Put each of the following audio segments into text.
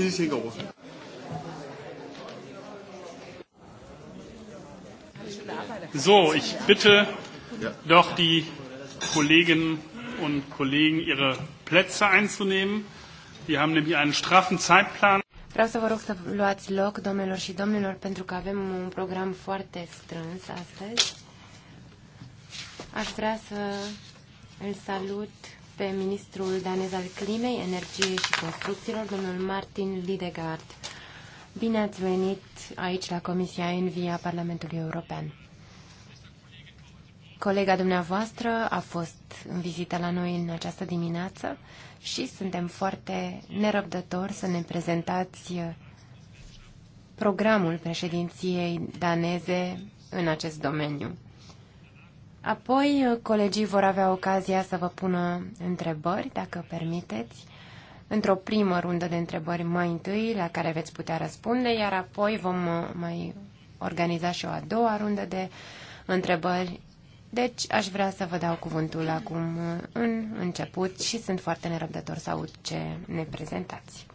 Ilse So, ich bitte doch die Kolleginnen und Kollegen, ihre Plätze einzunehmen. Wir haben nämlich einen straffen Zeitplan. Vreau să vă rog să luați loc, domnilor și domnilor, pentru că avem un program foarte strâns astăzi. Aș vrea să îl salut pe ministrul danez al climei, energiei și construcțiilor, domnul Martin Lidegard. Bine ați venit aici la Comisia Envi a Parlamentului European. Colega dumneavoastră a fost în vizită la noi în această dimineață și suntem foarte nerăbdători să ne prezentați programul președinției daneze în acest domeniu. Apoi, uh, colegii vor avea ocazia să vă pună întrebări, dacă permiteți, într-o primă rundă de întrebări mai întâi, la care veți putea răspunde, iar apoi vom uh, mai organiza și o a doua rundă de întrebări. Deci, aș vrea să vă dau cuvântul acum uh, în început și sunt foarte nerăbdător să aud ce ne prezentați.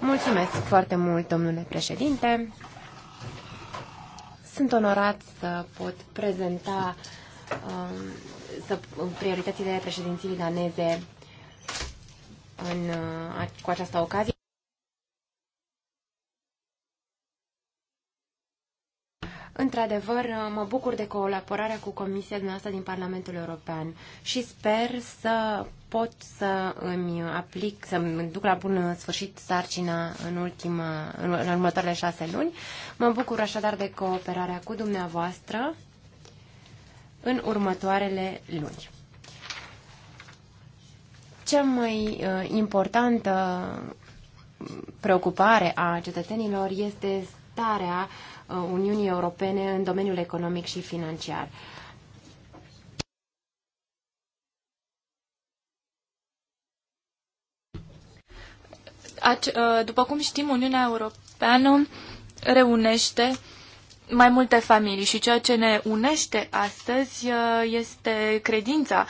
Mulțumesc foarte mult, domnule președinte. Sunt onorat să pot prezenta um, să, prioritățile președinției daneze în, uh, cu această ocazie. Într-adevăr, mă bucur de colaborarea cu Comisia noastră din Parlamentul European și sper să pot să îmi aplic, să îmi duc la bun sfârșit sarcina în, ultima, în, în următoarele șase luni. Mă bucur așadar de cooperarea cu dumneavoastră în următoarele luni. Cea mai uh, importantă preocupare a cetățenilor este starea uh, Uh, Uniunii Europene în domeniul economic și financiar. Uh, după cum știm, Uniunea Europeană reunește mai multe familii și ceea ce ne unește astăzi uh, este credința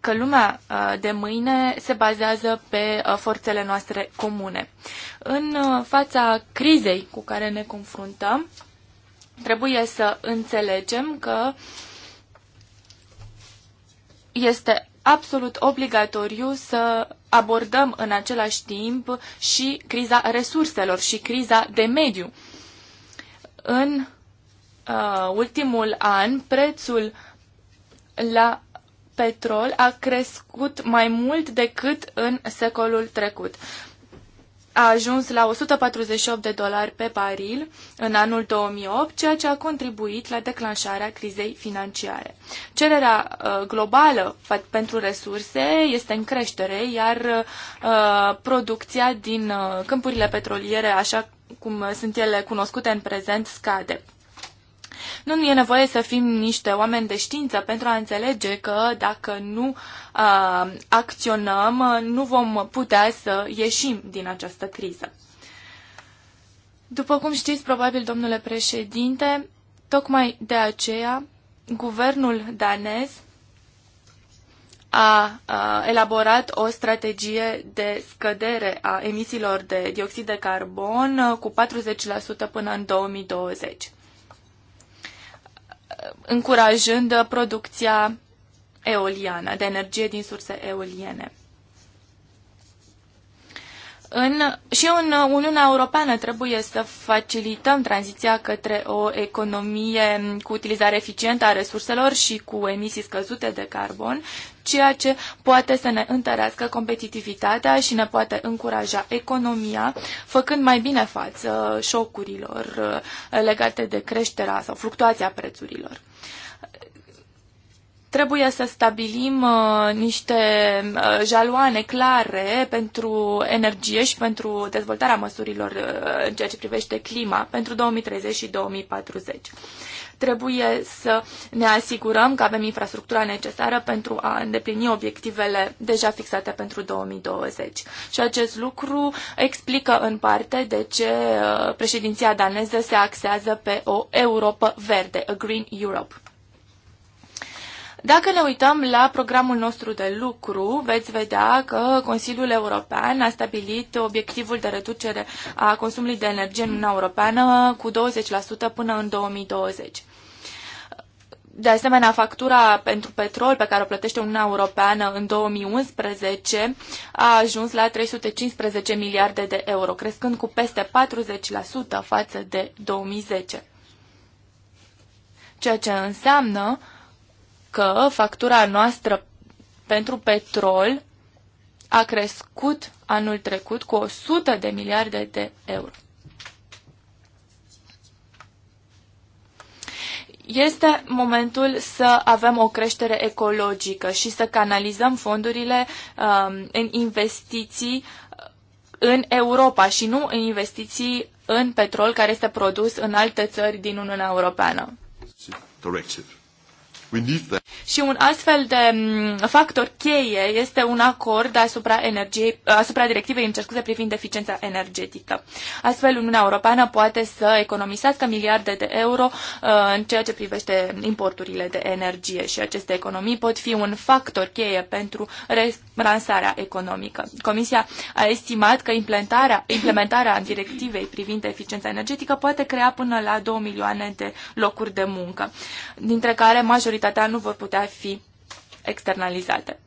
că lumea de mâine se bazează pe forțele noastre comune. În fața crizei cu care ne confruntăm, Trebuie să înțelegem că este absolut obligatoriu să abordăm în același timp și criza resurselor și criza de mediu. În uh, ultimul an, prețul la petrol a crescut mai mult decât în secolul trecut a ajuns la 148 de dolari pe baril în anul 2008, ceea ce a contribuit la declanșarea crizei financiare. Cererea uh, globală pentru resurse este în creștere, iar uh, producția din uh, câmpurile petroliere, așa cum sunt ele cunoscute în prezent, scade. Nu e nevoie să fim niște oameni de știință pentru a înțelege că dacă nu uh, acționăm, nu vom putea să ieșim din această criză. După cum știți, probabil, domnule președinte, tocmai de aceea guvernul danez a, a, elaborat o strategie de scădere a emisiilor de dioxid de carbon uh, cu 40% până în 2020 încurajând producția eoliană, de energie din surse eoliene. În, și în Uniunea Europeană trebuie să facilităm tranziția către o economie cu utilizare eficientă a resurselor și cu emisii scăzute de carbon, ceea ce poate să ne întărească competitivitatea și ne poate încuraja economia, făcând mai bine față șocurilor uh, legate de creșterea sau fluctuația prețurilor. Trebuie să stabilim uh, niște uh, jaloane clare pentru energie și pentru dezvoltarea măsurilor uh, în ceea ce privește clima pentru 2030 și 2040. Trebuie să ne asigurăm că avem infrastructura necesară pentru a îndeplini obiectivele deja fixate pentru 2020. Și acest lucru explică în parte de ce uh, președinția daneză se axează pe o Europa verde, a Green Europe. Dacă ne uităm la programul nostru de lucru, veți vedea că Consiliul European a stabilit obiectivul de reducere a consumului de energie în Uniunea Europeană cu 20% până în 2020. De asemenea, factura pentru petrol pe care o plătește Uniunea Europeană în 2011 a ajuns la 315 miliarde de euro, crescând cu peste 40% față de 2010. Ceea ce înseamnă că factura noastră pentru petrol a crescut anul trecut cu 100 de miliarde de euro. Este momentul să avem o creștere ecologică și să canalizăm fondurile um, în investiții uh, în Europa și nu în investiții în petrol care este produs în alte țări din Uniunea Europeană. Directive. Și un astfel de mm, factor cheie este un acord asupra, energiei, asupra directivei îmi privind eficiența energetică. Astfel, Uniunea Europeană poate să economisească miliarde de euro uh, în ceea ce privește importurile de energie și aceste economii pot fi un factor cheie pentru relansarea economică. Comisia a estimat că implementarea, implementarea directivei privind eficiența energetică poate crea până la 2 milioane de locuri de muncă, dintre care majoritatea majoritatea nu vor putea fi externalizate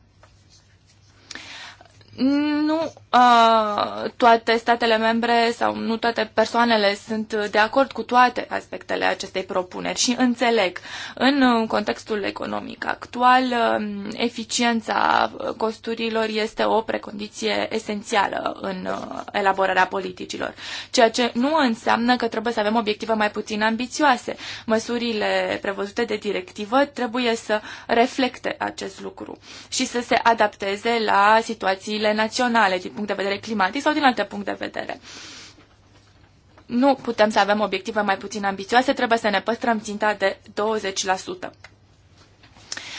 nu uh, toate statele membre sau nu toate persoanele sunt de acord cu toate aspectele acestei propuneri și înțeleg. În contextul economic actual, eficiența costurilor este o precondiție esențială în elaborarea politicilor, ceea ce nu înseamnă că trebuie să avem obiective mai puțin ambițioase. Măsurile prevăzute de directivă trebuie să reflecte acest lucru și să se adapteze la situațiile planurile naționale din punct de vedere climatic sau din alte puncte de vedere. Nu putem să avem obiective mai puțin ambițioase, trebuie să ne păstrăm ținta de 20%.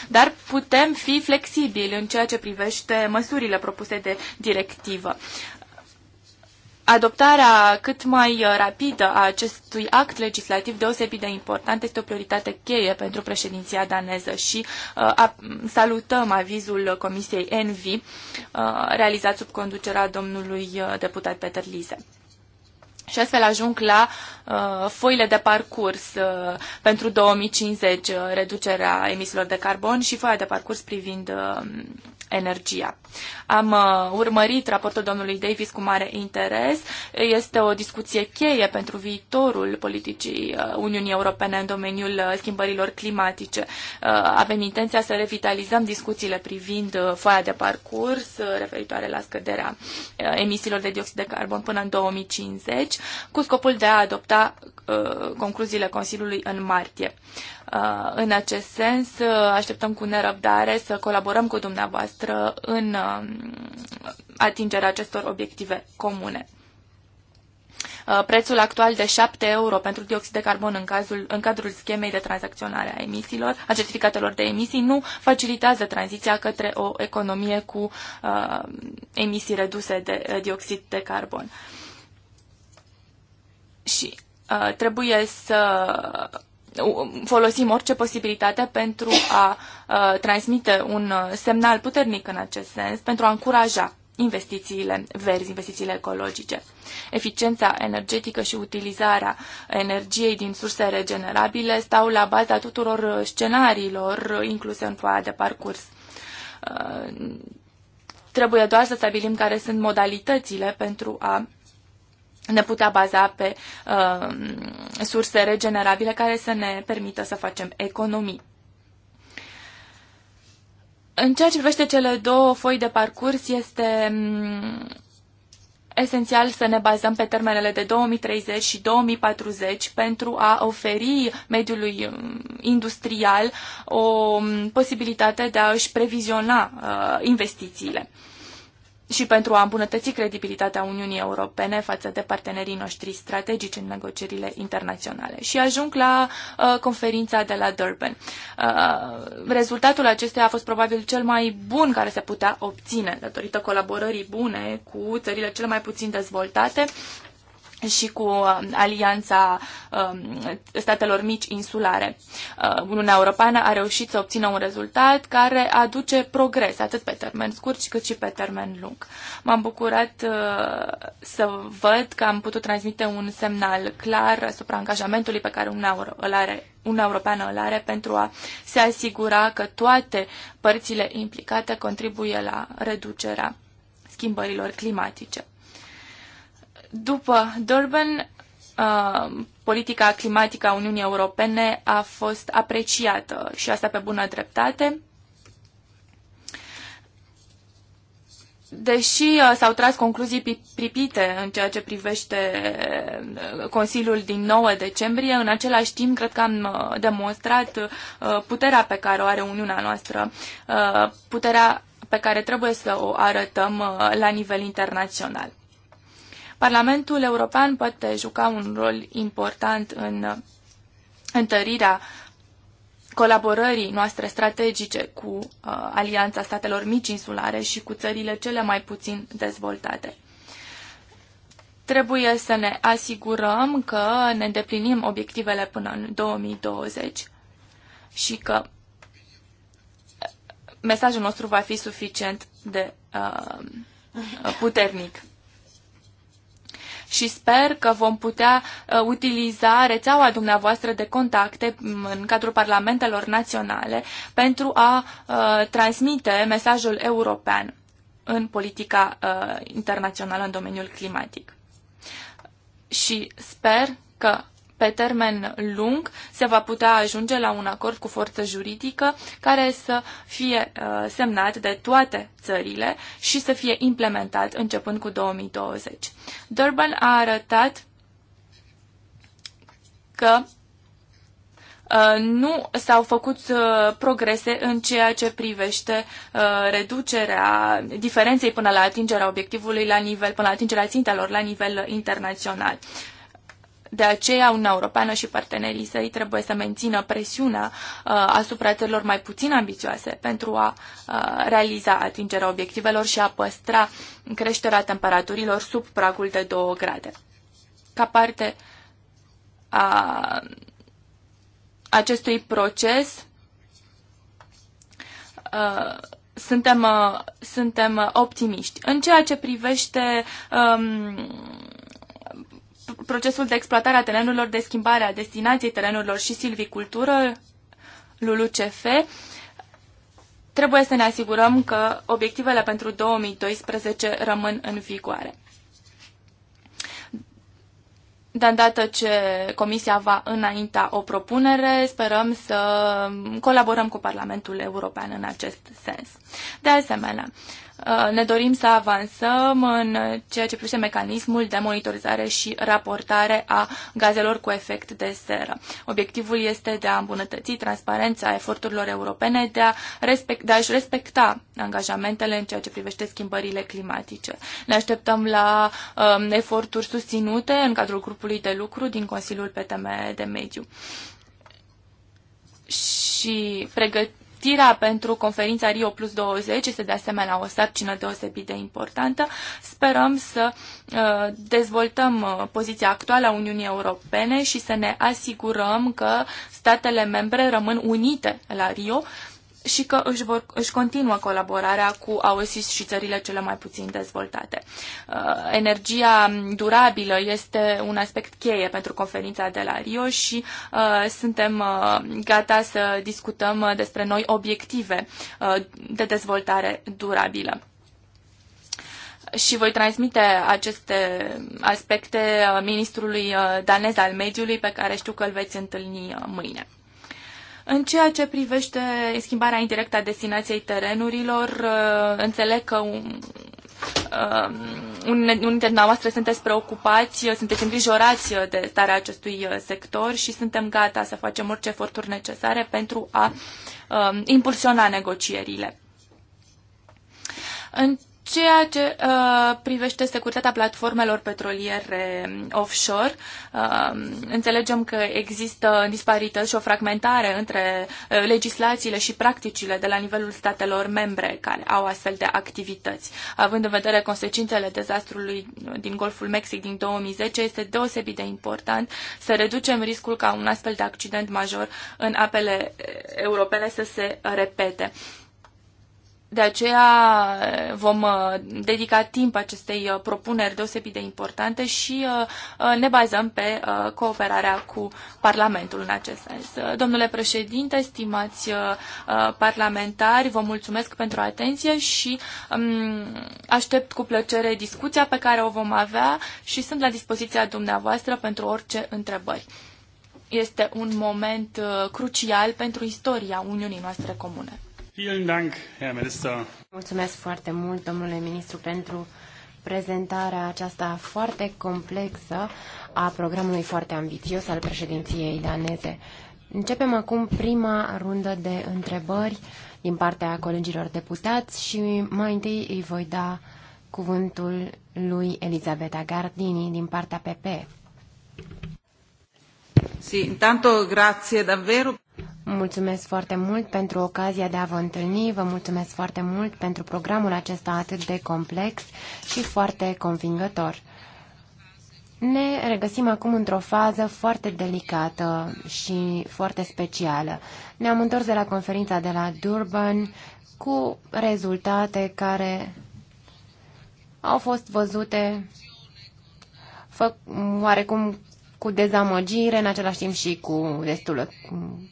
Dar putem fi flexibili în ceea ce privește măsurile propuse de directivă adoptarea cât mai uh, rapidă a acestui act legislativ deosebit de important este o prioritate cheie pentru președinția daneză și uh, salutăm avizul Comisiei ENVI uh, realizat sub conducerea domnului uh, deputat Peter Lise și astfel ajung la uh, foile de parcurs uh, pentru 2050, uh, reducerea emisiilor de carbon și foaia de parcurs privind uh, energia. Am uh, urmărit raportul domnului Davis cu mare interes. Este o discuție cheie pentru viitorul politicii uh, Uniunii Europene în domeniul uh, schimbărilor climatice. Uh, avem intenția să revitalizăm discuțiile privind uh, foaia de parcurs uh, referitoare la scăderea uh, emisiilor de dioxid de carbon până în 2050 cu scopul de a adopta uh, concluziile Consiliului în martie. Uh, în acest sens, uh, așteptăm cu nerăbdare să colaborăm cu dumneavoastră în uh, atingerea acestor obiective comune uh, prețul actual de 7 euro pentru dioxid de carbon în, cazul, în cadrul schemei de tranzacționare a emisiilor, a certificatelor de emisii, nu facilitează tranziția către o economie cu uh, emisii reduse de uh, dioxid de carbon. Uh, și uh, trebuie să uh, folosim orice posibilitate pentru a uh, transmite un uh, semnal puternic în acest sens, pentru a încuraja investițiile verzi, investițiile ecologice. Eficiența energetică și utilizarea energiei din surse regenerabile stau la baza tuturor scenariilor incluse în foaia de parcurs. Uh, trebuie doar să stabilim care sunt modalitățile pentru a ne putea baza pe uh, surse regenerabile care să ne permită să facem economii. În ceea ce privește cele două foi de parcurs, este mm, esențial să ne bazăm pe termenele de 2030 și 2040 pentru a oferi mediului mm, industrial o mm, posibilitate de a și previziona uh, investițiile și pentru a îmbunătăți credibilitatea Uniunii Europene față de partenerii noștri strategici în negocierile internaționale. Și ajung la uh, conferința de la Durban. Uh, rezultatul acesteia a fost probabil cel mai bun care se putea obține datorită colaborării bune cu țările cele mai puțin dezvoltate și cu uh, Alianța um, Statelor Mici Insulare. Uh, Uniunea Europeană a reușit să obțină un rezultat care aduce progres, atât pe termen scurt cât și pe termen lung. M-am bucurat uh, să văd că am putut transmite un semnal clar asupra angajamentului pe care Uniunea, îl are, Uniunea Europeană îl are pentru a se asigura că toate părțile implicate contribuie la reducerea schimbărilor climatice. După Durban, uh, politica climatică a Uniunii Europene a fost apreciată și asta pe bună dreptate. Deși uh, s-au tras concluzii pripite în ceea ce privește uh, Consiliul din 9 decembrie, în același timp cred că am demonstrat puterea pe care o are Uniunea noastră, puterea pe care trebuie să o arătăm la nivel internațional. Parlamentul European poate juca un rol important în uh, întărirea colaborării noastre strategice cu uh, Alianța Statelor Mici Insulare și cu țările cele mai puțin dezvoltate. Trebuie să ne asigurăm că ne îndeplinim obiectivele până în 2020 și că uh, mesajul nostru va fi suficient de uh, puternic și sper că vom putea uh, utiliza rețeaua dumneavoastră de contacte mm, în cadrul parlamentelor naționale pentru a uh, transmite mesajul european în politica uh, internațională în domeniul climatic. Și sper că pe termen lung se va putea ajunge la un acord cu forță juridică care să fie uh, semnat de toate țările și să fie implementat începând cu 2020. Durban a arătat că uh, nu s-au făcut uh, progrese în ceea ce privește reducerea diferenței până la atingerea obiectivului la nivel, până la atingerea țintelor la nivel internațional. De aceea, Uniunea Europeană și partenerii săi trebuie să mențină presiunea uh, asupra țărilor mai puțin ambițioase pentru a uh, realiza atingerea obiectivelor și a păstra creșterea temperaturilor sub pragul de 2 grade. Ca parte a acestui proces, uh, suntem, uh, suntem optimiști. În ceea ce privește um, procesul de exploatare a terenurilor, de schimbare a destinației terenurilor și silvicultură, LULUCF, trebuie să ne asigurăm că obiectivele pentru 2012 rămân în vigoare. De îndată ce Comisia va înainta o propunere, sperăm să colaborăm cu Parlamentul European în acest sens. De asemenea, uh, Uh, ne dorim să avansăm în ceea ce privește mecanismul de monitorizare și raportare a gazelor cu efect de seră. Obiectivul este de a îmbunătăți transparența eforturilor europene de, a respect, de a-și respecta angajamentele în ceea ce privește schimbările climatice. Ne așteptăm la um, eforturi susținute în cadrul grupului de lucru din Consiliul pe de mediu. Și pregăt- pregătirea pentru conferința Rio Plus 20 este de asemenea o sarcină deosebit de importantă. Sperăm să uh, dezvoltăm uh, poziția actuală a Uniunii Europene și să ne asigurăm că statele membre rămân unite la Rio și că își, vor, își continuă colaborarea cu AOSIS și țările cele mai puțin dezvoltate. Uh, energia durabilă este un aspect cheie pentru conferința de la Rio și uh, suntem uh, gata să discutăm despre noi obiective de dezvoltare durabilă și voi transmite aceste aspecte ministrului danez al mediului pe care știu că îl veți întâlni mâine. În ceea ce privește schimbarea indirectă a destinației terenurilor, uh, înțeleg că uh, unii dintre noastre sunteți preocupați, sunteți îngrijorați de starea acestui uh, sector și suntem gata să facem orice eforturi necesare pentru a impulsiona negocierile. În ceea ce uh, privește securitatea platformelor petroliere offshore, uh, înțelegem că există disparități și o fragmentare între uh, legislațiile și practicile de la nivelul statelor membre care au astfel de activități. Având în vedere consecințele dezastrului din Golful Mexic din 2010, este deosebit de important să reducem riscul ca un astfel de accident major în apele uh, europene să se repete. Uh, de aceea eh, vom eh, dedica timp acestei eh, propuneri deosebit de importante și ne bazăm pe cooperarea cu Parlamentul în acest sens. Domnule președinte, stimați parlamentari, vă mulțumesc pentru atenție și mm, aștept cu plăcere discuția pe care o vom avea și sunt la dispoziția dumneavoastră pentru orice întrebări. Este un moment crucial pentru istoria Uniunii noastre comune. Mulțumesc foarte mult, domnule ministru, pentru prezentarea aceasta foarte complexă a programului foarte ambițios al președinției daneze. Începem acum prima rundă de întrebări din partea colegilor deputați și mai întâi îi voi da cuvântul lui Elisabeta Gardini din partea PP. Sì, intanto grazie davvero. Mulțumesc foarte mult pentru ocazia de a vă întâlni, vă mulțumesc foarte mult pentru programul acesta atât de complex și foarte convingător. Ne regăsim acum într-o fază foarte delicată și foarte specială. Ne-am întors de la conferința de la Durban cu rezultate care au fost văzute oarecum cu dezamăgire, în același timp și cu destulă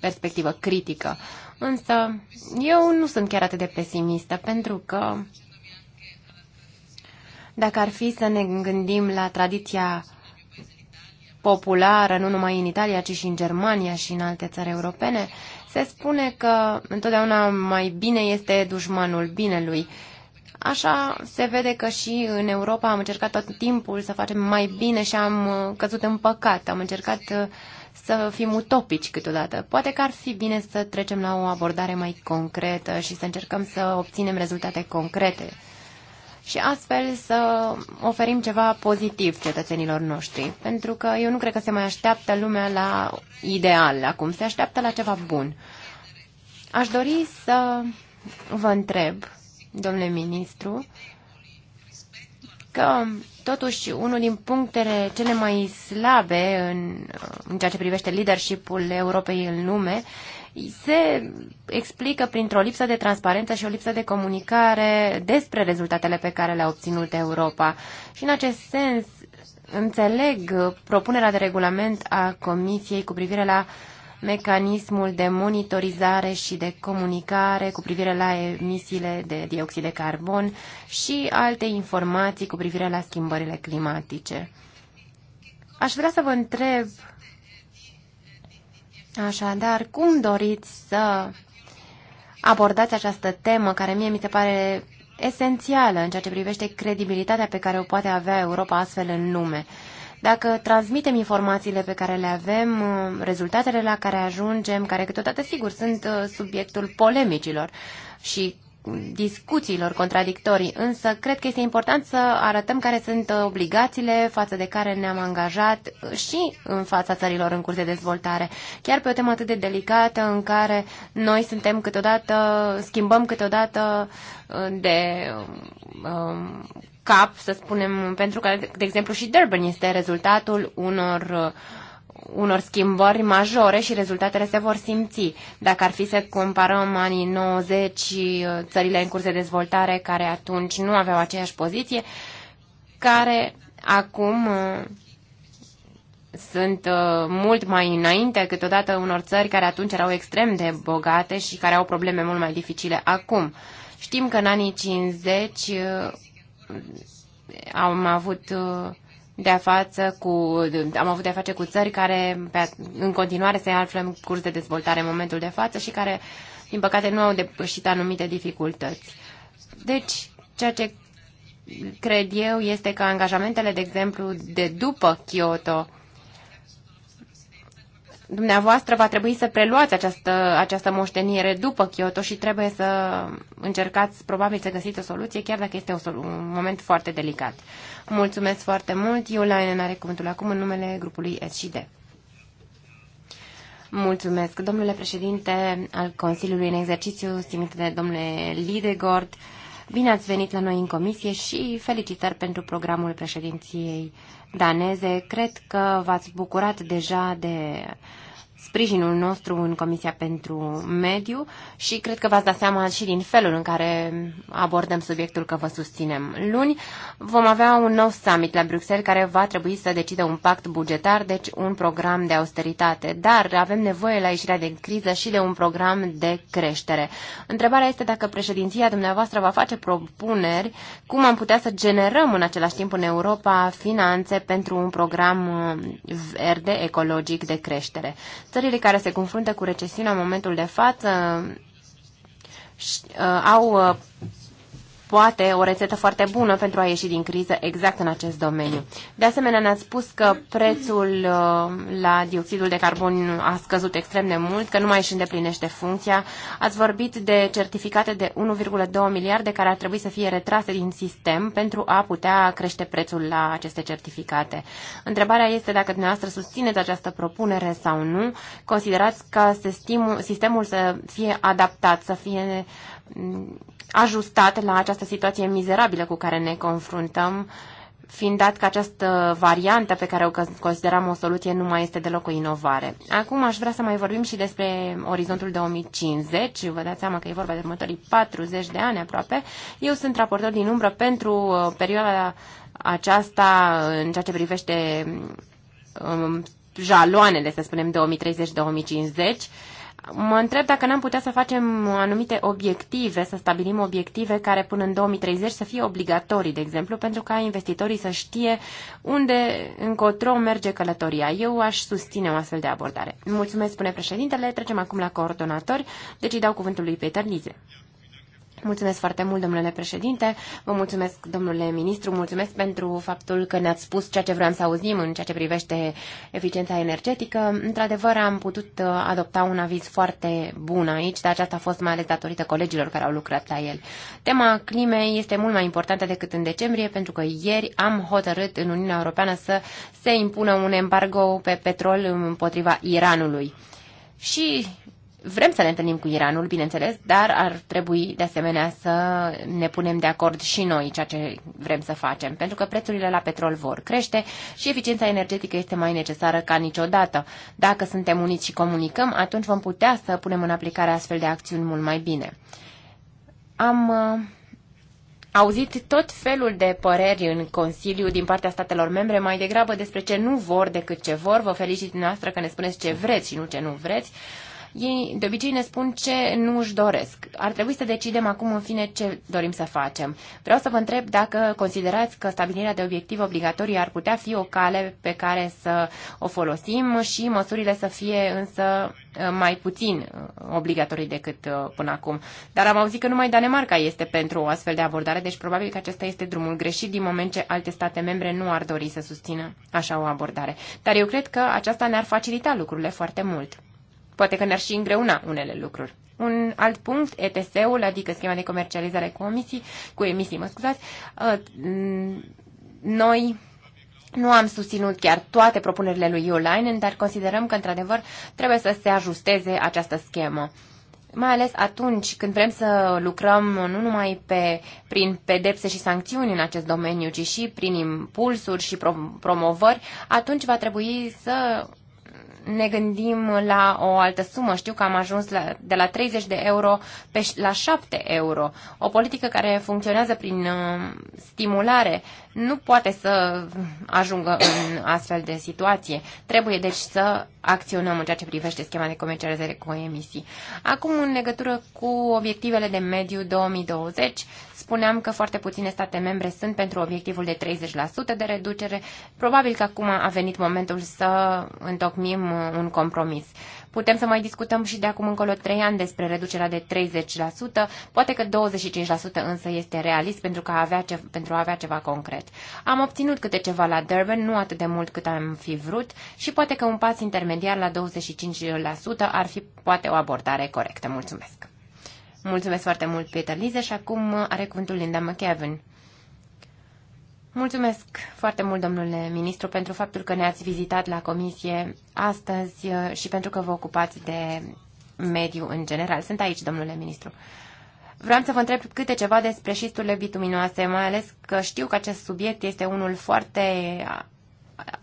perspectivă critică. Însă eu nu sunt chiar atât de pesimistă, pentru că dacă ar fi să ne gândim la tradiția populară, nu numai în Italia, ci și în Germania și în alte țări europene, se spune că întotdeauna mai bine este dușmanul binelui Așa se vede că și în Europa am încercat tot timpul să facem mai bine și am uh, căzut în păcat. Am încercat uh, să fim utopici câteodată. Poate că ar fi bine să trecem la o abordare mai concretă și să încercăm să obținem rezultate concrete și astfel să oferim ceva pozitiv cetățenilor noștri. Pentru că eu nu cred că se mai așteaptă lumea la ideal acum, se așteaptă la ceva bun. Aș dori să vă întreb domnule ministru, că totuși unul din punctele cele mai slabe în, în ceea ce privește leadership-ul Europei în lume se explică printr-o lipsă de transparență și o lipsă de comunicare despre rezultatele pe care le-a obținut Europa. Și în acest sens înțeleg propunerea de regulament a Comisiei cu privire la uh, mecanismul de monitorizare și de comunicare cu privire la emisiile de dioxid de carbon și alte informații cu privire la schimbările climatice. Aș vrea să vă întreb așadar cum doriți să abordați această temă care mie mi se pare esențială în ceea ce privește credibilitatea pe care o poate avea Europa astfel în lume. Dacă transmitem informațiile pe care le avem, uh, rezultatele la care ajungem, care câteodată, sigur, sunt uh, subiectul polemicilor și uh, discuțiilor contradictorii, însă cred că este important să arătăm care sunt obligațiile față de care ne-am angajat și în fața țărilor în curs de dezvoltare. Chiar pe o temă atât de delicată în care noi suntem câteodată, schimbăm câteodată de um, cap, să spunem, pentru că, de exemplu, și Durban este rezultatul unor unor schimbări majore și rezultatele se vor simți. Dacă ar fi să comparăm anii 90 țările în curs de dezvoltare care atunci nu aveau aceeași poziție, care acum uh, sunt uh, mult mai înainte câteodată unor țări care atunci erau extrem de bogate și care au probleme mult mai dificile acum. Știm că în anii 50 am avut uh, de -a față cu, am avut de-a face cu țări care pe, în continuare se află în curs de dezvoltare în momentul de față și care, din păcate, nu au depășit anumite dificultăți. Deci, ceea ce cred eu este că angajamentele, de exemplu, de după Kyoto, Dumneavoastră va trebui să preluați această, această moștenire după Kyoto și trebuie să încercați probabil să găsiți o soluție, chiar dacă este un moment foarte delicat. Mulțumesc foarte mult. Iulainen are cuvântul acum în numele grupului SCD. Mulțumesc. Domnule președinte al Consiliului în exercițiu, stimite domnule Lidegord, bine ați venit la noi în comisie și felicitări pentru programul președinției uh, daneze, cred că v-ați bucurat deja de sprijinul nostru în Comisia pentru Mediu și cred că v-ați dat seama și din felul în care abordăm subiectul că vă susținem. Luni vom avea un nou summit la Bruxelles care va trebui să decide un pact bugetar, deci un program de austeritate, dar avem nevoie la ieșirea de criză și de un program de creștere. Întrebarea este dacă președinția dumneavoastră va face propuneri cum am putea să generăm în același timp în Europa finanțe pentru un program verde, ecologic de creștere. Țările care se confruntă cu recesiunea în momentul de față uh, au uh, poate o rețetă foarte bună pentru a ieși din criză exact în acest domeniu. De asemenea, ne-ați spus că prețul uh, la dioxidul de carbon a scăzut extrem de mult, că nu mai își îndeplinește funcția. Ați vorbit de certificate de 1,2 miliarde care ar trebui să fie retrase din sistem pentru a putea crește prețul la aceste certificate. Întrebarea este dacă dumneavoastră susțineți această propunere sau nu. Considerați că sistemul să fie adaptat, să fie mm, ajustat la această situație mizerabilă cu care ne confruntăm, fiind dat că această variantă pe care o consideram o soluție nu mai este deloc o inovare. Acum aș vrea să mai vorbim și despre orizontul 2050. Vă dați seama că e vorba de următorii 40 de ani aproape. Eu sunt raportor din umbră pentru uh, perioada aceasta în ceea ce privește um, jaloanele, să spunem, 2030-2050 Mă întreb dacă n-am putea să facem anumite obiective, să stabilim obiective care până în 2030 să fie obligatorii, de exemplu, pentru ca investitorii să știe unde încotro merge călătoria. Eu aș susține o astfel de abordare. Mulțumesc, spune președintele. Trecem acum la coordonatori, deci îi dau cuvântul lui Peter Lize. Mulțumesc foarte mult, domnule președinte. Vă mulțumesc, domnule ministru. Mulțumesc pentru faptul că ne-ați spus ceea ce vreau să auzim în ceea ce privește eficiența energetică. Într-adevăr, am putut uh, adopta un aviz foarte bun aici, dar aceasta a fost mai ales datorită colegilor care au lucrat la el. Tema climei este mult mai importantă decât în decembrie, pentru că ieri am hotărât în Uniunea Europeană să se impună un embargo pe petrol împotriva Iranului. Și Vrem să ne întâlnim cu Iranul, bineînțeles, dar ar trebui de asemenea să ne punem de acord și noi ceea ce vrem să facem, pentru că prețurile la petrol vor crește și eficiența energetică este mai necesară ca niciodată. Dacă suntem uniți și comunicăm, atunci vom putea să punem în aplicare astfel de acțiuni mult mai bine. Am uh, auzit tot felul de păreri în Consiliu din partea statelor membre, mai degrabă despre ce nu vor decât ce vor. Vă felicit noastră că ne spuneți ce vreți și nu ce nu vreți ei de obicei ne spun ce nu își doresc. Ar trebui să decidem acum în fine ce dorim să facem. Vreau să vă întreb dacă considerați că stabilirea de obiectiv obligatorii ar putea fi o cale pe care să o folosim și măsurile să fie însă ă, mai puțin ă, obligatorii decât ă, până acum. Dar am auzit că numai Danemarca este pentru o astfel de abordare, deci probabil că acesta este drumul greșit din moment ce alte state membre nu ar dori să susțină așa o abordare. Dar eu cred că aceasta ne-ar facilita lucrurile foarte mult. Poate că ne-ar și îngreuna unele lucruri. Un alt punct, ETS-ul, adică schema de comercializare cu emisii, cu emisii, mă scuzați, uh, noi nu am susținut chiar toate propunerile lui Iulainen, dar considerăm că, într-adevăr, trebuie să se ajusteze această schemă. Mai ales atunci când vrem să lucrăm nu numai pe, prin pedepse și sancțiuni în acest domeniu, ci și prin impulsuri și promovări, atunci va trebui să ne gândim la o altă sumă. Știu că am ajuns la, de la 30 de euro pe, la 7 euro. O politică care funcționează prin uh, stimulare nu poate să ajungă în astfel de situație. Trebuie deci să acționăm în ceea ce privește schema de comercializare cu emisii. Acum, în legătură cu obiectivele de mediu 2020, Spuneam că foarte puține state membre sunt pentru obiectivul de 30% de reducere. Probabil că acum a venit momentul să întocmim uh, un compromis. Putem să mai discutăm și de acum încolo 3 ani despre reducerea de 30%, poate că 25% însă este realist pentru, că avea ce, pentru a avea ceva concret. Am obținut câte ceva la Durban, nu atât de mult cât am fi vrut și poate că un pas intermediar la 25% ar fi poate o abordare corectă. Mulțumesc! Mulțumesc foarte mult, Peter Lize, și acum are cuvântul Linda McKevin. Mulțumesc foarte mult, domnule ministru, pentru faptul că ne-ați vizitat la comisie astăzi uh, și pentru că vă ocupați de mediu în general. Sunt aici, domnule ministru. Vreau să vă întreb câte ceva despre șisturile bituminoase, mai ales că știu că acest subiect este unul foarte uh,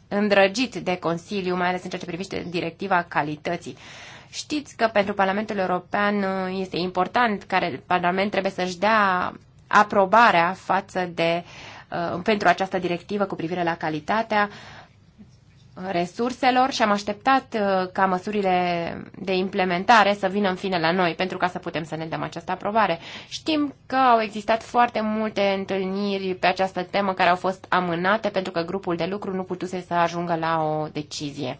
îndrăgit de Consiliu, mai ales în ceea ce privește directiva calității. Știți că pentru Parlamentul European uh, este important care Parlament trebuie să-și dea aprobarea față de, uh, pentru această directivă cu privire la calitatea resurselor și am așteptat uh, ca măsurile de implementare să vină în fine la noi pentru ca să putem să ne dăm această aprobare. Știm că au existat foarte multe întâlniri pe această temă care au fost amânate pentru că grupul de lucru nu putuse să ajungă la o decizie.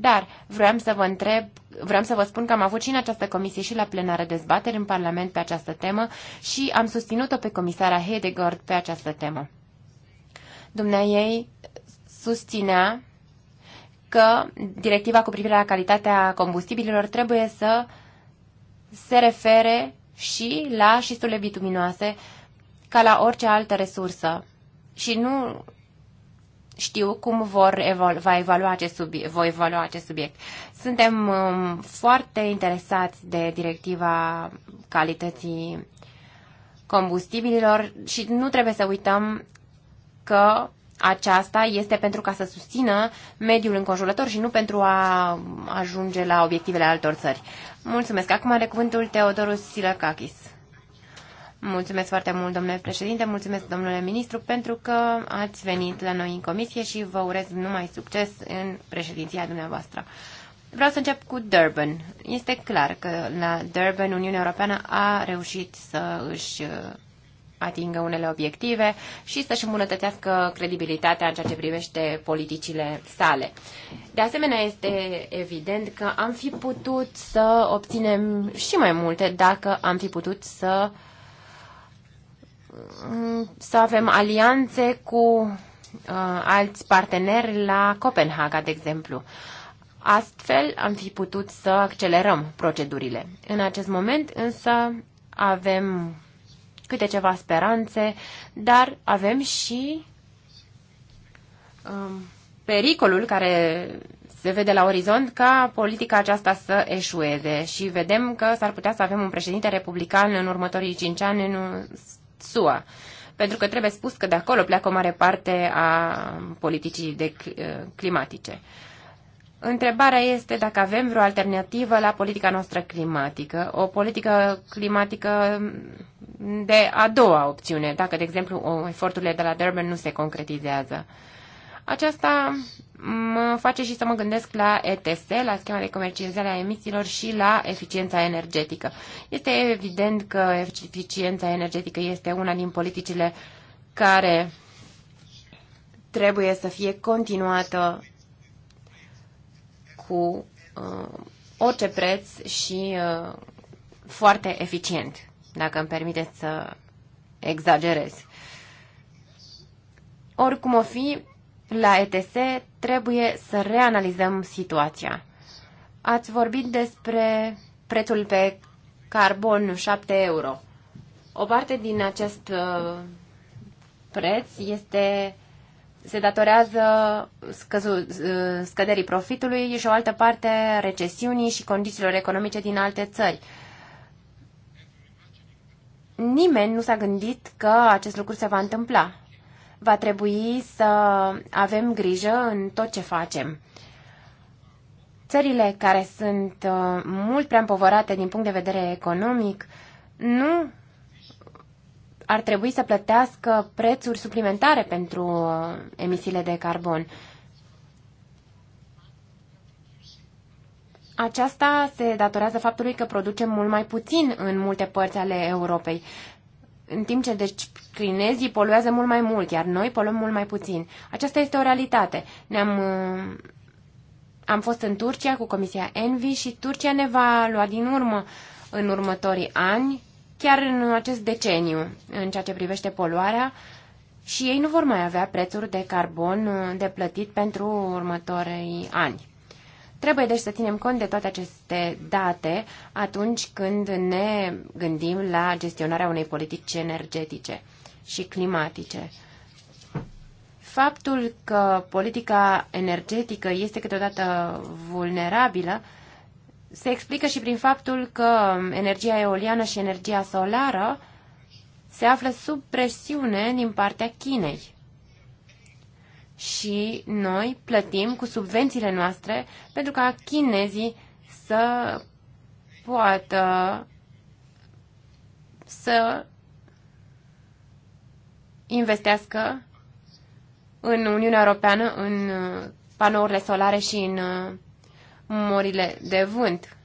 Dar vreau să vă întreb, vreau să vă spun că am avut și în această comisie și la plenară dezbateri în Parlament pe această temă și am susținut-o pe comisara Hedegaard pe această temă. Dumnea ei susținea că directiva cu privire la calitatea combustibililor trebuie să se refere și la șisturile bituminoase ca la orice altă resursă și nu știu cum vor evolu- va evalua acest subiect, voi evalua acest subiect. Suntem um, foarte interesați de directiva calității combustibililor și nu trebuie să uităm că aceasta este pentru ca să susțină mediul înconjurător și nu pentru a ajunge la obiectivele altor țări. Mulțumesc. Acum are cuvântul Teodorus Silakakis. Mulțumesc foarte mult, domnule președinte, mulțumesc, domnule ministru, pentru că ați venit la noi în comisie și vă urez numai succes în președinția dumneavoastră. Vreau să încep cu Durban. Este clar că la Durban Uniunea Europeană a reușit să își uh, atingă unele obiective și să-și îmbunătățească credibilitatea în ceea ce privește politicile sale. De asemenea, este evident că am fi putut să obținem și mai multe dacă am fi putut să uh, Mm, să avem alianțe cu uh, alți parteneri la Copenhaga, de exemplu. Astfel am fi putut să accelerăm procedurile. În acest moment însă avem câte ceva speranțe, dar avem și um, pericolul care se vede la orizont ca politica aceasta să eșueze și vedem că s-ar putea să avem un președinte republican în următorii cinci ani în SUA. Pentru că trebuie spus că de acolo pleacă o mare parte a politicii de eh, climatice. Întrebarea este dacă avem vreo alternativă la politica noastră climatică, o politică climatică de a doua opțiune, dacă, de exemplu, eforturile de la Durban nu se concretizează. Uh, aceasta mă face și să mă gândesc la ETS, la schema de comercializare a emisiilor și la eficiența energetică. Este evident că eficiența energetică este una din politicile care trebuie să fie continuată cu uh, orice preț și uh, foarte eficient, dacă îmi permiteți să exagerez. Oricum o fi, la ETS trebuie să reanalizăm situația. Ați vorbit despre prețul pe carbon 7 euro. O parte din acest uh, preț este se datorează scăzu, uh, scăderii profitului și o altă parte recesiunii și condițiilor economice din alte țări. Nimeni nu s-a gândit că acest lucru se va întâmpla va trebui să avem grijă în tot ce facem. Țările care sunt uh, mult prea împovărate din punct de vedere economic nu ar trebui să plătească prețuri suplimentare pentru uh, emisiile de carbon. Aceasta se datorează faptului că producem mult mai puțin în multe părți ale Europei în timp ce deci chinezii poluează mult mai mult, iar noi poluăm mult mai puțin. Aceasta este o realitate. Ne-am uh, am fost în Turcia cu Comisia Envi și Turcia ne va lua din urmă în următorii ani, chiar în acest deceniu, în ceea ce privește poluarea, și ei nu vor mai avea prețuri de carbon uh, de plătit pentru următorii ani. Trebuie deci să ținem cont de toate aceste date atunci când ne gândim la gestionarea unei politici energetice și climatice. Faptul că politica energetică este câteodată vulnerabilă se explică și prin faptul că energia eoliană și energia solară se află sub presiune din partea Chinei și noi plătim cu subvențiile noastre pentru ca chinezii să poată să investească în Uniunea Europeană, în uh, panourile solare și în uh, morile de vânt.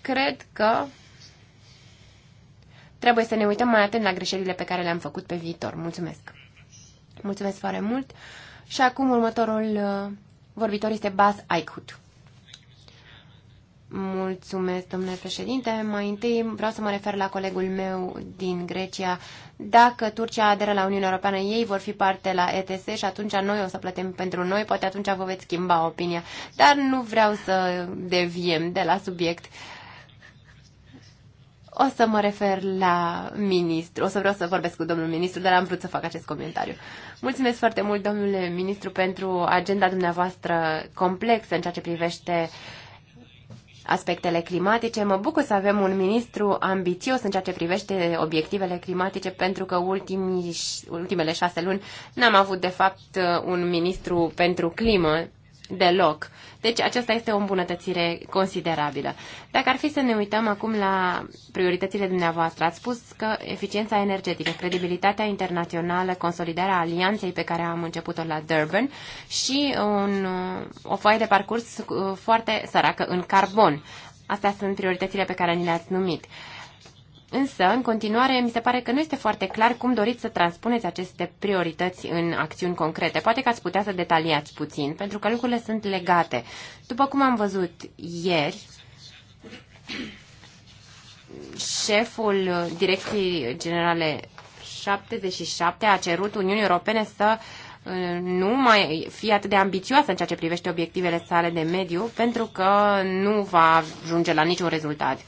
Cred că trebuie să ne uităm mai atent la greșelile pe care le-am făcut pe viitor. Mulțumesc! Mulțumesc foarte mult. Și acum următorul uh, vorbitor este Bas Aikut. Mulțumesc, domnule președinte. Mai întâi vreau să mă refer la colegul meu din Grecia. Dacă Turcia aderă la Uniunea Europeană, ei vor fi parte la ETS și atunci noi o să plătim pentru noi. Poate atunci vă veți schimba opinia. Dar nu vreau să deviem de la subiect. Uh, o să mă refer la ministru, o să vreau să vorbesc cu domnul ministru, dar am vrut să fac acest comentariu. Mulțumesc foarte mult, domnule ministru, pentru agenda dumneavoastră complexă în ceea ce privește aspectele climatice. Mă bucur să avem un ministru ambițios în ceea ce privește obiectivele climatice, pentru că ultimii, ultimele șase luni n-am avut, de fapt, un ministru pentru climă deloc. Deci aceasta este o îmbunătățire considerabilă. Dacă ar fi să ne uităm acum la prioritățile dumneavoastră, ați spus că eficiența energetică, credibilitatea internațională, consolidarea alianței pe care am început-o la Durban și un, o foaie de parcurs uh, foarte săracă în carbon. Astea sunt prioritățile pe care ni le-ați numit. Uh, Însă, în continuare, mi se pare că nu este foarte clar cum doriți să transpuneți aceste priorități în acțiuni concrete. Poate că ați putea să detaliați puțin, pentru că lucrurile sunt legate. După cum am văzut ieri, șeful Direcției Generale 77 a cerut Uniunii Europene să uh, nu mai fie atât de ambițioasă în ceea ce privește obiectivele sale de mediu, pentru că nu va ajunge la niciun rezultat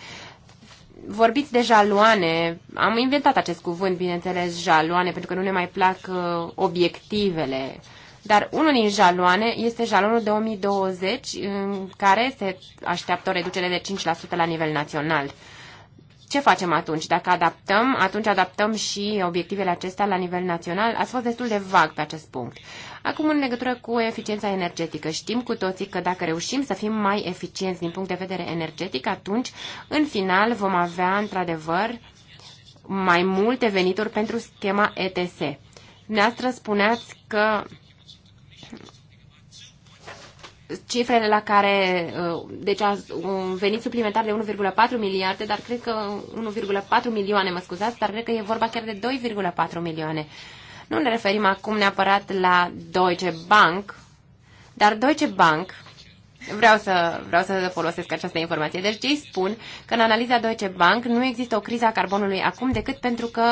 vorbiți de jaloane. Am inventat acest cuvânt, bineînțeles, jaloane, pentru că nu ne mai plac uh, obiectivele. Dar unul din jaloane este jalonul 2020, în care se așteaptă o reducere de 5% la nivel național. Uh, ce facem atunci? Dacă adaptăm, atunci adaptăm și obiectivele acestea la nivel național? Ați fost destul de vag pe acest punct. Acum, în legătură cu eficiența energetică, știm cu toții că dacă reușim să fim mai eficienți din punct de vedere energetic, atunci, în final, vom avea, într-adevăr, mai multe venituri pentru schema ETS. Dumneavoastră spuneați că cifrele la care, uh, deci a venit suplimentar de 1,4 miliarde, dar cred că 1,4 milioane, mă scuzați, dar cred că e vorba chiar de 2,4 milioane. Nu ne referim acum neapărat la Deutsche Bank, dar Deutsche Bank, vreau să, vreau să folosesc această informație, deci ei spun că în analiza Deutsche Bank nu există o criză a carbonului acum decât pentru că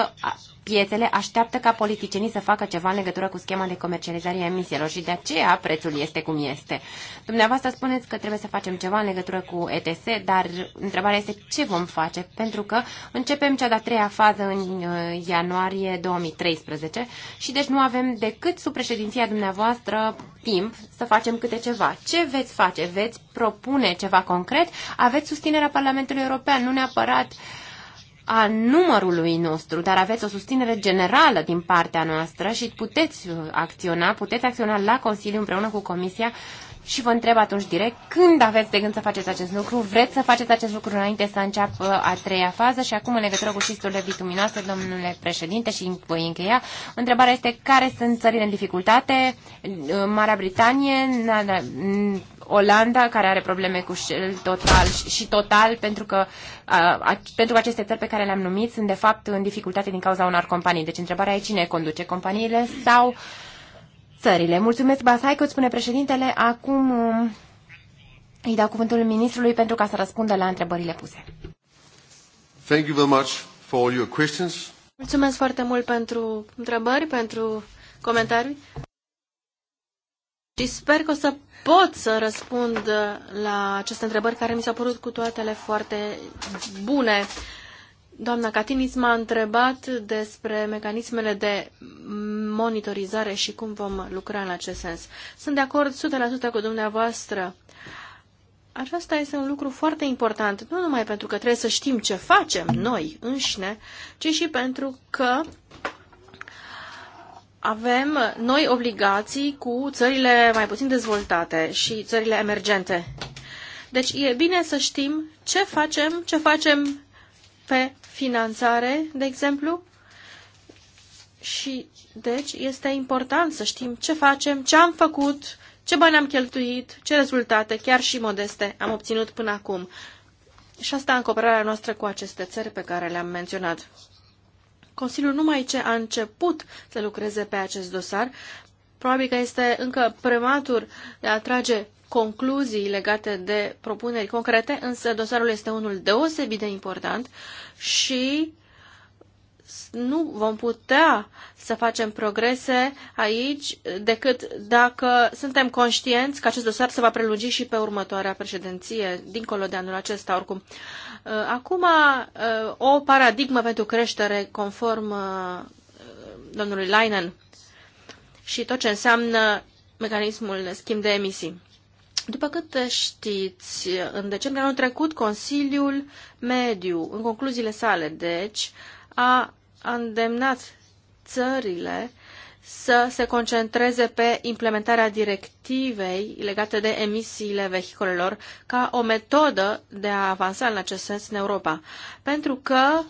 piețele așteaptă ca politicienii să facă ceva în legătură cu schema de comercializare a emisiilor și de aceea prețul este cum este. Dumneavoastră spuneți că trebuie să facem ceva în legătură cu ETS, dar întrebarea este ce vom face, pentru că începem cea de-a treia fază în uh, ianuarie 2013 și deci nu avem decât sub președinția dumneavoastră timp să facem câte ceva. Ce veți face? Veți propune ceva concret? Aveți susținerea Parlamentului European, nu neapărat uh, a numărului nostru, dar aveți o susținere generală din partea noastră și puteți uh, acționa, puteți acționa la Consiliu împreună cu Comisia și vă întreb atunci direct când aveți de gând să faceți acest lucru, vreți să faceți acest lucru înainte să înceapă a treia fază și acum în legătură cu șisturile bituminoase, domnule președinte, și voi încheia, întrebarea este care sunt țările în dificultate, Marea Britanie, Olanda, care are probleme cu Shell total și total, pentru că a, pentru aceste țări pe care le-am numit sunt de fapt în dificultate din cauza unor companii. Deci întrebarea e cine conduce, companiile sau țările. Mulțumesc, îți spune președintele. Acum um, îi dau cuvântul ministrului pentru ca să răspundă la întrebările puse. Thank you very much for all your questions. Mulțumesc foarte mult pentru întrebări, pentru comentarii. Și sper că o să pot să răspund la aceste întrebări care mi s-au părut cu toatele foarte bune. Doamna Catinis m-a întrebat despre mecanismele de monitorizare și cum vom lucra în acest sens. Sunt de acord 100% cu dumneavoastră. Aceasta este un lucru foarte important, nu numai pentru că trebuie să știm ce facem noi înșine, ci și pentru că avem noi obligații cu țările mai puțin dezvoltate și țările emergente. Deci e bine să știm ce facem, ce facem pe finanțare, de exemplu, și deci este important să știm ce facem, ce am făcut, ce bani am cheltuit, ce rezultate, chiar și modeste, am obținut până acum. Și asta în cooperarea noastră cu aceste țări pe care le-am menționat. Consiliul numai ce a început să lucreze pe acest dosar. Probabil că este încă prematur de a trage concluzii legate de propuneri concrete, însă dosarul este unul deosebit de important și nu vom putea să facem progrese aici decât dacă suntem conștienți că acest dosar se va prelungi și pe următoarea președinție, dincolo de anul acesta oricum. Uh, acum, uh, o paradigmă pentru creștere conform uh, domnului Leinen și tot ce înseamnă mecanismul de schimb de emisii. După cât știți, în decembrie anul trecut, Consiliul Mediu, în concluziile sale, deci, a îndemnat țările să se concentreze pe implementarea directivei legate de emisiile vehiculelor ca o metodă de a avansa în acest sens în Europa. Pentru că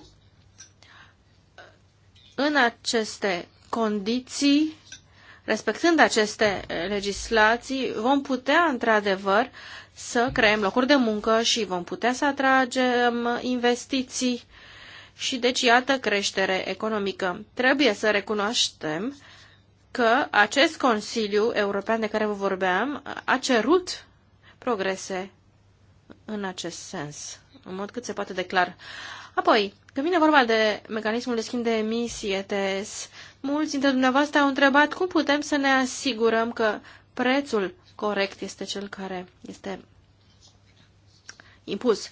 în aceste condiții, respectând aceste legislații, vom putea într-adevăr să creăm locuri de muncă și vom putea să atragem investiții și deci iată creștere economică. Trebuie să recunoaștem că acest Consiliu European de care vă vorbeam a cerut progrese în acest sens, în mod cât se poate declar. Apoi, când vine vorba de mecanismul de schimb de emisii ETS, mulți dintre dumneavoastră au întrebat cum putem să ne asigurăm că prețul corect este cel care este impus.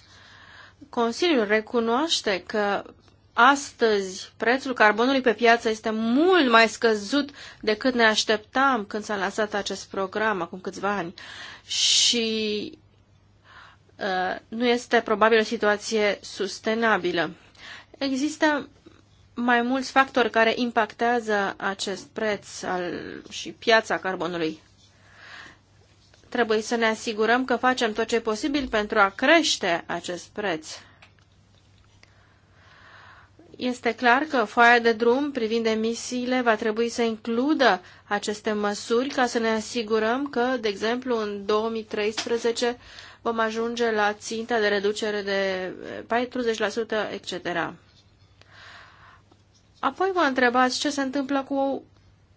Consiliul recunoaște că Astăzi, prețul carbonului pe piață este mult mai scăzut decât ne așteptam când s-a lansat acest program acum câțiva ani și uh, nu este probabil o situație sustenabilă. Există mai mulți factori care impactează acest preț al, și piața carbonului. Trebuie să ne asigurăm că facem tot ce e posibil pentru a crește acest preț este clar că foaia de drum privind emisiile va trebui să includă aceste măsuri ca să ne asigurăm că, de exemplu, în 2013 vom ajunge la ținta de reducere de 40%, etc. Apoi vă întrebați ce se întâmplă cu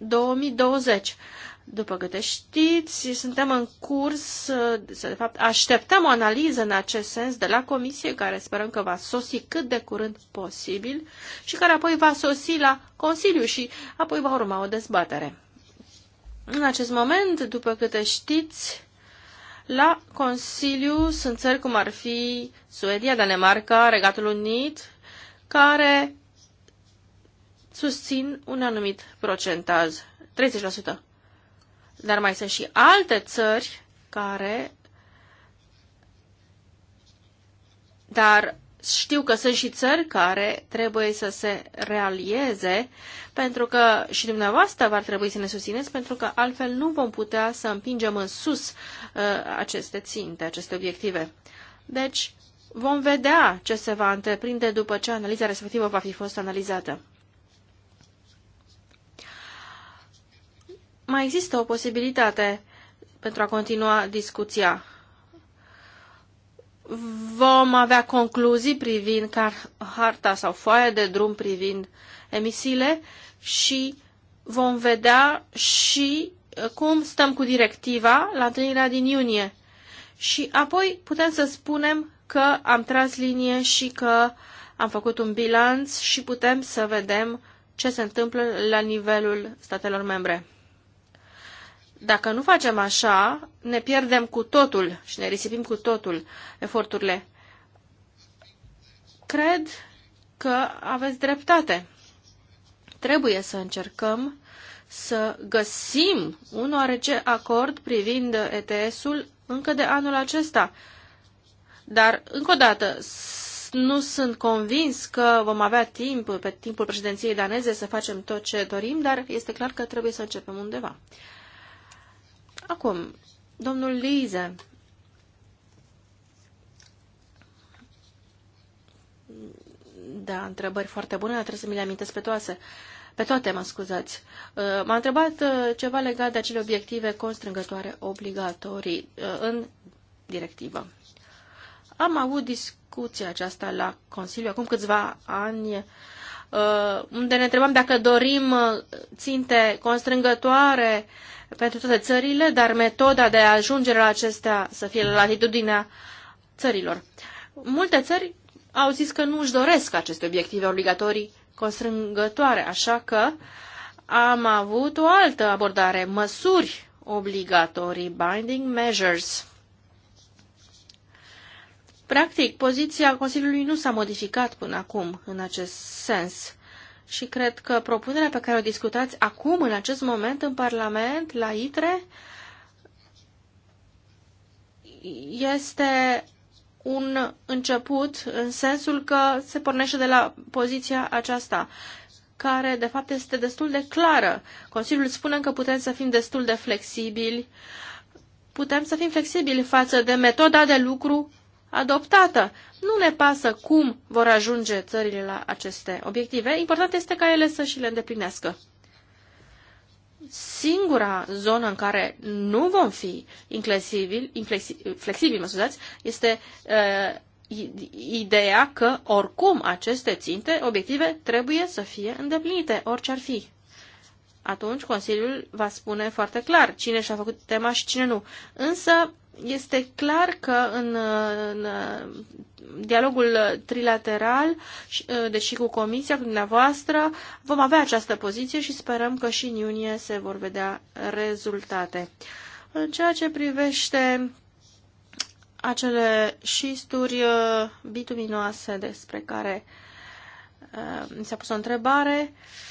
2020. După câte știți, suntem în curs, de fapt așteptăm o analiză în acest sens de la comisie, care sperăm că va sosi cât de curând posibil și care apoi va sosi la Consiliu și apoi va urma o dezbatere. În acest moment, după câte știți, la Consiliu sunt țări cum ar fi Suedia, Danemarca, Regatul Unit, care susțin un anumit procentaj, 30%. Dar mai sunt și alte țări care... Dar știu că sunt și țări care trebuie să se realieze, pentru că și dumneavoastră va trebui să ne susțineți, pentru că altfel nu vom putea să împingem în sus uh, aceste ținte, aceste obiective. Deci, vom vedea ce se va întreprinde după ce analiza respectivă va fi fost analizată. mai există o posibilitate pentru a continua discuția. Vom avea concluzii privind car harta sau foaia de drum privind emisiile și vom vedea și uh, cum stăm cu directiva la întâlnirea din iunie. Și apoi putem să spunem că am tras linie și că am făcut un bilanț și putem să vedem ce se întâmplă la nivelul statelor membre. Dacă nu facem așa, ne pierdem cu totul și ne risipim cu totul eforturile. Cred că aveți dreptate. Trebuie să încercăm să găsim un oarece acord privind ETS-ul încă de anul acesta. Dar, încă o dată, nu sunt convins că vom avea timp pe timpul președinției daneze să facem tot ce dorim, dar este clar că trebuie să începem undeva. Acum, domnul Lize. Da, întrebări foarte bune, dar trebuie să mi le amintesc pe toate. Pe toate, mă scuzați. Uh, m-a întrebat uh, ceva legat de acele obiective constrângătoare obligatorii uh, în directivă. Am avut discuția aceasta la Consiliu acum câțiva ani, unde ne întrebam dacă dorim ținte constrângătoare pentru toate țările, dar metoda de a ajunge la acestea să fie la latitudinea țărilor. Multe țări au zis că nu își doresc aceste obiective obligatorii constrângătoare, așa că am avut o altă abordare, măsuri obligatorii, binding measures. Practic, poziția Consiliului nu s-a modificat până acum în acest sens și cred că propunerea pe care o discutați acum, în acest moment, în Parlament, la ITRE, este un început în sensul că se pornește de la poziția aceasta, care de fapt este destul de clară. Consiliul spune că putem să fim destul de flexibili, putem să fim flexibili față de metoda de lucru adoptată. Nu ne pasă cum vor ajunge țările la aceste obiective. Important este ca ele să și le îndeplinească. Singura zonă în care nu vom fi inflexibili, flexibili, mă scuzați, este uh, ideea că oricum aceste ținte, obiective, trebuie să fie îndeplinite, orice ar fi atunci Consiliul va spune foarte clar cine și-a făcut tema și cine nu. Însă este clar că în, în dialogul trilateral, ă, deși cu Comisia, cu dumneavoastră, vom avea această poziție și sperăm că și în iunie se vor vedea rezultate. În ceea ce privește acele șisturi ă, bituminoase despre care ă, mi s-a pus o întrebare, uh,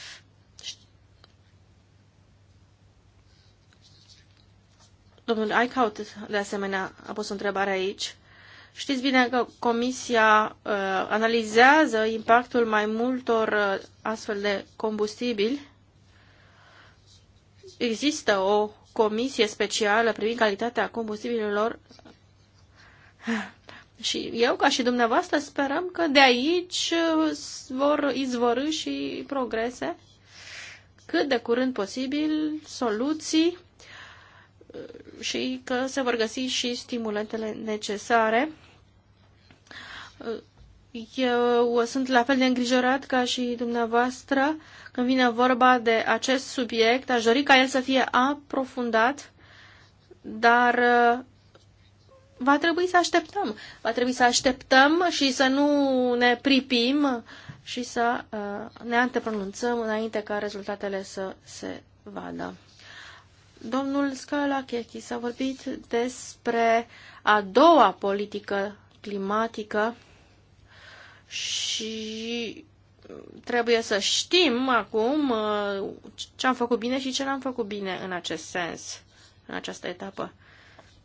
Domnul Eichhout, de asemenea, a pus o întrebare aici. Știți bine că Comisia uh, analizează impactul mai multor uh, astfel de combustibili. Există o comisie specială privind calitatea combustibililor și eu, ca și dumneavoastră, sperăm că de aici uh, vor izvorâ și progrese cât de curând posibil soluții și că se vor găsi și stimulentele necesare. Eu sunt la fel de îngrijorat ca și dumneavoastră când vine vorba de acest subiect. Aș dori ca el să fie aprofundat, dar uh, va trebui să așteptăm. Va trebui să așteptăm și să nu ne pripim și să uh, ne antepronunțăm înainte ca rezultatele să se vadă. Domnul Scalachechis s-a vorbit despre a doua politică climatică și trebuie să știm acum uh, ce am făcut bine și ce n-am făcut bine în acest sens, în această etapă.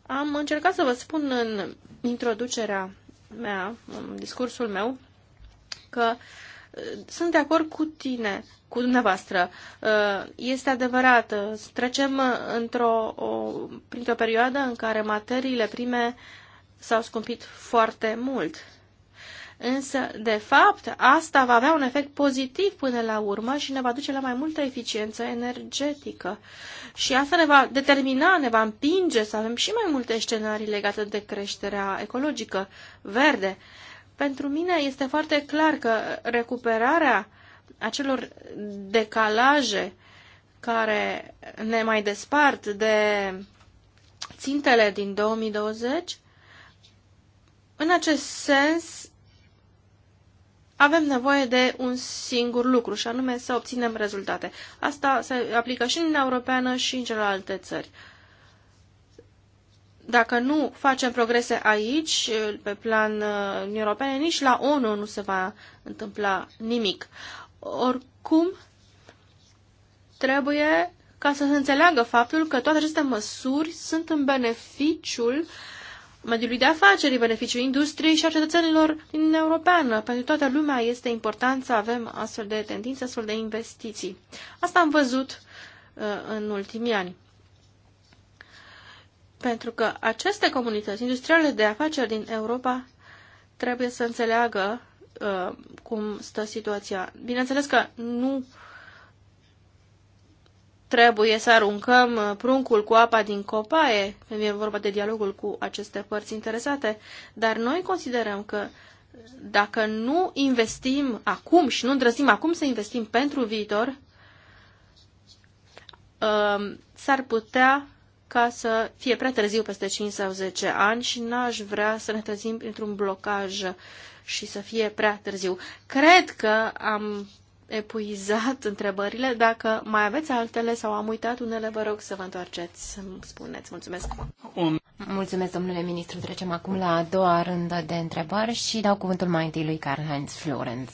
Am încercat să vă spun în introducerea mea, în discursul meu, că uh, sunt de acord cu tine, cu dumneavoastră. Uh, este adevărat, uh, trecem uh, într-o, o, printr-o perioadă în care materiile prime s-au scumpit foarte mult. Însă, de fapt, asta va avea un efect pozitiv până la urmă și ne va duce la mai multă eficiență energetică. Și asta ne va determina, ne va împinge să avem și mai multe scenarii legate de creșterea ecologică verde. Uh, pentru mine este foarte clar că recuperarea acelor decalaje care ne mai despart de țintele din 2020, în acest sens avem nevoie de un singur lucru și anume să obținem rezultate. Asta se aplică și în Europeană și în celelalte țări dacă nu facem progrese aici, pe plan uh, european, nici la ONU nu se va întâmpla nimic. Oricum, trebuie ca să se înțeleagă faptul că toate aceste măsuri sunt în beneficiul mediului de afaceri, beneficiul industriei și a cetățenilor din Europeană. Pentru toată lumea este important să avem astfel de tendințe, astfel de investiții. Asta am văzut uh, în ultimii ani. Pentru că aceste comunități industriale de afaceri din Europa trebuie să înțeleagă uh, cum stă situația. Bineînțeles că nu trebuie să aruncăm uh, pruncul cu apa din copaie când e vorba de dialogul cu aceste părți interesate, dar noi considerăm că dacă nu investim acum și nu îndrăzim acum să investim pentru viitor, uh, s-ar putea ca să fie prea târziu peste 5 sau 10 ani și n-aș vrea să ne trezim într-un blocaj și să fie prea târziu. Cred că am epuizat întrebările. Dacă mai aveți altele sau am uitat unele, vă rog să vă întoarceți, să spuneți. Mulțumesc. Mulțumesc, domnule ministru. Trecem acum la a doua rândă de întrebări și dau cuvântul mai întâi lui Karl-Heinz Florenz.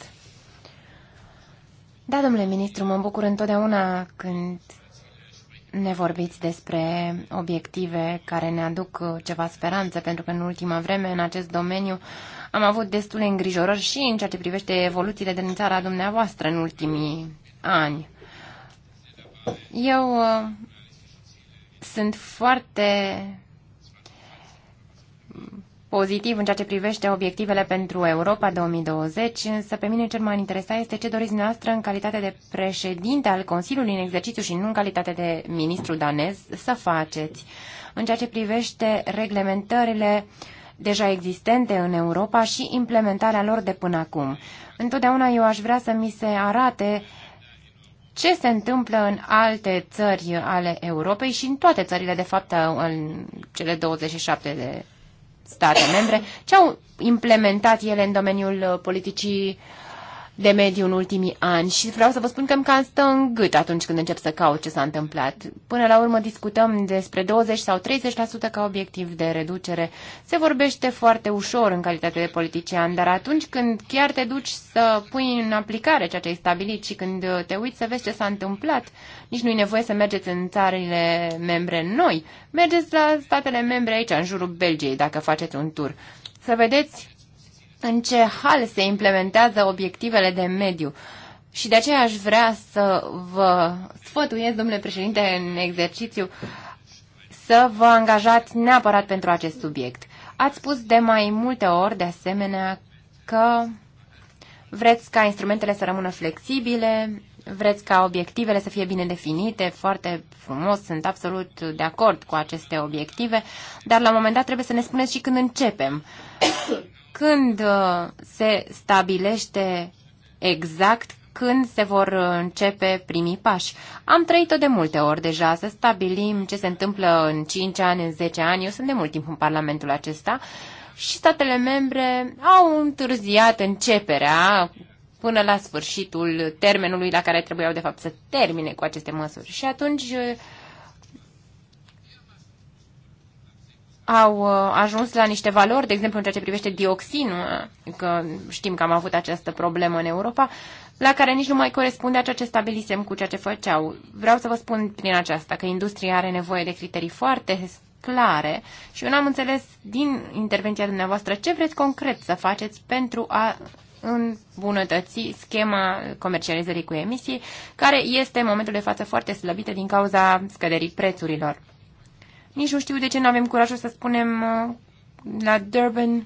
Da, domnule ministru, mă bucur întotdeauna când ne vorbiți despre obiective care ne aduc uh, ceva speranță, pentru că în ultima vreme, în acest domeniu, am avut destule îngrijorări și în ceea ce privește evoluțiile din țara dumneavoastră în ultimii ani. Eu uh, sunt foarte pozitiv în ceea ce privește obiectivele pentru Europa 2020, însă pe mine cel mai interesa este ce doriți noastră în calitate de președinte al Consiliului în exercițiu și nu în calitate de ministru danez să faceți în ceea ce privește reglementările deja existente în Europa și implementarea lor de până acum. Întotdeauna eu aș vrea să mi se arate ce se întâmplă în alte țări ale Europei și în toate țările, de fapt, în cele 27 de state membre, ce au implementat ele în domeniul politicii uh, de mediu în ultimii ani și vreau să vă spun că îmi cam stă în gât atunci când încep să caut ce s-a întâmplat. Până la urmă discutăm despre 20 sau 30% ca obiectiv de reducere. Se vorbește foarte ușor în calitate de politician, dar atunci când chiar te duci să pui în aplicare ceea ce ai stabilit și când te uiți să vezi ce s-a întâmplat, nici nu e nevoie să mergeți în țările membre noi. Mergeți la statele membre aici, în jurul Belgiei, dacă faceți un tur. Să vedeți în ce hal se implementează obiectivele de mediu. Și de aceea aș vrea să vă sfătuiesc, domnule președinte, în exercițiu, să vă angajați neapărat pentru acest subiect. Ați spus de mai multe ori, de asemenea, că vreți ca instrumentele să rămână flexibile, vreți ca obiectivele să fie bine definite, foarte frumos, sunt absolut de acord cu aceste obiective, dar la un moment dat trebuie să ne spuneți și când începem când uh, se stabilește exact când se vor uh, începe primii pași. Am trăit-o de multe ori deja, să stabilim ce se întâmplă în 5 ani, în 10 ani. Eu sunt de mult timp în Parlamentul acesta și statele membre au întârziat începerea până la sfârșitul termenului la care trebuiau de fapt să termine cu aceste măsuri. Și atunci uh, au uh, ajuns la niște valori, de exemplu în ceea ce privește dioxinul, uh, că știm că am avut această problemă în Europa, la care nici nu mai a ceea ce stabilisem cu ceea ce făceau. Vreau să vă spun prin aceasta că industria are nevoie de criterii foarte clare și eu n-am înțeles din intervenția dumneavoastră ce vreți concret să faceți pentru a îmbunătăți schema comercializării cu emisii, care este în momentul de față foarte slăbită din cauza scăderii prețurilor. Nici nu știu de ce nu avem curajul să spunem uh, la Durban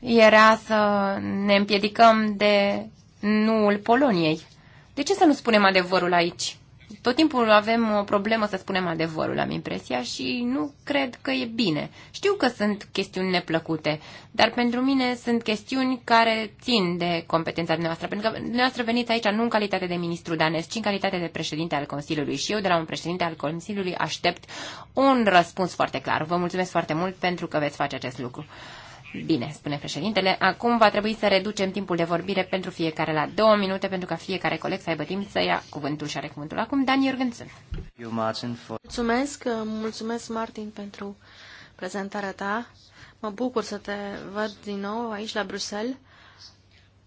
era să ne împiedicăm de nuul Poloniei. De ce să nu spunem adevărul aici? Tot timpul avem o problemă să spunem adevărul, am impresia, și nu cred că e bine. Știu că sunt chestiuni neplăcute, dar pentru mine sunt chestiuni care țin de competența dumneavoastră, pentru că dumneavoastră veniți aici nu în calitate de ministru danez, ci în calitate de președinte al Consiliului și eu de la un președinte al Consiliului aștept un răspuns foarte clar. Vă mulțumesc foarte mult pentru că veți face acest lucru. Bine, spune președintele, acum va trebui să reducem timpul de vorbire pentru fiecare la două minute, pentru ca fiecare coleg să aibă timp să ia cuvântul și are cuvântul acum. Dan Iorgânțân. Mulțumesc, mulțumesc, Martin, pentru prezentarea ta. Mă bucur să te văd din nou aici la Bruxelles.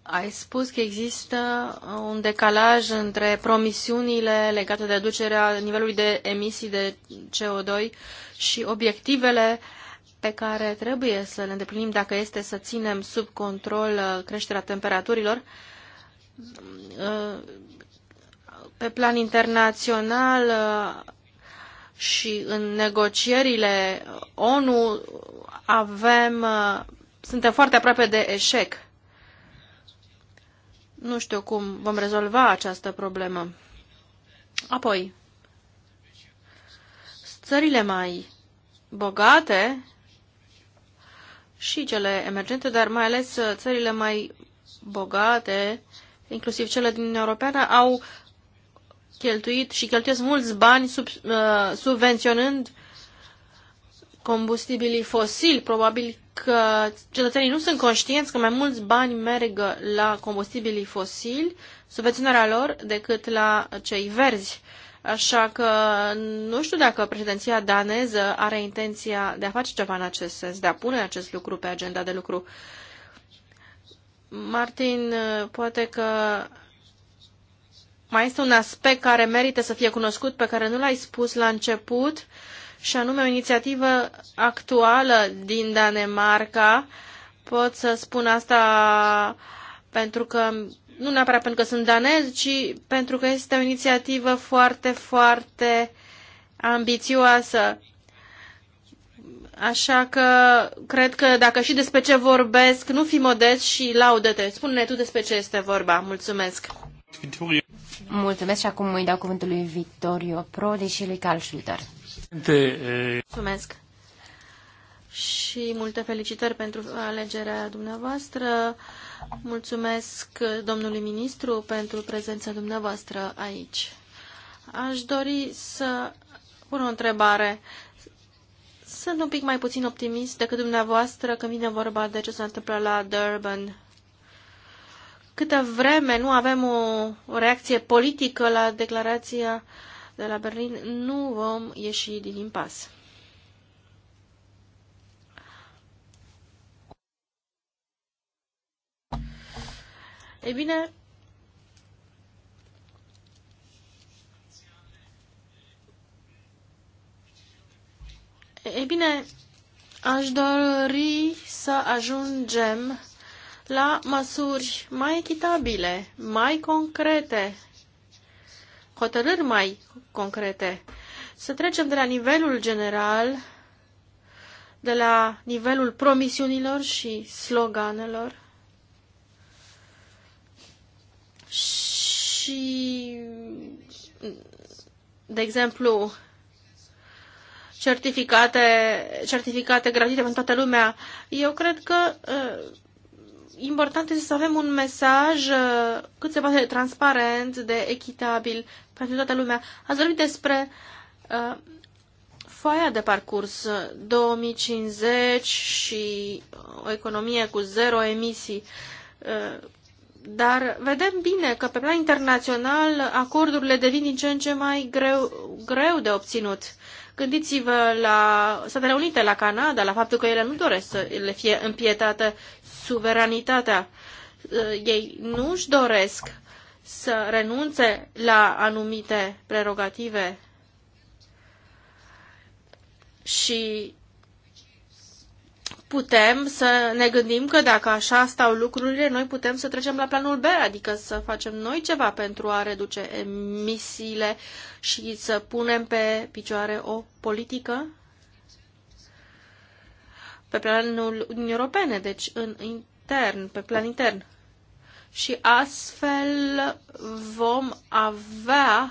Ai spus că există un decalaj între promisiunile legate de reducerea nivelului de emisii de CO2 și obiectivele uh, pe care trebuie să le îndeplinim dacă este să ținem sub control uh, creșterea temperaturilor. Uh, pe plan internațional uh, și în negocierile ONU avem, suntem foarte aproape de eșec. Nu știu cum vom rezolva această problemă. Apoi, țările mai bogate și cele emergente, dar mai ales uh, țările mai bogate, inclusiv cele din Europeană, au cheltuit și cheltuiesc mulți bani sub, uh, subvenționând combustibilii fosili. Probabil că cetățenii nu sunt conștienți că mai mulți bani merg la combustibilii fosili, subvenționarea lor, decât la cei verzi. Uh, Așa că nu știu dacă președinția daneză are intenția de a face ceva în acest sens, de a pune acest lucru pe agenda de lucru. Martin, poate că mai este un aspect care merită să fie cunoscut, pe care nu l-ai spus la început, și anume o inițiativă actuală din Danemarca. Pot să spun asta pentru că nu neapărat pentru că sunt danez, ci pentru că este o inițiativă foarte, foarte ambițioasă. Așa că cred că dacă și despre ce vorbesc, nu fi modest și laudă-te. Spune-ne tu despre ce este vorba. Mulțumesc! Mulțumesc și acum îi dau cuvântul lui Vittorio Prodi și lui Carl Schulter. Eh, Mulțumesc! Și multe felicitări pentru alegerea dumneavoastră. Mulțumesc domnului ministru pentru prezența dumneavoastră aici. Aș dori să pun o întrebare. Sunt un pic mai puțin optimist decât dumneavoastră când vine vorba de ce s-a întâmplat la Durban. Câtă vreme nu avem o reacție politică la declarația de la Berlin, nu vom ieși din impas. Ei bine, Ei bine, aș dori să ajungem la măsuri mai echitabile, mai concrete, hotărâri mai concrete. Să trecem de la nivelul general, de la nivelul promisiunilor și sloganelor, și, de exemplu, certificate, certificate gratuite pentru toată lumea. Eu cred că uh, important este să avem un mesaj uh, cât se poate de transparent, de echitabil pentru toată lumea. Ați vorbit despre uh, foaia de parcurs 2050 uh, și o economie cu zero emisii. Uh, dar vedem bine că pe plan internațional acordurile devin din ce în ce mai greu, greu de obținut. Gândiți-vă la Statele Unite, la Canada, la faptul că ele nu doresc să le fie împietată suveranitatea. Uh, ei nu își doresc să renunțe la anumite prerogative și putem să ne gândim că dacă așa stau lucrurile, noi putem să trecem la planul B, adică să facem noi ceva pentru a reduce emisiile și să punem pe picioare o politică pe planul Uniunii Europene, deci în intern, pe plan intern. Și astfel vom avea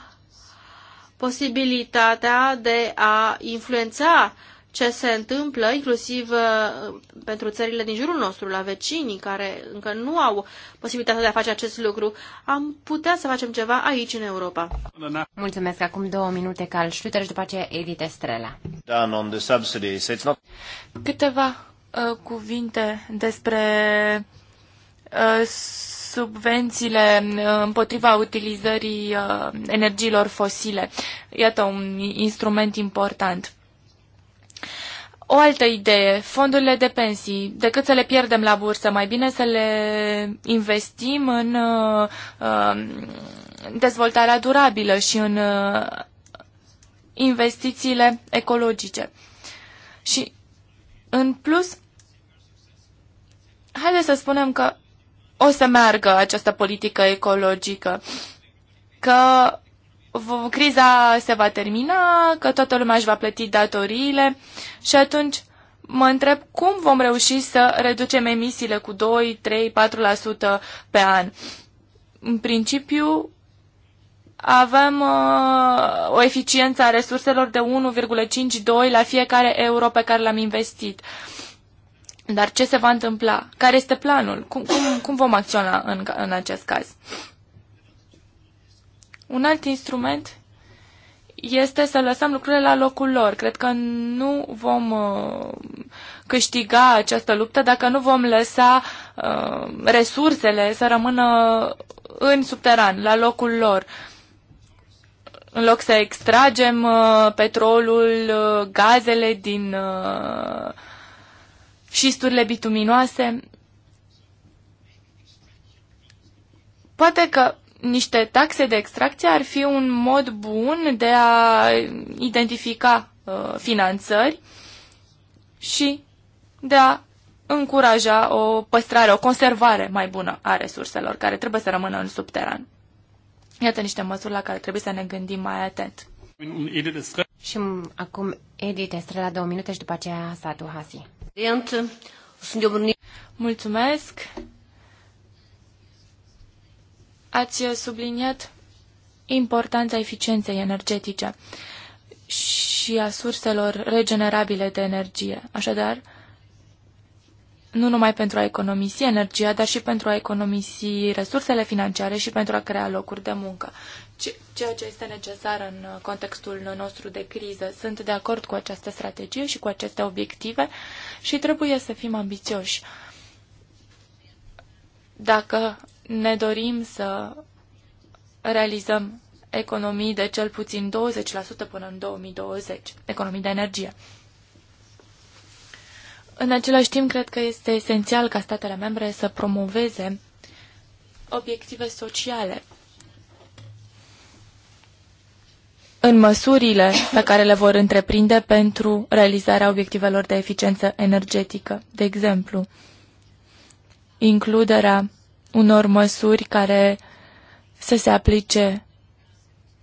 posibilitatea de a influența uh, ce se întâmplă, inclusiv uh, pentru țările din jurul nostru, la vecinii care încă nu au posibilitatea de a face acest lucru, am putea să facem ceva aici, în Europa. Mulțumesc. Acum două minute, Carl Schlüter și după aceea Edith Estrela. Câteva uh, cuvinte despre uh, subvențiile uh, împotriva utilizării uh, energiilor fosile. Iată un instrument important. O altă idee, fondurile de pensii, decât să le pierdem la bursă, mai bine să le investim în uh, um, dezvoltarea durabilă și în uh, investițiile ecologice. Și în plus, haideți să spunem că o să meargă această politică ecologică, că criza se va termina, că toată lumea își va plăti datoriile și atunci mă întreb cum vom reuși să reducem emisiile cu 2, 3, 4% pe an. În principiu, avem uh, o eficiență a resurselor de 1,52 la fiecare euro pe care l-am investit. Dar ce se va întâmpla? Care este planul? Cum, cum, cum vom acționa în, în acest caz? Un alt instrument este să lăsăm lucrurile la locul lor. Cred că nu vom uh, câștiga această luptă dacă nu vom lăsa uh, resursele să rămână în subteran, la locul lor. În loc să extragem uh, petrolul, uh, gazele din uh, șisturile bituminoase, poate că niște taxe de extracție ar fi un mod bun de a identifica uh, finanțări și de a încuraja o păstrare, o conservare mai bună a resurselor care trebuie să rămână în subteran. Iată niște măsuri la care trebuie să ne gândim mai atent. Și acum Edith Estrela două minute și după aceea Satu Hasi. Mulțumesc! ați subliniat importanța eficienței energetice și a surselor regenerabile de energie. Așadar, nu numai pentru a economisi energia, dar și pentru a economisi resursele financiare și pentru a crea locuri de muncă, ceea ce este necesar în contextul nostru de criză. Sunt de acord cu această strategie și cu aceste obiective și trebuie să fim ambițioși. Dacă ne dorim să realizăm economii de cel puțin 20% până în 2020, economii de energie. În același timp, cred că este esențial ca statele membre să promoveze obiective sociale în măsurile pe care le vor întreprinde pentru realizarea obiectivelor de eficiență energetică. De exemplu, includerea unor măsuri care să se aplice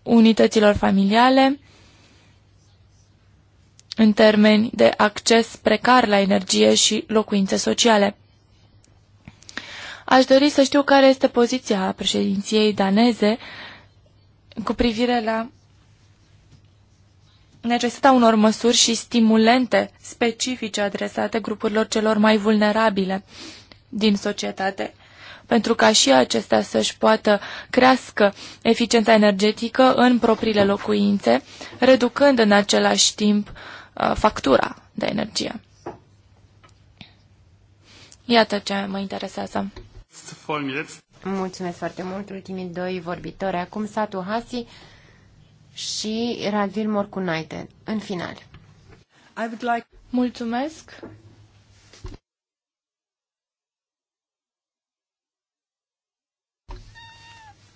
unităților familiale în termeni de acces precar la energie și locuințe sociale. Aș dori să știu care este poziția președinției daneze cu privire la necesitatea unor măsuri și stimulente specifice adresate grupurilor celor mai vulnerabile din societate pentru ca și acestea să-și poată crească eficiența energetică în propriile locuințe, reducând în același timp uh, factura de energie. Iată ce mă interesează. Mulțumesc foarte mult. Ultimii doi vorbitori acum, Satu Hasi și Radvil Morcunaite. În final. Mulțumesc.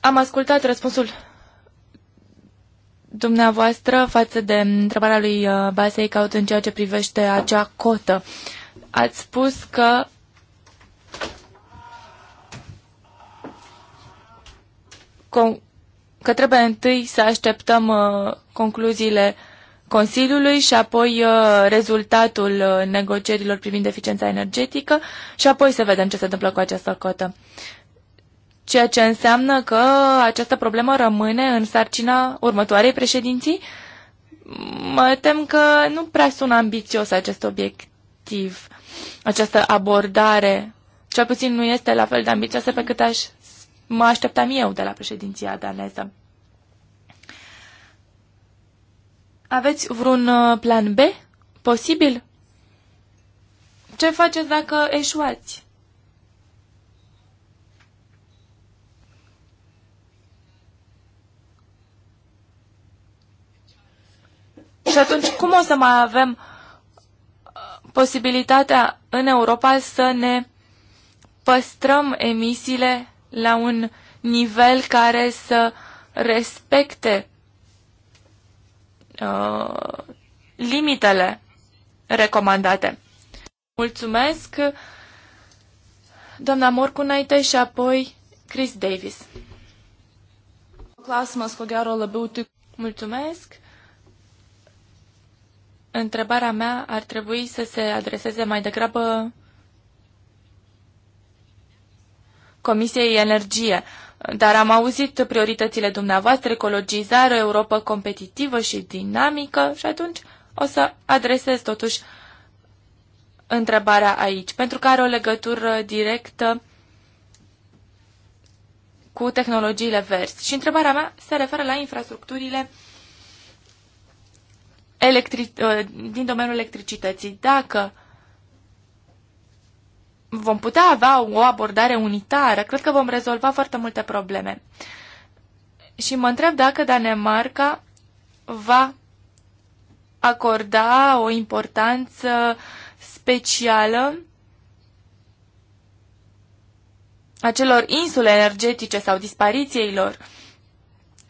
Am ascultat răspunsul dumneavoastră față de întrebarea lui uh, Basei Caut în ceea ce privește acea cotă. Ați spus că că trebuie întâi să așteptăm uh, concluziile Consiliului și apoi uh, rezultatul negocierilor privind eficiența energetică și apoi să vedem ce se întâmplă cu această cotă ceea ce înseamnă că această problemă rămâne în sarcina următoarei președinții? Mă tem că nu prea sună ambițios acest obiectiv, această abordare. Cel puțin nu este la fel de ambițioasă pe cât aș, mă așteptam eu de la președinția daneză. Aveți vreun uh, plan B posibil? Ce faceți dacă eșuați? Și atunci, cum o să mai avem uh, posibilitatea în Europa să ne păstrăm emisiile la un nivel care să respecte uh, limitele recomandate. Mulțumesc, doamna Morcunaite și apoi Chris Davis. Mulțumesc întrebarea mea ar trebui să se adreseze mai degrabă Comisiei Energie. Dar am auzit prioritățile dumneavoastră, ecologizare, Europa competitivă și dinamică și atunci o să adresez totuși întrebarea aici, pentru că are o legătură directă cu tehnologiile verzi. Și întrebarea mea se referă la infrastructurile electri- uh, din domeniul electricității. Dacă vom putea avea o abordare unitară, cred că vom rezolva foarte multe probleme. Și mă întreb dacă Danemarca va acorda o importanță specială acelor insule energetice sau dispariției lor.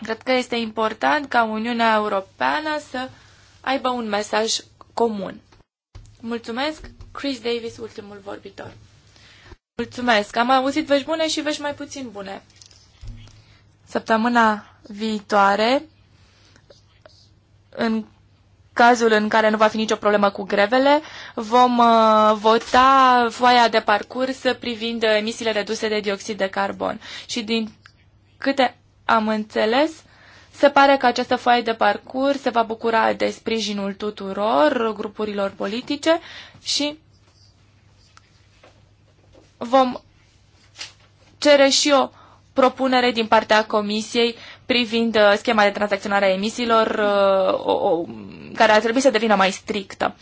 Cred că este important ca Uniunea Europeană să aibă un mesaj comun. Mulțumesc, Chris Davis, ultimul vorbitor. Mulțumesc, am auzit vești bune și vești mai puțin bune. Săptămâna viitoare, în cazul în care nu va fi nicio problemă cu grevele, vom uh, vota foaia de parcurs privind emisiile reduse de dioxid de carbon. Și din câte am înțeles, se pare că această foaie de parcurs se va bucura de sprijinul tuturor grupurilor politice și vom cere și o propunere din partea Comisiei privind uh, schema de tranzacționare a emisiilor, uh, care ar trebui să devină mai strictă.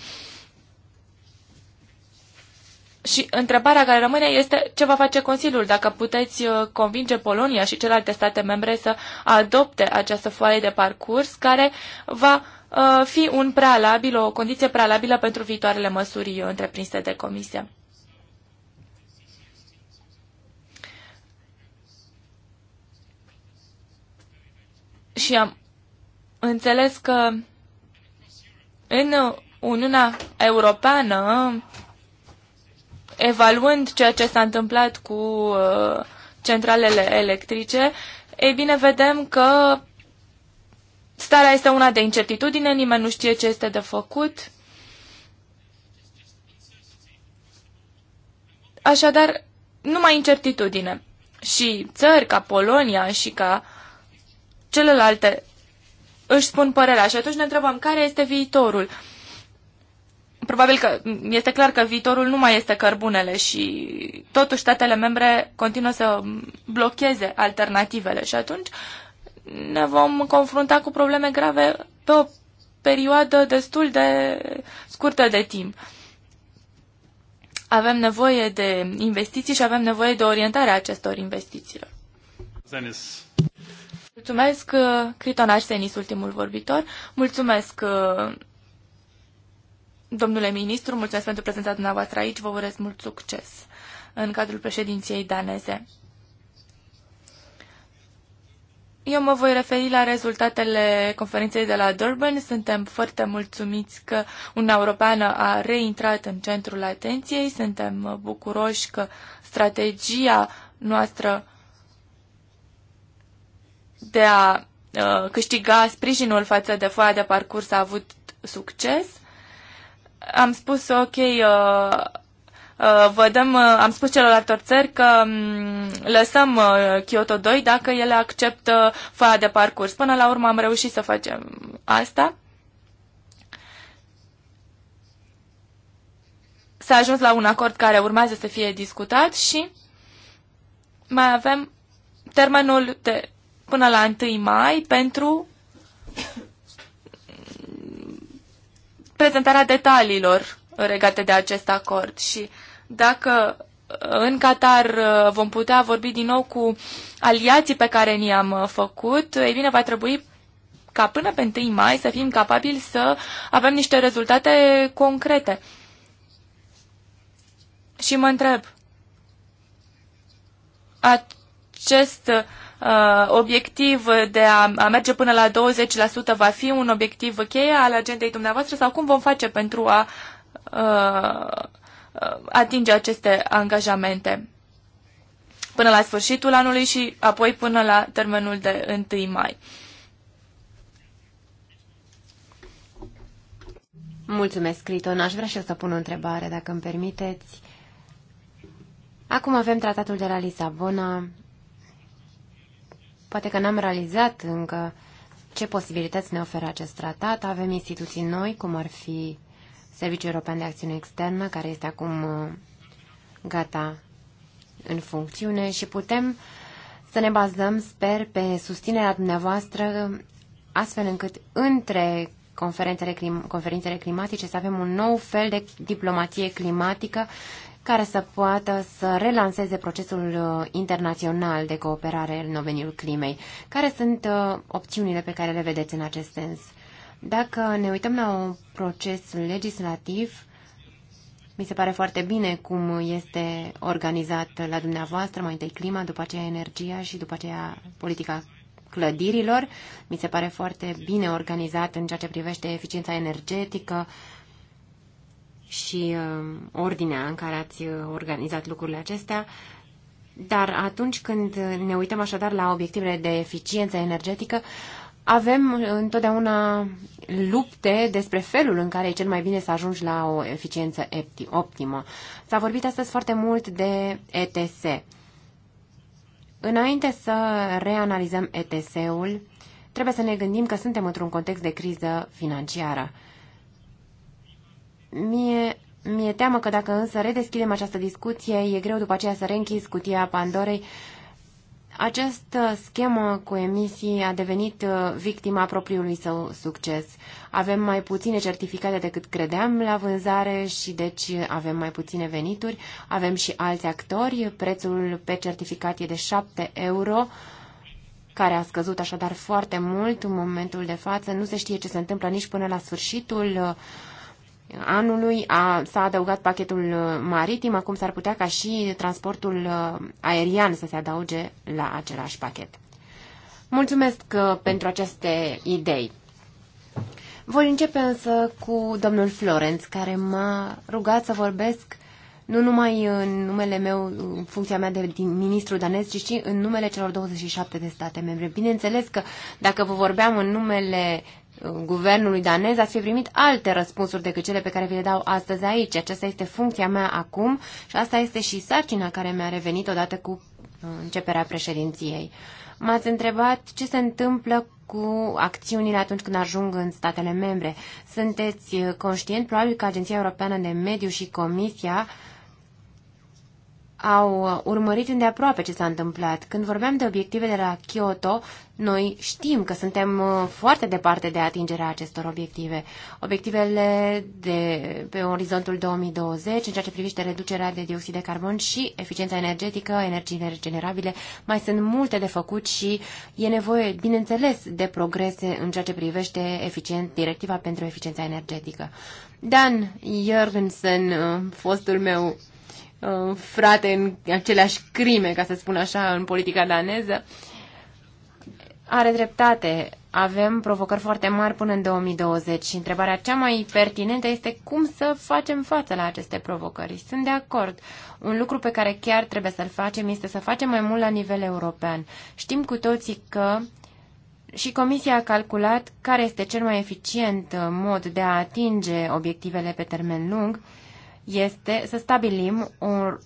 Și întrebarea care rămâne este ce va face Consiliul, dacă puteți uh, convinge Polonia și celelalte state membre să adopte această foaie de parcurs care va uh, fi un prealabil, o condiție prealabilă pentru viitoarele măsuri uh, întreprinse de Comisie. Și am înțeles că în Uniunea Europeană evaluând ceea ce s-a întâmplat cu uh, centralele electrice, ei bine, vedem că starea este una de incertitudine, nimeni nu știe ce este de făcut. Așadar, numai incertitudine. Și țări ca Polonia și ca celelalte își spun părerea și atunci ne întrebăm care este viitorul. Probabil că este clar că viitorul nu mai este cărbunele și totuși statele membre continuă să blocheze alternativele și atunci ne vom confrunta cu probleme grave pe o perioadă destul de scurtă de timp. Avem nevoie de investiții și avem nevoie de orientarea acestor investițiilor. Zenis. Mulțumesc, uh, Criton Arsenis, ultimul vorbitor. Mulțumesc, uh, Domnule ministru, mulțumesc pentru prezența dumneavoastră aici, vă urez mult succes în cadrul președinției daneze. Eu mă voi referi la rezultatele conferinței de la Durban. Suntem foarte mulțumiți că Uniunea Europeană a reintrat în centrul atenției. Suntem bucuroși că strategia noastră de a uh, câștiga sprijinul față de foaia de parcurs a avut succes am spus, ok, uh, Uh, vă dăm, uh, am spus celorlalte țări că um, lăsăm uh, Kyoto 2 dacă ele acceptă foaia de parcurs. Până la urmă am reușit să facem asta. S-a ajuns la un acord care urmează să fie discutat și mai avem termenul de până la 1 mai pentru prezentarea detaliilor regate de acest acord și dacă în Qatar uh, vom putea vorbi din nou cu aliații pe care ni-am uh, făcut, ei bine, va trebui ca până pe 1 mai să fim capabili să avem niște rezultate concrete. Și mă întreb, acest Uh, obiectiv de a merge până la 20% va fi un obiectiv cheie al agendei dumneavoastră sau cum vom face pentru a uh, uh, atinge aceste angajamente până la sfârșitul anului și apoi până la termenul de 1 mai. Mulțumesc, Criton. Aș vrea și eu să pun o întrebare, dacă îmi permiteți. Acum avem tratatul de la Lisabona, Poate că n-am realizat încă ce posibilități ne oferă acest tratat. Avem instituții noi, cum ar fi Serviciul European de Acțiune Externă, care este acum uh, gata în funcțiune și putem să ne bazăm, sper, pe susținerea dumneavoastră, astfel încât între conferințele, clim- conferințele climatice să avem un nou fel de diplomatie climatică care să poată să relanseze procesul uh, internațional de cooperare în domeniul climei. Care sunt uh, opțiunile pe care le vedeți în acest sens? Dacă ne uităm la un proces legislativ, mi se pare foarte bine cum este organizat la dumneavoastră, mai întâi clima, după aceea energia și după aceea politica clădirilor. Mi se pare foarte bine organizat în ceea ce privește eficiența energetică, uh, și uh, ordinea în care ați uh, organizat lucrurile acestea, dar atunci când ne uităm așadar la obiectivele de eficiență energetică, avem întotdeauna lupte despre felul în care e cel mai bine să ajungi la o eficiență optimă. S-a vorbit astăzi foarte mult de ETS. Înainte să reanalizăm ETS-ul, trebuie să ne gândim că suntem într-un context de criză financiară. Mie mi-e teamă că dacă însă redeschidem această discuție, e greu după aceea să reînchizi cutia Pandorei. Această schemă cu emisii a devenit uh, victima propriului său succes. Avem mai puține certificate decât credeam la vânzare și deci avem mai puține venituri. Avem și alți actori. Prețul pe certificat e de 7 euro care a scăzut așadar foarte mult în momentul de față. Nu se știe ce se întâmplă nici până la sfârșitul uh, anului a, s-a adăugat pachetul uh, maritim, acum s-ar putea ca și transportul uh, aerian să se adauge la același pachet. Mulțumesc uh, pentru aceste idei. Voi începe însă cu domnul Florenț, care m-a rugat să vorbesc nu numai în numele meu, în funcția mea de ministru danez, ci și în numele celor 27 de state membre. Bineînțeles că dacă vă vorbeam în numele Uh, guvernului danez, ați fi primit alte răspunsuri decât cele pe care vi le dau astăzi aici. Aceasta este funcția mea acum și asta este și sarcina care mi-a revenit odată cu uh, începerea președinției. M-ați întrebat ce se întâmplă cu acțiunile atunci când ajung în statele membre. Sunteți uh, conștient probabil că Agenția Europeană de Mediu și Comisia uh, au uh, urmărit îndeaproape ce s-a întâmplat. Când vorbeam de obiective de la Kyoto, noi știm că suntem uh, foarte departe de atingerea acestor obiective. Obiectivele de, pe orizontul 2020, în ceea ce privește reducerea de dioxid de carbon și eficiența energetică, energiile regenerabile, mai sunt multe de făcut și e nevoie, bineînțeles, de progrese în ceea ce privește eficient, directiva pentru eficiența energetică. Dan Jørgensen, uh, fostul meu uh, frate în aceleași crime, ca să spun așa, în politica daneză. Are dreptate. Avem provocări foarte mari până în 2020 și întrebarea cea mai pertinentă este cum să facem față la aceste provocări. Sunt de acord. Un lucru pe care chiar trebuie să-l facem este să facem mai mult la nivel european. Știm cu toții că și Comisia a calculat care este cel mai eficient uh, mod de a atinge obiectivele pe termen lung este să stabilim un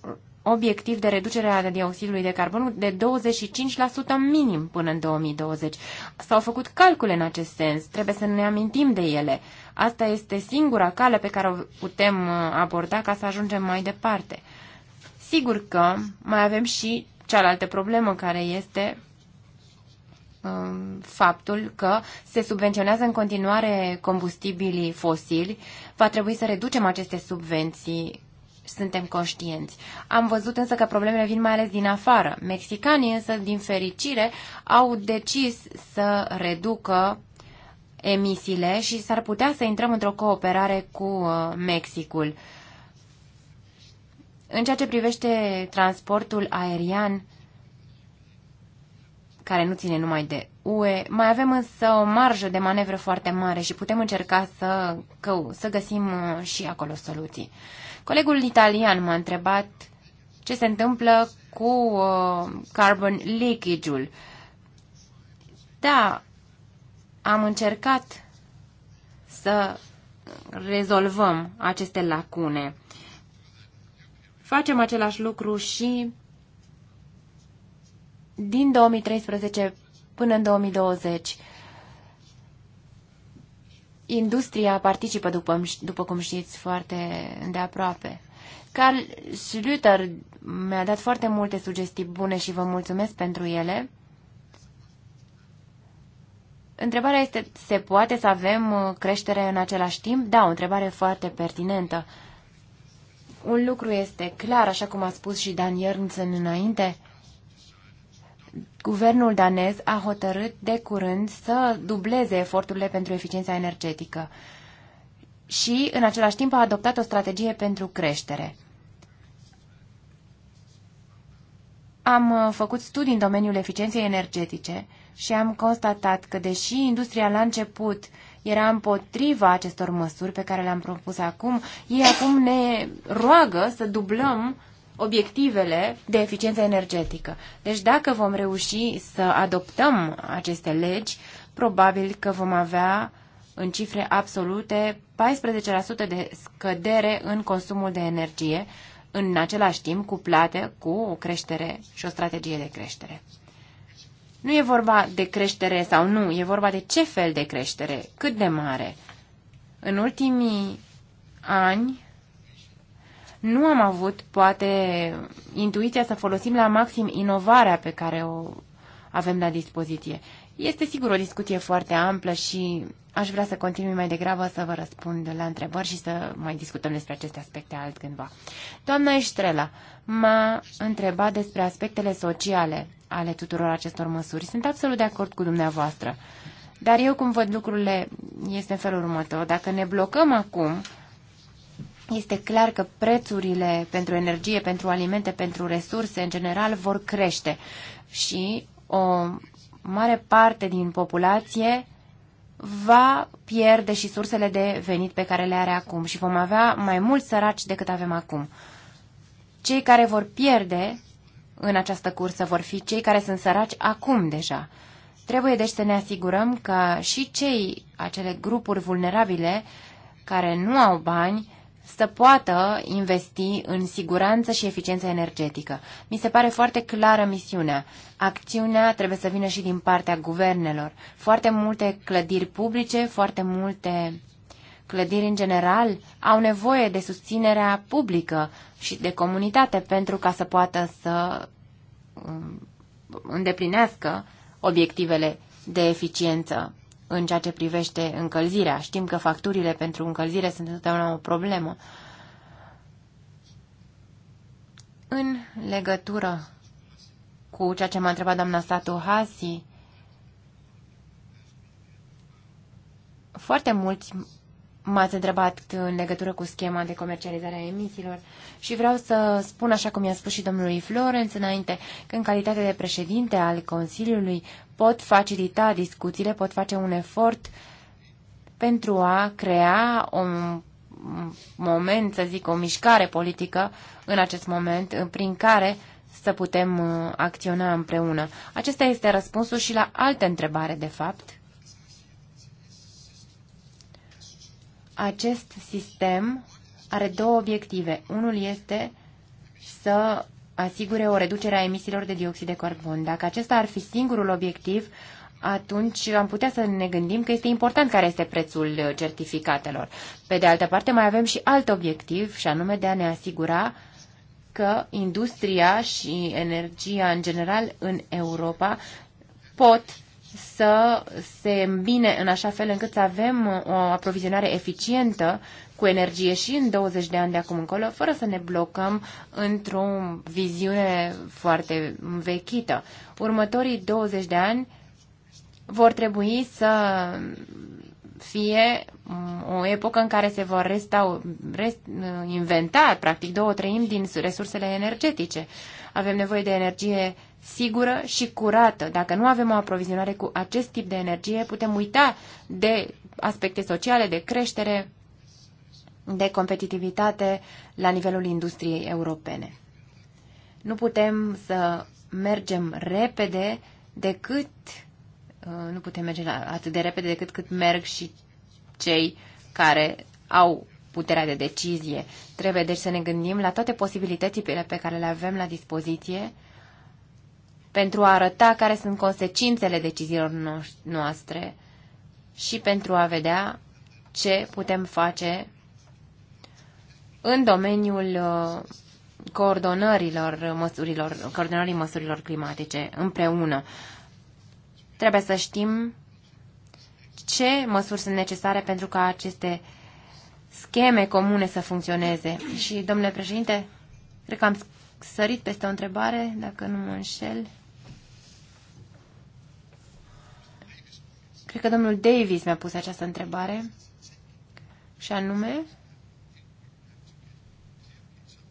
obiectiv de reducere a dioxidului de carbon de 25% minim până în 2020. S-au făcut calcule în acest sens, trebuie să ne amintim de ele. Asta este singura cale pe care o putem uh, aborda ca să ajungem mai departe. Sigur că mai avem și cealaltă problemă care este Um, faptul că se subvenționează în continuare combustibilii fosili. Va trebui să reducem aceste subvenții suntem conștienți. Am văzut însă că problemele vin mai ales din afară. Mexicanii însă, din fericire, au decis să reducă emisiile și s-ar putea să intrăm într-o cooperare cu uh, Mexicul. În ceea ce privește transportul aerian, care nu ține numai de UE. Mai avem însă o marjă de manevră foarte mare și putem încerca să, că, să găsim uh, și acolo soluții. Colegul italian m-a întrebat ce se întâmplă cu uh, carbon leakage-ul. Da, am încercat să rezolvăm aceste lacune. Facem același lucru și din 2013 până în 2020. Industria participă, după, după cum știți, foarte îndeaproape. Carl Schlüter mi-a dat foarte multe sugestii bune și vă mulțumesc pentru ele. Întrebarea este, se poate să avem uh, creștere în același timp? Da, o întrebare foarte pertinentă. Un lucru este clar, așa cum a spus și Dan Jernsen înainte, Guvernul danez a hotărât de curând să dubleze eforturile pentru eficiența energetică și, în același timp, a adoptat o strategie pentru creștere. Am uh, făcut studii în domeniul eficienței energetice și am constatat că, deși industria la început era împotriva acestor măsuri pe care le-am propus acum, ei acum ne roagă să dublăm uh, obiectivele de eficiență energetică. Deci dacă vom reuși să adoptăm aceste legi, probabil că vom avea în cifre absolute 14% de scădere în consumul de energie, în același timp cuplate cu o creștere și o strategie de creștere. Nu e vorba de creștere sau nu, e vorba de ce fel de creștere, cât de mare. În ultimii ani, nu am avut, poate, intuiția să folosim la maxim inovarea pe care o avem la dispoziție. Este sigur o discuție foarte amplă și aș vrea să continui mai degrabă să vă răspund la întrebări și să mai discutăm despre aceste aspecte altcândva. Doamna Eștrela m-a întrebat despre aspectele sociale ale tuturor acestor măsuri. Sunt absolut de acord cu dumneavoastră. Dar eu cum văd lucrurile este în felul următor. Dacă ne blocăm acum este clar că prețurile pentru energie, pentru alimente, pentru resurse în general vor crește și o mare parte din populație va pierde și sursele de venit pe care le are acum și vom avea mai mulți săraci decât avem acum. Cei care vor pierde în această cursă vor fi cei care sunt săraci acum deja. Trebuie deci să ne asigurăm că și cei, acele grupuri vulnerabile care nu au bani, să poată investi în siguranță și eficiență energetică. Mi se pare foarte clară misiunea. Acțiunea trebuie să vină și din partea guvernelor. Foarte multe clădiri publice, foarte multe clădiri în general au nevoie de susținerea publică și de comunitate pentru ca să poată să um, îndeplinească obiectivele de eficiență în ceea ce privește încălzirea. Știm că facturile pentru încălzire sunt întotdeauna o problemă. În legătură cu ceea ce m-a întrebat doamna Satu Hasi, foarte mulți m-ați întrebat în legătură cu schema de comercializare a emisiilor și vreau să spun, așa cum i-a spus și domnului Florence înainte, că în calitate de președinte al Consiliului pot facilita discuțiile, pot face un efort pentru a crea un moment, să zic, o mișcare politică în acest moment prin care să putem acționa împreună. Acesta este răspunsul și la alte întrebare, de fapt, Acest sistem are două obiective. Unul este să asigure o reducere a emisiilor de dioxid de carbon. Dacă acesta ar fi singurul obiectiv, atunci am putea să ne gândim că este important care este prețul certificatelor. Pe de altă parte, mai avem și alt obiectiv, și anume de a ne asigura că industria și energia în general în Europa pot să se îmbine în așa fel încât să avem o aprovizionare eficientă cu energie și în 20 de ani de acum încolo, fără să ne blocăm într-o viziune foarte învechită. Următorii 20 de ani vor trebui să fie o epocă în care se vor restau, rest, inventa, practic, două treimi din resursele energetice. Avem nevoie de energie sigură și curată. Dacă nu avem o aprovizionare cu acest tip de energie, putem uita de aspecte sociale, de creștere, de competitivitate la nivelul industriei europene. Nu putem să mergem repede decât uh, nu putem merge atât de repede decât cât merg și cei care au puterea de decizie. Trebuie deci să ne gândim la toate posibilitățile pe care le avem la dispoziție pentru a arăta care sunt consecințele deciziilor noastre și pentru a vedea ce putem face în domeniul uh, coordonărilor măsurilor, coordonării măsurilor climatice împreună. Trebuie să știm ce măsuri sunt necesare pentru ca aceste scheme comune să funcționeze. Și, domnule președinte, cred că am sărit peste o întrebare, dacă nu mă înșel. Cred că domnul Davis mi-a pus această întrebare. Și anume,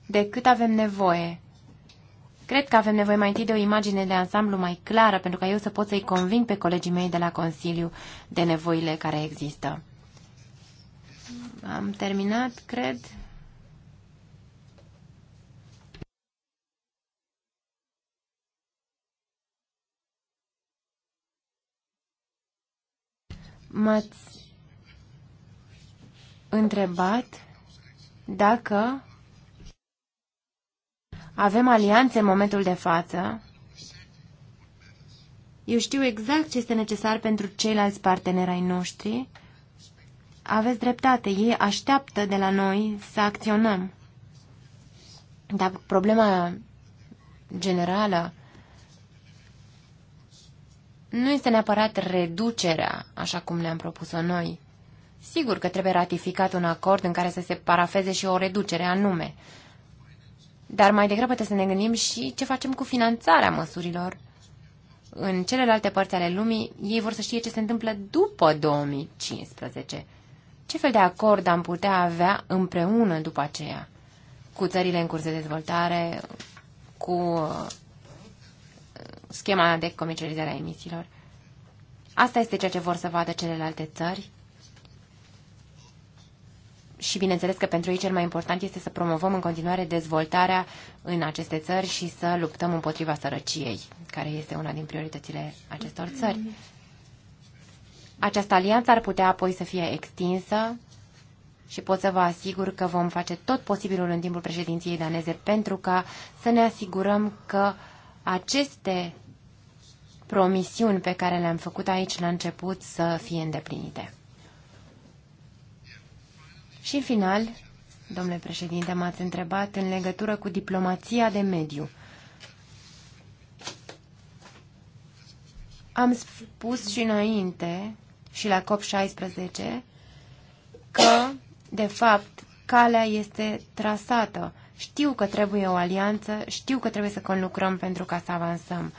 de cât avem nevoie Cred că avem nevoie mai întâi de o imagine de ansamblu mai clară, pentru ca eu să pot să-i conving pe colegii mei de la Consiliu de nevoile care există. Am terminat, cred. M-ați întrebat dacă avem alianțe în momentul de față. Eu știu exact ce este necesar pentru ceilalți parteneri ai noștri. Aveți dreptate, ei așteaptă de la noi să acționăm. Dar problema generală nu este neapărat reducerea, așa cum ne-am propus-o noi. Sigur că trebuie ratificat un acord în care să se parafeze și o reducere anume, dar mai degrabă trebuie să ne gândim și ce facem cu finanțarea măsurilor. În celelalte părți ale lumii, ei vor să știe ce se întâmplă după 2015. Ce fel de acord am putea avea împreună după aceea? Cu țările în curs de dezvoltare, cu uh, schema de comercializare a emisiilor. Asta este ceea ce vor să vadă celelalte țări și bineînțeles că pentru ei cel mai important este să promovăm în continuare dezvoltarea în aceste țări și să luptăm împotriva sărăciei, care este una din prioritățile acestor țări. Această alianță ar putea apoi să fie extinsă și pot să vă asigur că vom face tot posibilul în timpul președinției daneze pentru ca să ne asigurăm că aceste promisiuni pe care le-am făcut aici la început să fie îndeplinite. Și în final, domnule președinte, m-ați întrebat în legătură cu diplomația de mediu. Am spus și înainte, și la COP16, că, de fapt, calea este trasată. Știu că trebuie o alianță, știu că trebuie să conlucrăm pentru ca să avansăm.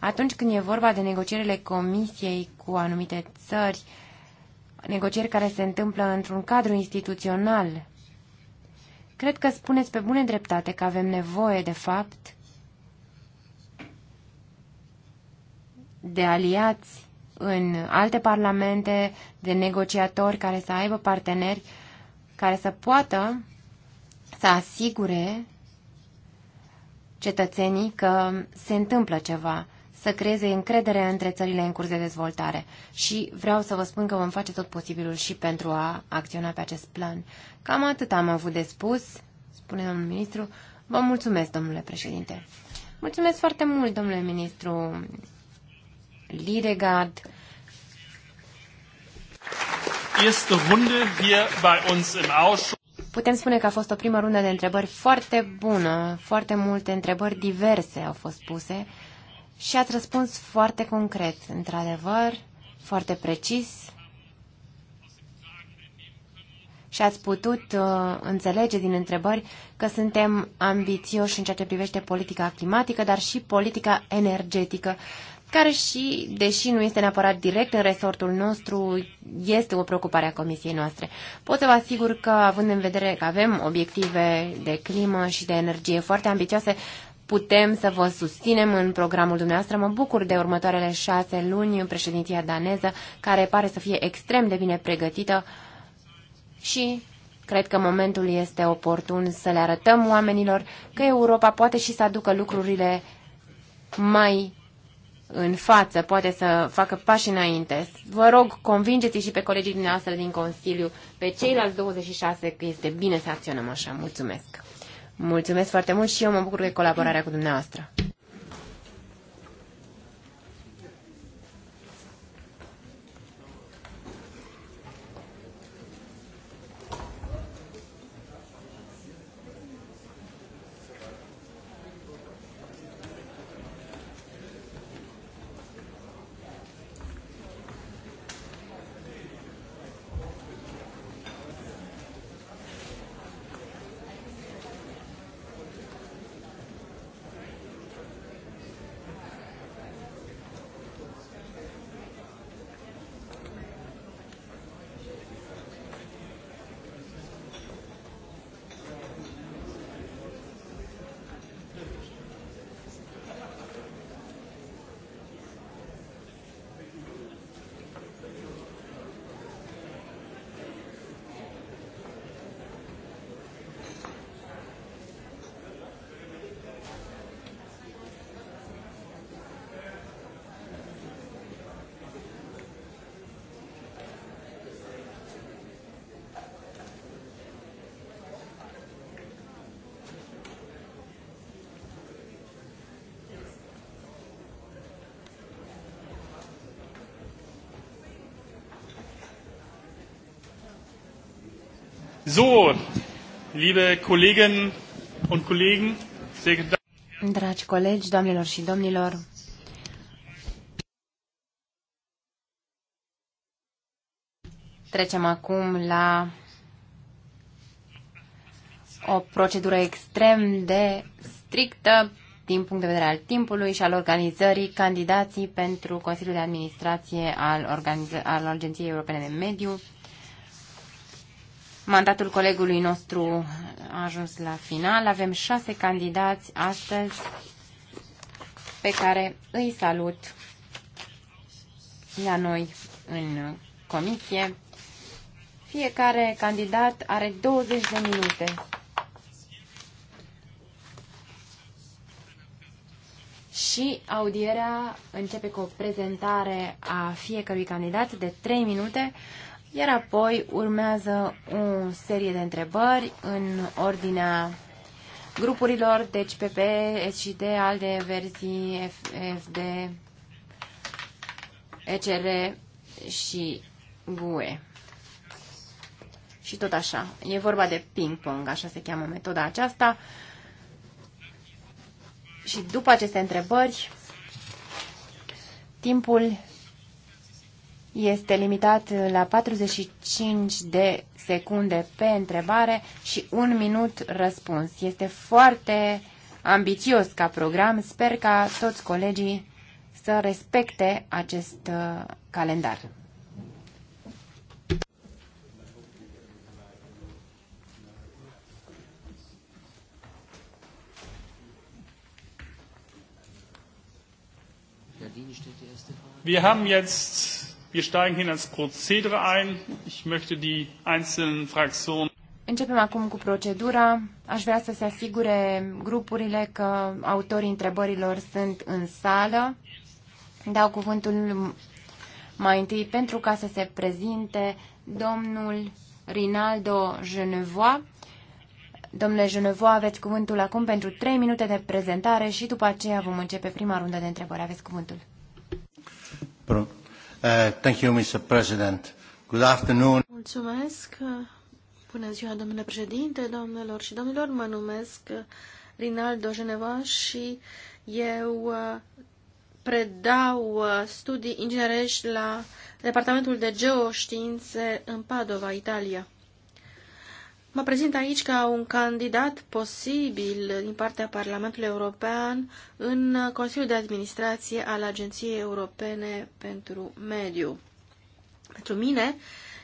Atunci când e vorba de negocierile comisiei cu anumite țări, negocieri care se întâmplă într-un cadru instituțional. Cred că spuneți pe bune dreptate că avem nevoie, de fapt, de aliați în alte parlamente, de negociatori care să aibă parteneri care să poată să asigure cetățenii că se întâmplă ceva să creeze încredere între țările în curs de dezvoltare. Și vreau să vă spun că vom face tot posibilul și pentru a acționa pe acest plan. Cam atât am avut de spus, spune domnul ministru. Vă mulțumesc, domnule președinte. Mulțumesc foarte mult, domnule ministru Liregard. Runde hier bei uns im Putem spune că a fost o primă rundă de întrebări foarte bună, foarte multe întrebări diverse au fost puse și ați răspuns foarte concret, într-adevăr, foarte precis și ați putut uh, înțelege din întrebări că suntem ambițioși în ceea ce privește politica climatică, dar și politica energetică, care și, deși nu este neapărat direct în resortul nostru, este o preocupare a comisiei noastre. Pot să vă asigur că, având în vedere că avem obiective de climă și de energie foarte ambițioase, putem să vă susținem în programul dumneavoastră. Mă bucur de următoarele șase luni în președinția daneză, care pare să fie extrem de bine pregătită și cred că momentul este oportun să le arătăm oamenilor că Europa poate și să aducă lucrurile mai în față, poate să facă pași înainte. Vă rog, convingeți și pe colegii dumneavoastră din Consiliu, pe ceilalți 26, că este bine să acționăm așa. Mulțumesc! Mulțumesc foarte mult și eu mă bucur de colaborarea cu dumneavoastră. So, liebe Kolleginnen und Kollegen, Dragi colegi, doamnelor și domnilor, trecem acum la o procedură extrem de strictă din punct de vedere al timpului și al organizării candidații pentru Consiliul de Administrație al, al Agenției Europene de Mediu. Mandatul colegului nostru a ajuns la final. Avem șase candidați astăzi pe care îi salut la noi în comisie. Fiecare candidat are 20 de minute. Și audierea începe cu o prezentare a fiecărui candidat de 3 minute. Iar apoi urmează o serie de întrebări în ordinea grupurilor, deci PP, SCD, ALDE, Verzi, FD, ECR și GUE. Și tot așa. E vorba de ping-pong, așa se cheamă metoda aceasta. Și după aceste întrebări, timpul este limitat la 45 de secunde pe întrebare și un minut răspuns. Este foarte ambițios ca program. Sper ca toți colegii să respecte acest uh, calendar. Wir haben jetzt Wir steigen Prozedere ein. Ich möchte die einzelnen Fraktionen Începem acum cu procedura. Aș vrea să se asigure grupurile că autorii întrebărilor sunt în sală. Dau cuvântul mai întâi pentru ca să se prezinte domnul Rinaldo Genevois. Domnule Genevois, aveți cuvântul acum pentru 3 minute de prezentare și după aceea vom începe prima rundă de întrebări. Aveți cuvântul. Uh, Mulțumesc. Bună ziua, domnule președinte, domnilor și domnilor. Mă numesc Rinaldo Geneva și eu uh, predau uh, studii inginerești la Departamentul de Geoștiințe în Padova, Italia. Mă prezint aici ca un candidat posibil din partea Parlamentului European în Consiliul de Administrație al Agenției Europene pentru Mediu. Pentru mine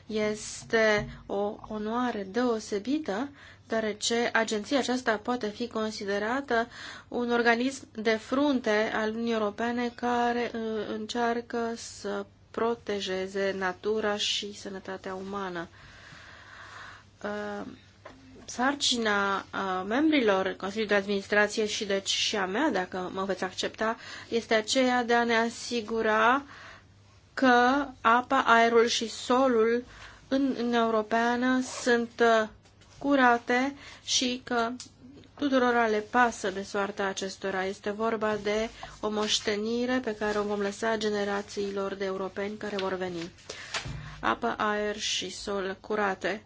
este o onoare deosebită, deoarece agenția aceasta poate fi considerată un organism de frunte al Uniunii Europene care uh, încearcă să protejeze natura și sănătatea umană uh, sarcina membrilor Consiliului de Administrație și deci și a mea, dacă mă veți accepta, este aceea de a ne asigura că apa, aerul și solul în Uniunea Europeană sunt curate și că tuturor le pasă de soarta acestora. Este vorba de o moștenire pe care o vom lăsa generațiilor de europeni care vor veni. Apă, aer și sol curate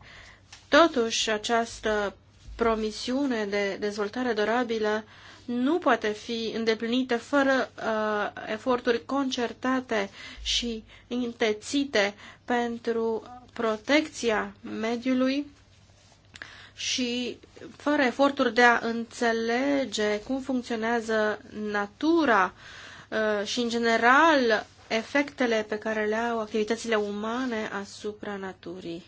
Totuși, această promisiune de dezvoltare durabilă nu poate fi îndeplinită fără uh, eforturi concertate și întețite pentru protecția mediului și fără eforturi de a înțelege cum funcționează natura uh, și, în general, efectele pe care le au activitățile umane asupra naturii.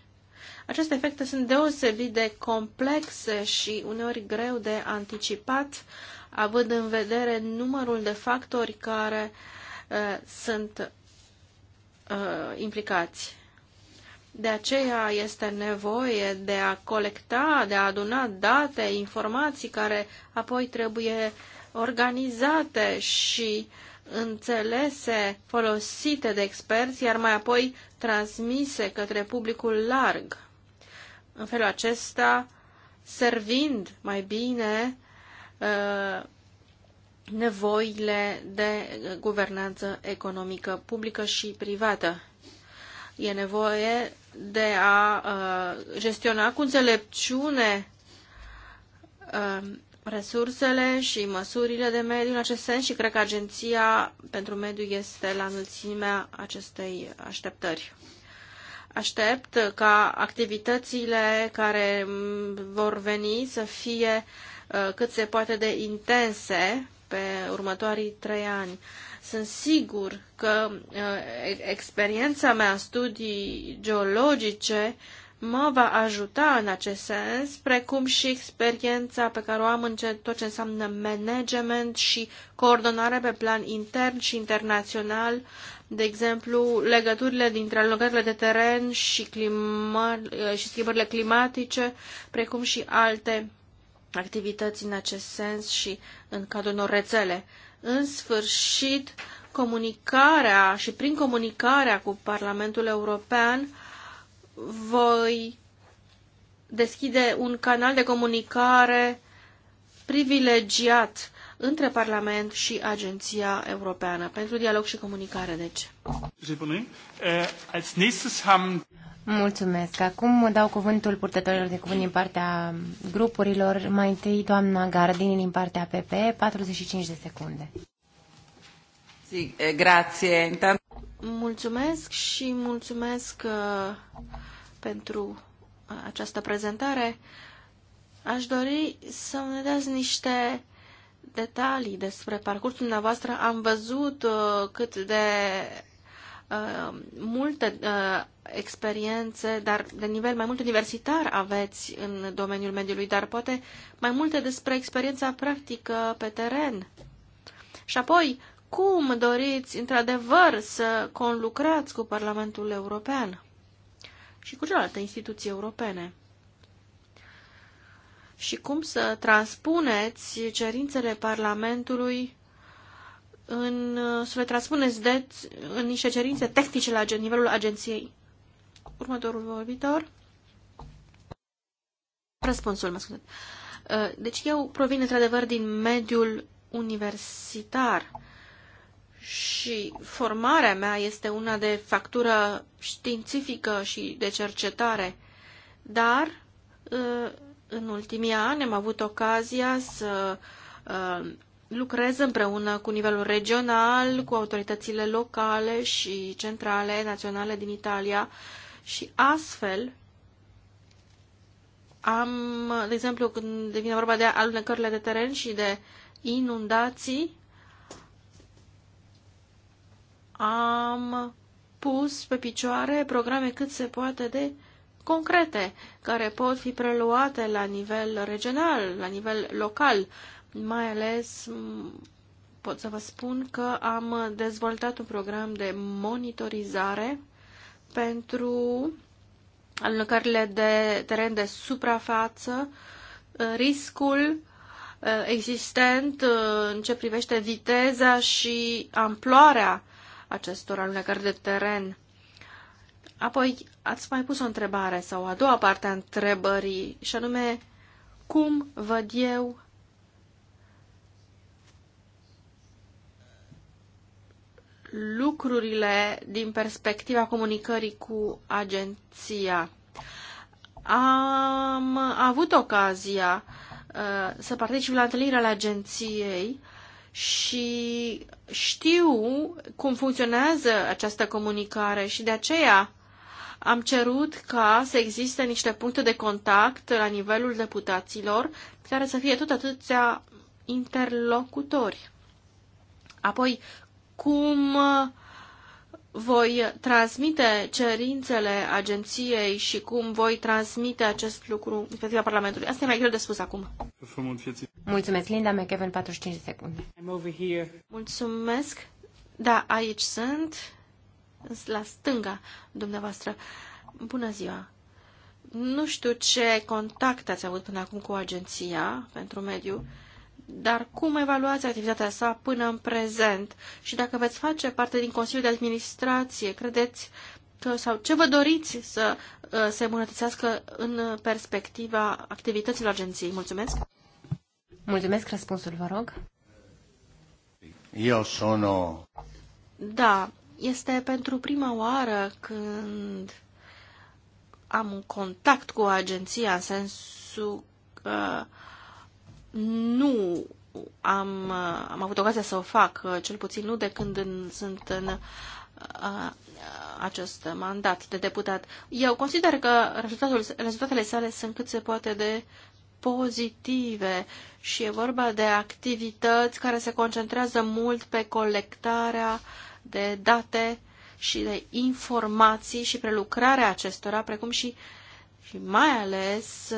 Aceste efecte sunt deosebit de complexe și uneori greu de anticipat, având în vedere numărul de factori care uh, sunt uh, implicați. De aceea este nevoie de a colecta, de a aduna date, informații care apoi trebuie organizate și înțelese, folosite de experți, iar mai apoi transmise către publicul larg în felul acesta, servind mai bine uh, nevoile de guvernanță economică publică și privată. E nevoie de a uh, gestiona cu înțelepciune uh, resursele și măsurile de mediu în acest sens și cred că Agenția pentru Mediu este la înălțimea acestei așteptări. Aștept ca activitățile care vor veni să fie uh, cât se poate de intense pe următoarii trei ani. Sunt sigur că uh, experiența mea studii geologice uh, mă va ajuta în acest sens, precum și experiența pe care o am în tot ce înseamnă management și coordonare pe plan intern și internațional, de exemplu, legăturile dintre alocările de teren și, clima, și schimbările climatice, precum și alte activități în acest sens și în cadrul unor rețele. În sfârșit, comunicarea și prin comunicarea cu Parlamentul European, voi deschide un canal de comunicare privilegiat între Parlament și Agenția Europeană pentru dialog și comunicare, deci. Eh, mulțumesc. Acum dau cuvântul purtătorilor de cuvânt din partea grupurilor. Mai întâi, doamna Gardini din partea PP, 45 de secunde. Eh, grazie. Mulțumesc și mulțumesc eh, pentru această prezentare. Aș dori să ne dați niște detalii despre parcursul dumneavoastră. Am văzut uh, cât de uh, multe uh, experiențe, dar de nivel mai mult universitar aveți în domeniul mediului, dar poate mai multe despre experiența practică pe teren. Și apoi, cum doriți într-adevăr să conlucrați cu Parlamentul European? și cu celelalte instituții europene. Și cum să transpuneți cerințele Parlamentului în, să le transpuneți de, în niște cerințe tehnice la nivelul agenției. Următorul vorbitor. Răspunsul, mă scuzați. Deci eu provin într-adevăr din mediul universitar și formarea mea este una de factură științifică și de cercetare, dar uh, în ultimii ani am avut ocazia să uh, lucrez împreună cu nivelul regional, cu autoritățile locale și centrale naționale din Italia și astfel am, de exemplu, când vine vorba de alunecările de teren și de inundații, am pus pe picioare programe cât se poate de concrete, care pot fi preluate la nivel regional, la nivel local. Mai ales pot să vă spun că am dezvoltat un program de monitorizare pentru alunecările de teren de suprafață, riscul eh, existent eh, în ce privește viteza și amploarea acestor alunecări de teren. Apoi ați mai pus o întrebare sau a doua parte a întrebării și anume cum văd eu lucrurile din perspectiva comunicării cu agenția. Am avut ocazia uh, să particip la întâlnirea la agenției și știu cum funcționează această comunicare și de aceea am cerut ca să existe niște puncte de contact la nivelul deputaților care să fie tot atâția interlocutori. Apoi, cum uh, voi transmite cerințele agenției și cum voi transmite acest lucru în perspectiva Parlamentului. Asta e mai greu de spus acum. Mulțumesc, Linda McEwen, 45 de secunde. Mulțumesc. Da, aici sunt, la stânga dumneavoastră. Bună ziua. Nu știu ce contact ați avut până acum cu agenția pentru mediu. Dar cum evaluați activitatea sa până în prezent și dacă veți face parte din Consiliul de Administrație, credeți că, sau ce vă doriți să uh, se îmbunătățească în perspectiva activităților agenției? Mulțumesc! Mulțumesc, răspunsul vă rog. Eu sunt. Da, este pentru prima oară când am un contact cu agenția în sensul că nu am, uh, am avut ocazia să o fac, uh, cel puțin nu de când în, sunt în a, uh, acest mandat de deputat. Eu consider că rezultatul, rezultatele sale sunt cât se poate de pozitive și e vorba de activități care se concentrează mult pe colectarea de date și de informații și prelucrarea acestora, precum și, și mai ales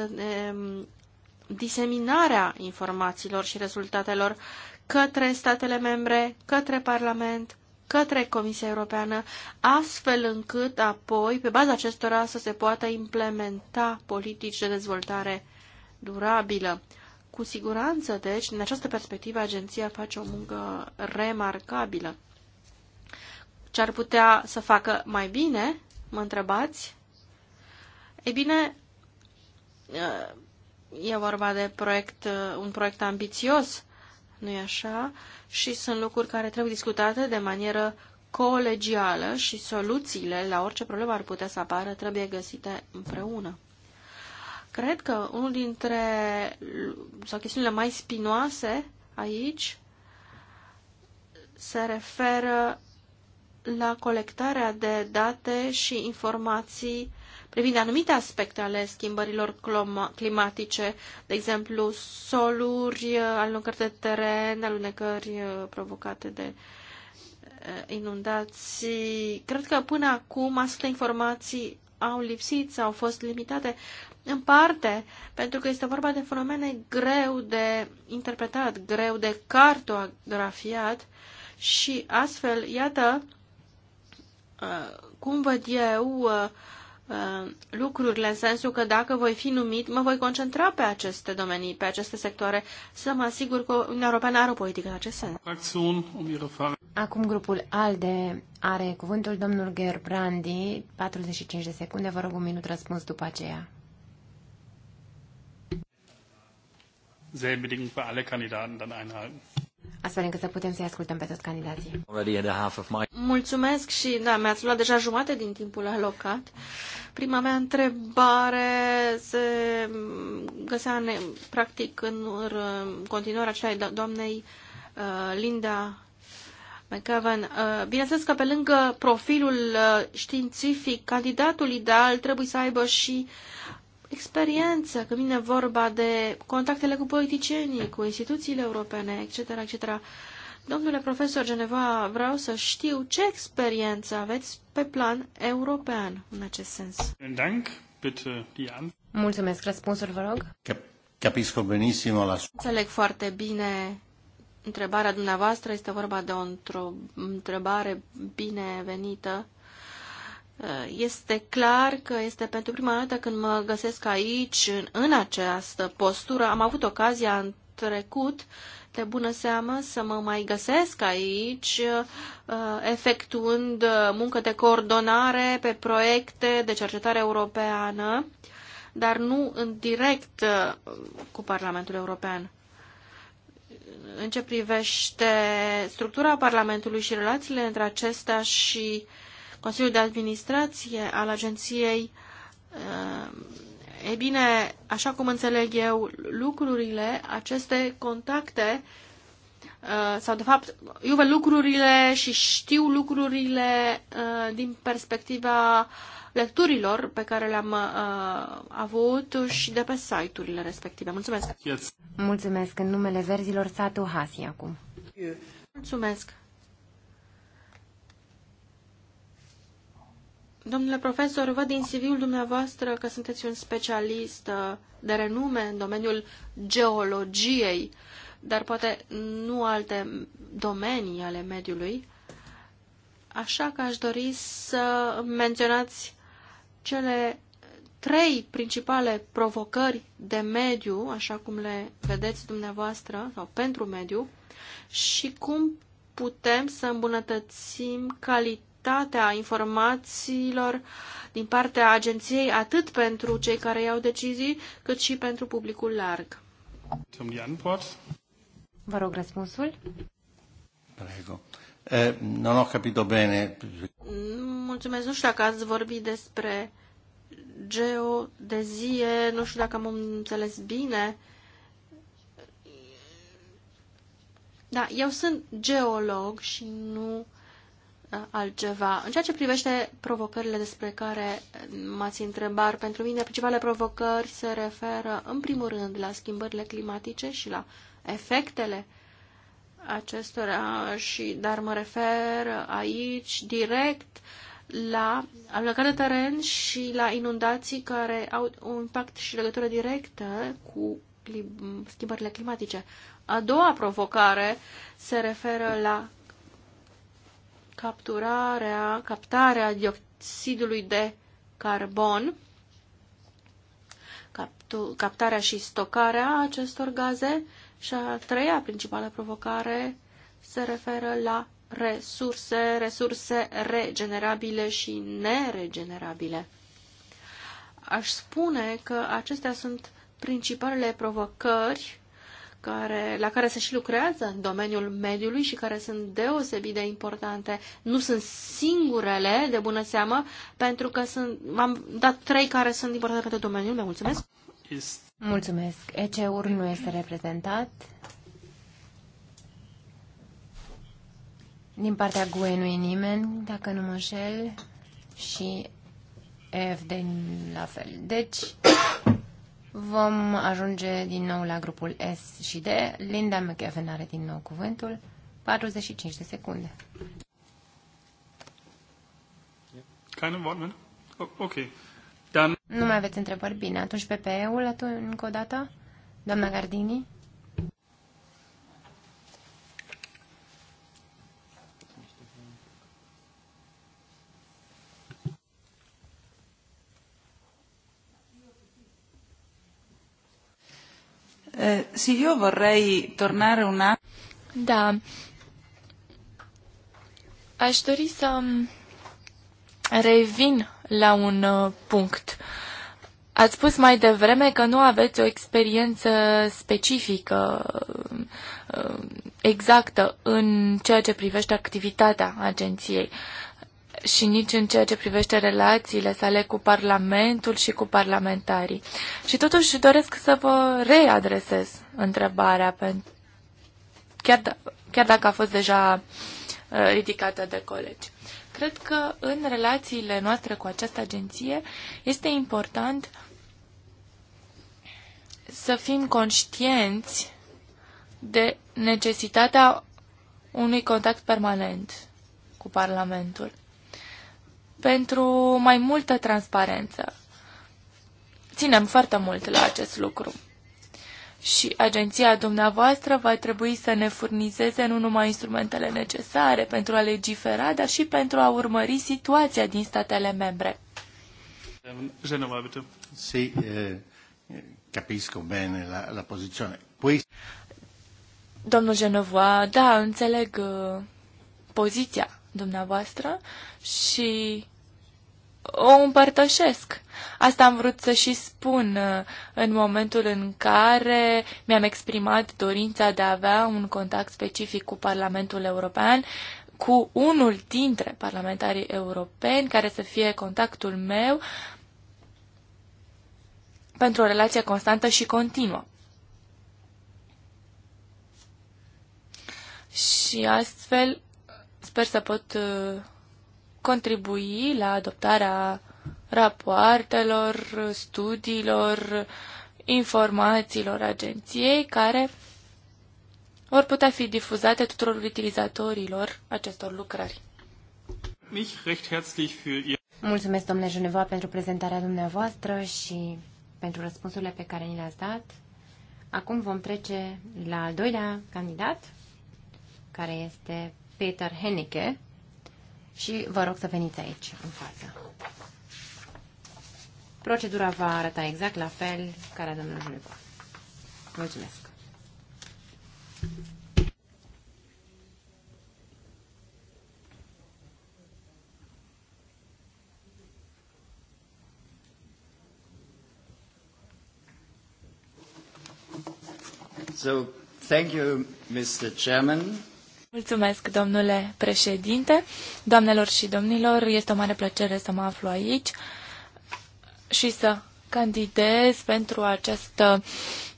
diseminarea informațiilor și rezultatelor către statele membre, către Parlament, către Comisia Europeană, astfel încât apoi, pe baza acestora, să se poată implementa politici de dezvoltare durabilă. Cu siguranță, deci, din această perspectivă, agenția face o muncă remarcabilă. Ce ar putea să facă mai bine, mă întrebați? Ei bine, E vorba de proiect, uh, un proiect ambițios, nu-i așa? Și sunt lucruri care trebuie discutate de manieră colegială și soluțiile la orice problemă ar putea să apară trebuie găsite împreună. Cred că unul dintre sau chestiunile mai spinoase aici se referă la colectarea de date și informații privind anumite aspecte ale schimbărilor climatice, de exemplu soluri, uh, alunecări de teren, alunecări uh, provocate de uh, inundații. Cred că până acum astfel de informații au lipsit sau au fost limitate în parte pentru că este vorba de fenomene greu de interpretat, greu de cartografiat și astfel, iată, cum văd eu, Uh, lucrurile în sensul că dacă voi fi numit, mă voi concentra pe aceste domenii, pe aceste sectoare, să mă asigur că Uniunea Europeană are o politică în acest sens. Acum grupul ALDE are cuvântul domnul Gerbrandi, 45 de secunde, vă rog un minut răspuns după aceea. Selbe unbedingt für alle Kandidaten dann einhalten astfel încât să putem să-i ascultăm pe toți candidații. Mulțumesc și, da, mi-ați luat deja jumate din timpul alocat. Prima mea întrebare se găsea, în, practic, în continuare aceea doamnei uh, Linda McEwan. Uh, bineînțeles că pe lângă profilul uh, științific, candidatul ideal trebuie să aibă și uh, experiență, când vine vorba de contactele cu politicienii, cu instituțiile europene, etc., etc. Domnule profesor Geneva, vreau să știu ce experiență aveți pe plan european în acest sens. Mulțumesc. Răspunsul, vă rog. Capisco benissimo la... Înțeleg foarte bine întrebarea dumneavoastră. Este vorba de o întrebare binevenită. Eh, este clar că este pentru prima dată când mă găsesc aici, în această postură. Am avut ocazia în trecut, de bună seamă, să mă mai găsesc aici, eh, efectuând eh, muncă de coordonare pe proiecte de cercetare europeană, dar nu în direct cu Parlamentul European în ce privește structura Parlamentului și relațiile între acestea și Consiliul de Administrație al agenției. Eh, e bine, așa cum înțeleg eu lucrurile, aceste contacte eh, sau de fapt eu văd lucrurile și știu lucrurile eh, din perspectiva lecturilor pe care le-am uh, avut și de pe site-urile respective. Mulțumesc! Yes. Mulțumesc în numele verzilor Satu Hasi acum. Mulțumesc! Domnule profesor, văd din CV-ul dumneavoastră că sunteți un specialist de renume în domeniul geologiei, dar poate nu alte domenii ale mediului. Așa că aș dori să menționați cele trei principale provocări de mediu, așa cum le vedeți dumneavoastră, sau pentru mediu, și cum putem să îmbunătățim calitatea calitatea informațiilor din partea agenției, atât pentru cei care iau decizii, cât și pentru publicul larg. Vă rog răspunsul. Prego. Eh, non ho capito bene. Mulțumesc, nu știu dacă ați vorbit despre geodezie, nu știu dacă am înțeles bine. Da, eu sunt geolog și nu altceva. În ceea ce privește provocările despre care m-ați întrebat, pentru mine principalele provocări se referă în primul rând la schimbările climatice și la efectele acestora, și, dar mă refer aici direct la alunecare de teren și la inundații care au un impact și legătură directă cu schimbările climatice. A doua provocare se referă la capturarea, captarea dioxidului de carbon, captu, captarea și stocarea acestor gaze și a treia principală provocare se referă la resurse, resurse regenerabile și neregenerabile. Aș spune că acestea sunt principalele provocări care, la care se și lucrează în domeniul mediului și care sunt deosebit de importante. Nu sunt singurele, de bună seamă, pentru că sunt, am dat trei care sunt importante pentru domeniul meu. Mulțumesc! Mulțumesc! ece nu este reprezentat. Din partea GUE nu e nimeni, dacă nu mă șel, și EFD la fel. Deci, Vom ajunge din nou la grupul S și D. Linda McEwen are din nou cuvântul. 45 de secunde. Keine Wortmeldung? Ok. Dan... Nu mai aveți întrebări? Bine. Atunci PPE-ul, atunci încă o dată? Doamna Gardini? Eh, sì, io vorrei tornare un attimo. Da. Aș dori să revin la un uh, punct. Ați spus mai devreme că nu aveți o experiență specifică, uh, exactă, în ceea ce privește activitatea agenției și nici în ceea ce privește relațiile sale cu Parlamentul și cu parlamentarii. Și totuși doresc să vă readresez întrebarea, chiar, da- chiar dacă a fost deja uh, ridicată de colegi. Cred că în relațiile noastre cu această agenție este important să fim conștienți de necesitatea unui contact permanent cu Parlamentul pentru mai multă transparență. Ținem foarte mult la acest lucru. Și agenția dumneavoastră va trebui să ne furnizeze nu numai instrumentele necesare pentru a legifera, dar și pentru a urmări situația din statele membre. Genova, bitte. eh, capisco bene la, la posizione. Poi... Domnul Genova, da, înțeleg uh, poziția dumneavoastră și o împărtășesc. Asta am vrut să și spun uh, în momentul în care mi-am exprimat dorința de a avea un contact specific cu Parlamentul European, cu unul dintre parlamentarii europeni, care să fie contactul meu pentru o relație constantă și continuă. Și astfel sper să pot uh, contribui la adoptarea rapoartelor, studiilor, informațiilor agenției care vor putea fi difuzate tuturor utilizatorilor acestor lucrări. Mulțumesc, domnule Juneva, pentru prezentarea dumneavoastră și pentru răspunsurile pe care ni le-ați dat. Acum vom trece la al doilea candidat, care este Peter Henneke, și vă rog să veniți aici, în față. Procedura va arăta exact la fel ca la domnul Julicu. Mulțumesc! So, thank you, Mr. Chairman. Mulțumesc, domnule președinte. Doamnelor și domnilor, este o mare plăcere să mă aflu aici și să candidez pentru această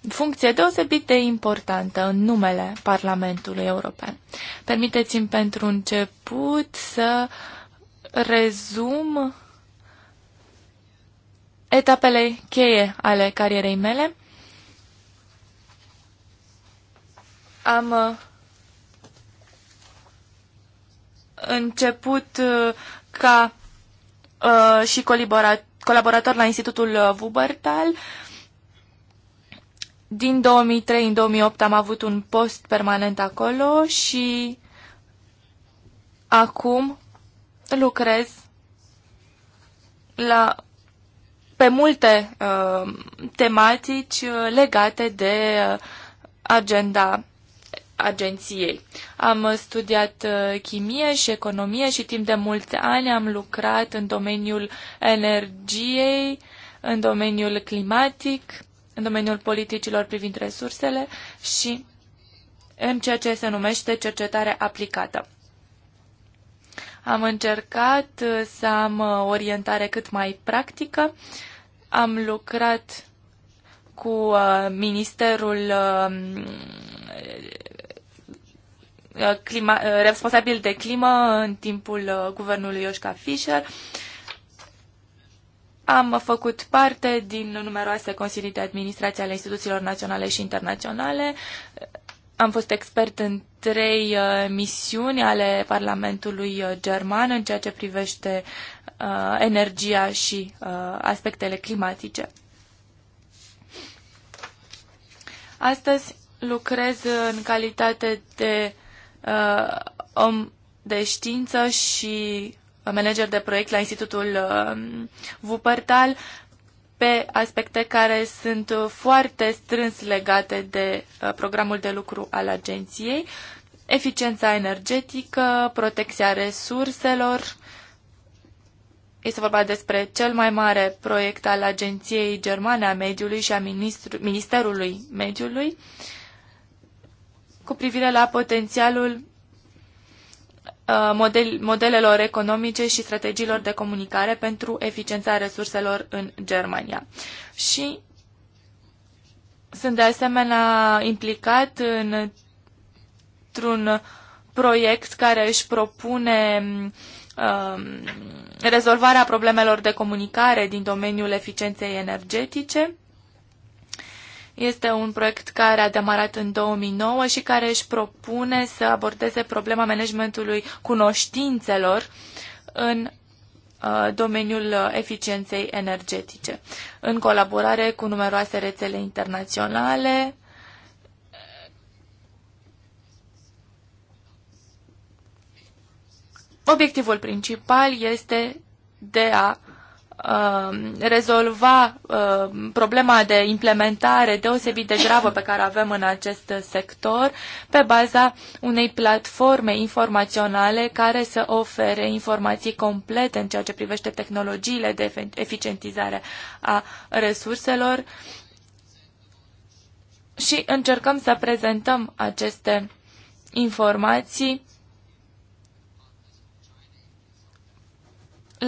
funcție deosebit de importantă în numele Parlamentului European. Permiteți-mi pentru început să rezum etapele cheie ale carierei mele. Am început uh, ca uh, și colaborator la Institutul Wuppertal. Uh, Din 2003 în 2008 am avut un post permanent acolo și acum lucrez la, pe multe uh, tematici legate de agenda agenției. Am uh, studiat uh, chimie și economie și timp de mulți ani am lucrat în domeniul energiei, în domeniul climatic, în domeniul politicilor privind resursele și în ceea ce se numește cercetare aplicată. Am încercat uh, să am orientare cât mai practică, am lucrat cu Ministerul um, Uh, clima, uh, responsabil de climă în timpul uh, guvernului Iosca Fischer. Am făcut parte din numeroase consilii de administrație ale instituțiilor naționale și internaționale. Am fost expert în trei misiuni ale Parlamentului German în ceea ce privește energia și aspectele climatice. Astăzi lucrez în calitate de Uh, om de știință și manager de proiect la Institutul Vupertal uh, pe aspecte care sunt foarte strâns legate de uh, programul de lucru al agenției, eficiența energetică, protecția resurselor. Este vorba despre cel mai mare proiect al Agenției Germane a Mediului și a Ministerului Mediului. Uh, cu privire la potențialul uh, model, modelelor economice și strategiilor de comunicare pentru eficiența resurselor în Germania. Și sunt de asemenea implicat în, într-un proiect care își propune um, rezolvarea problemelor de comunicare din domeniul eficienței energetice este un proiect care a demarat în 2009 și care își propune să abordeze problema managementului cunoștințelor în uh, domeniul uh, eficienței energetice, în colaborare cu numeroase rețele internaționale, Obiectivul principal este de a Um, rezolva um, problema de implementare deosebit de gravă pe care avem în acest sector pe baza unei platforme informaționale care să ofere informații complete în ceea ce privește tehnologiile de eficientizare a resurselor și încercăm să prezentăm aceste informații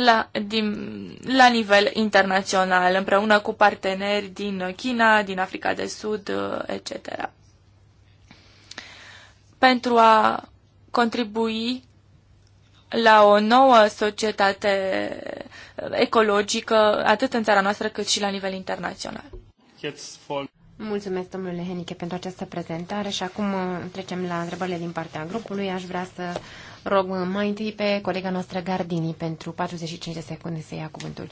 la, din, la nivel internațional, împreună cu parteneri din China, din Africa de Sud, etc. Pentru a contribui la o nouă societate ecologică, atât în țara noastră cât și la nivel internațional. Mulțumesc, domnule Henike, pentru această prezentare și acum uh, trecem la întrebările din partea grupului. Aș vrea să rog mai întâi pe colega noastră Gardini pentru 45 de secunde să ia cuvântul.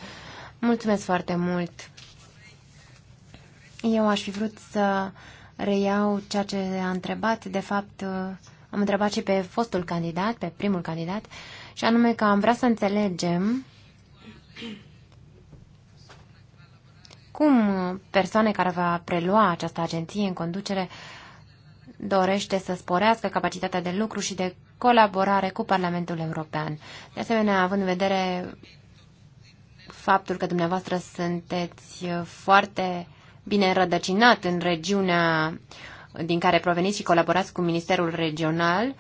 Mulțumesc foarte mult! Eu aș fi vrut să reiau ceea ce a întrebat, de fapt am întrebat și pe fostul candidat, pe primul candidat, și anume că am vrea să înțelegem cum persoane care va prelua această agenție în conducere dorește să sporească capacitatea de lucru și de colaborare cu Parlamentul European. De asemenea, având în vedere faptul că dumneavoastră sunteți uh, foarte bine rădăcinat în regiunea din care proveniți și colaborați cu Ministerul Regional,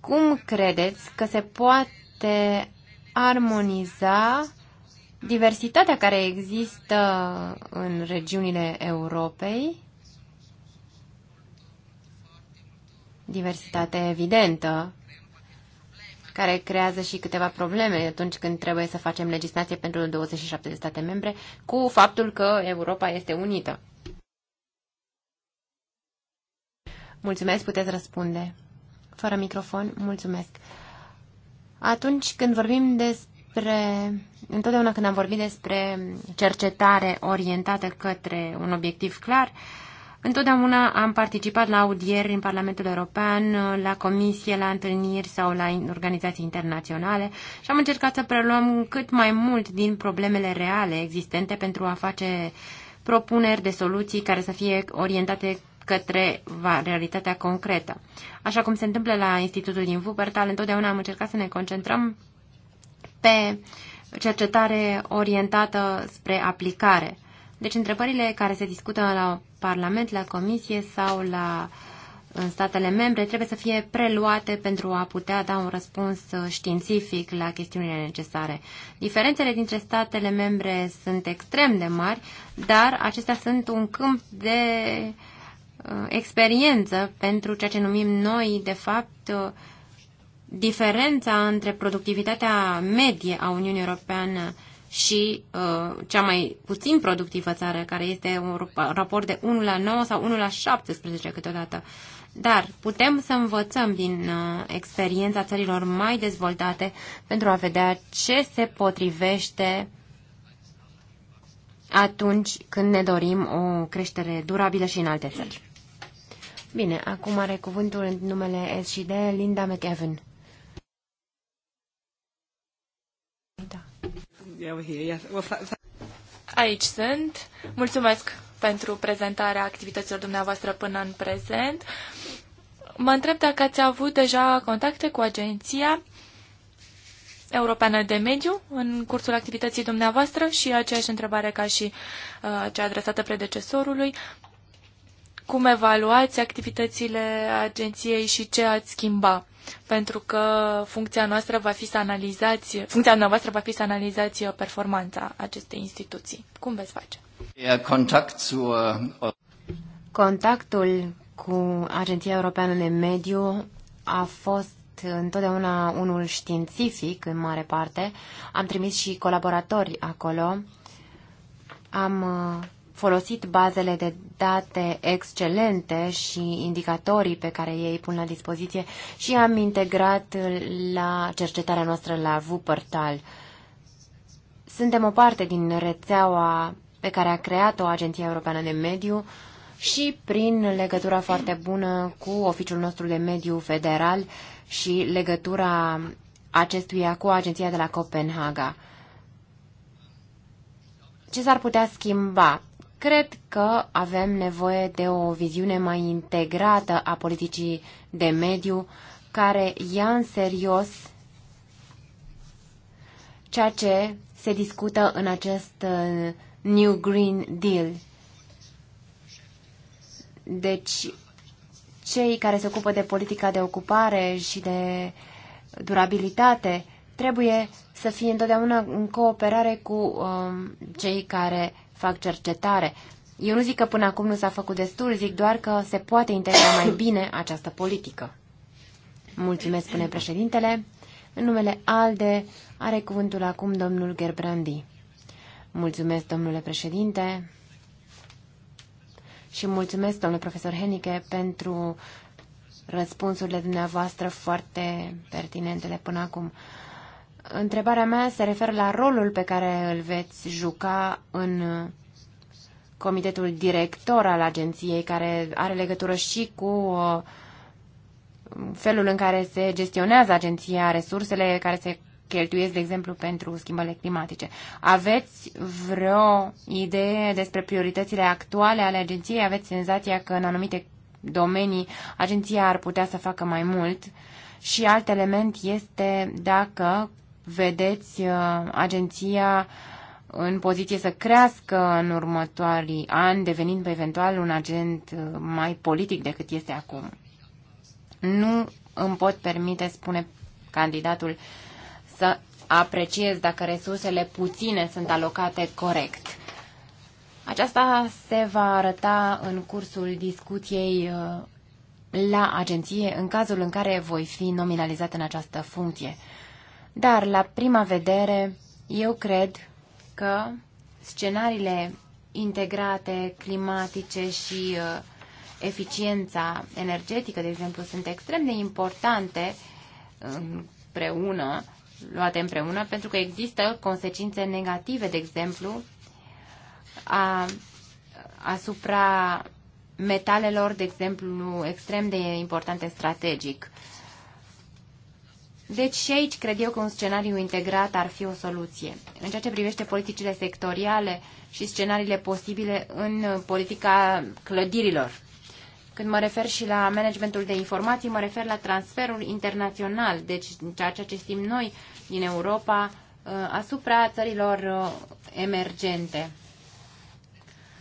cum credeți că se poate armoniza diversitatea care există în regiunile Europei diversitate evidentă care creează și câteva probleme atunci când trebuie să facem legislație pentru 27 de state membre cu faptul că Europa este unită. Mulțumesc, puteți răspunde. Fără microfon, mulțumesc. Atunci când vorbim despre... Întotdeauna când am vorbit despre cercetare orientată către un obiectiv clar, uh, Întotdeauna am participat la audieri în Parlamentul European, la comisie, la întâlniri sau la organizații internaționale și am încercat să preluăm cât mai mult din problemele reale existente pentru a face propuneri de soluții care să fie orientate către realitatea concretă. Așa cum se întâmplă la Institutul din Wuppertal, întotdeauna am încercat să ne concentrăm pe cercetare orientată spre aplicare. Deci întrebările care se discută la Parlament, la Comisie sau la în statele membre trebuie să fie preluate pentru a putea da un răspuns uh, științific la chestiunile necesare. Diferențele dintre statele membre sunt extrem de mari, dar acestea sunt un câmp de uh, experiență pentru ceea ce numim noi, de fapt, uh, diferența între productivitatea medie a Uniunii Europeană și uh, cea mai puțin productivă țară, care este un raport de 1 la 9 sau 1 la 17 câteodată. Dar putem să învățăm din uh, experiența țărilor mai dezvoltate pentru a vedea ce se potrivește atunci când ne dorim o creștere durabilă și în alte țări. Bine, acum are cuvântul în numele S și Linda McEvan. Aici sunt. Mulțumesc pentru prezentarea activităților dumneavoastră până în prezent. Mă întreb dacă ați avut deja contacte cu agenția Europeană de Mediu în cursul activității dumneavoastră și aceeași întrebare ca și uh, cea adresată predecesorului. Cum evaluați activitățile agenției și ce ați schimba? pentru că funcția noastră va fi să analizați, funcția noastră va fi să analizați uh, performanța acestei instituții. Cum veți face? Uh, Contactul cu Agenția Europeană de Mediu a fost întotdeauna unul științific în mare parte. Am trimis și colaboratori acolo. Am uh, folosit bazele de date excelente și indicatorii pe care ei pun la dispoziție și am integrat la cercetarea noastră la Wuppertal. Suntem o parte din rețeaua pe care a creat-o Agenția Europeană de Mediu și prin legătura foarte bună cu oficiul nostru de mediu federal și legătura acestuia cu agenția de la Copenhaga. Ce s-ar putea schimba? Cred că avem nevoie de o viziune mai integrată a politicii de mediu care ia în serios ceea ce se discută în acest uh, New Green Deal. Deci, cei care se ocupă de politica de ocupare și de durabilitate trebuie să fie întotdeauna în cooperare cu um, cei care fac cercetare. Eu nu zic că până acum nu s-a făcut destul, zic doar că se poate integra mai bine această politică. Mulțumesc, spune președintele. În numele ALDE are cuvântul acum domnul Gerbrandi. Mulțumesc, domnule președinte. Și mulțumesc, domnule profesor Henike, pentru răspunsurile dumneavoastră foarte pertinentele până acum. Întrebarea mea se referă la rolul pe care îl veți juca în comitetul director al agenției, care are legătură și cu uh, felul în care se gestionează agenția, resursele care se cheltuiesc, de exemplu, pentru schimbările climatice. Aveți vreo idee despre prioritățile actuale ale agenției? Aveți senzația că în anumite domenii agenția ar putea să facă mai mult? Și alt element este dacă vedeți uh, agenția în poziție să crească în următoarii ani, devenind eventual un agent uh, mai politic decât este acum. Nu îmi pot permite, spune candidatul, să apreciez dacă resursele puține sunt alocate corect. Aceasta se va arăta în cursul discuției uh, la agenție în cazul în care voi fi nominalizat în această funcție. Dar, la prima vedere, eu cred că scenariile integrate, climatice și uh, eficiența energetică, de exemplu, sunt extrem de importante împreună, luate împreună, pentru că există consecințe negative, de exemplu, a, asupra metalelor, de exemplu, extrem de importante strategic. Deci și aici cred eu că un scenariu integrat ar fi o soluție. În ceea ce privește politicile sectoriale și scenariile posibile în politica clădirilor. Când mă refer și la managementul de informații, mă refer la transferul internațional, deci ceea ce știm noi din Europa uh, asupra țărilor uh, emergente.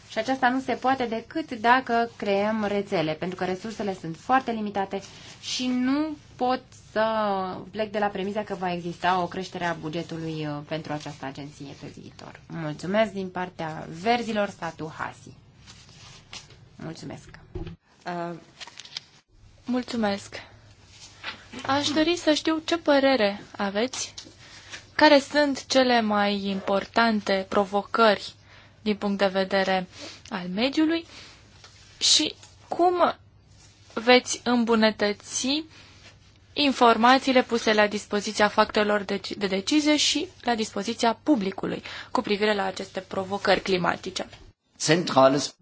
Și aceasta nu se poate decât dacă creăm rețele, pentru că resursele sunt foarte limitate și nu pot să plec de la premisa că va exista o creștere a bugetului uh, pentru această agenție pe viitor. Mulțumesc din partea verzilor Satu Hasi. Mulțumesc. Uh, mulțumesc. Aș dori să știu ce părere aveți, care sunt cele mai importante provocări din punct de vedere al mediului și cum veți îmbunătăți informațiile puse la dispoziția factorilor de, decizie și la dispoziția publicului cu privire la aceste provocări climatice. Centrales.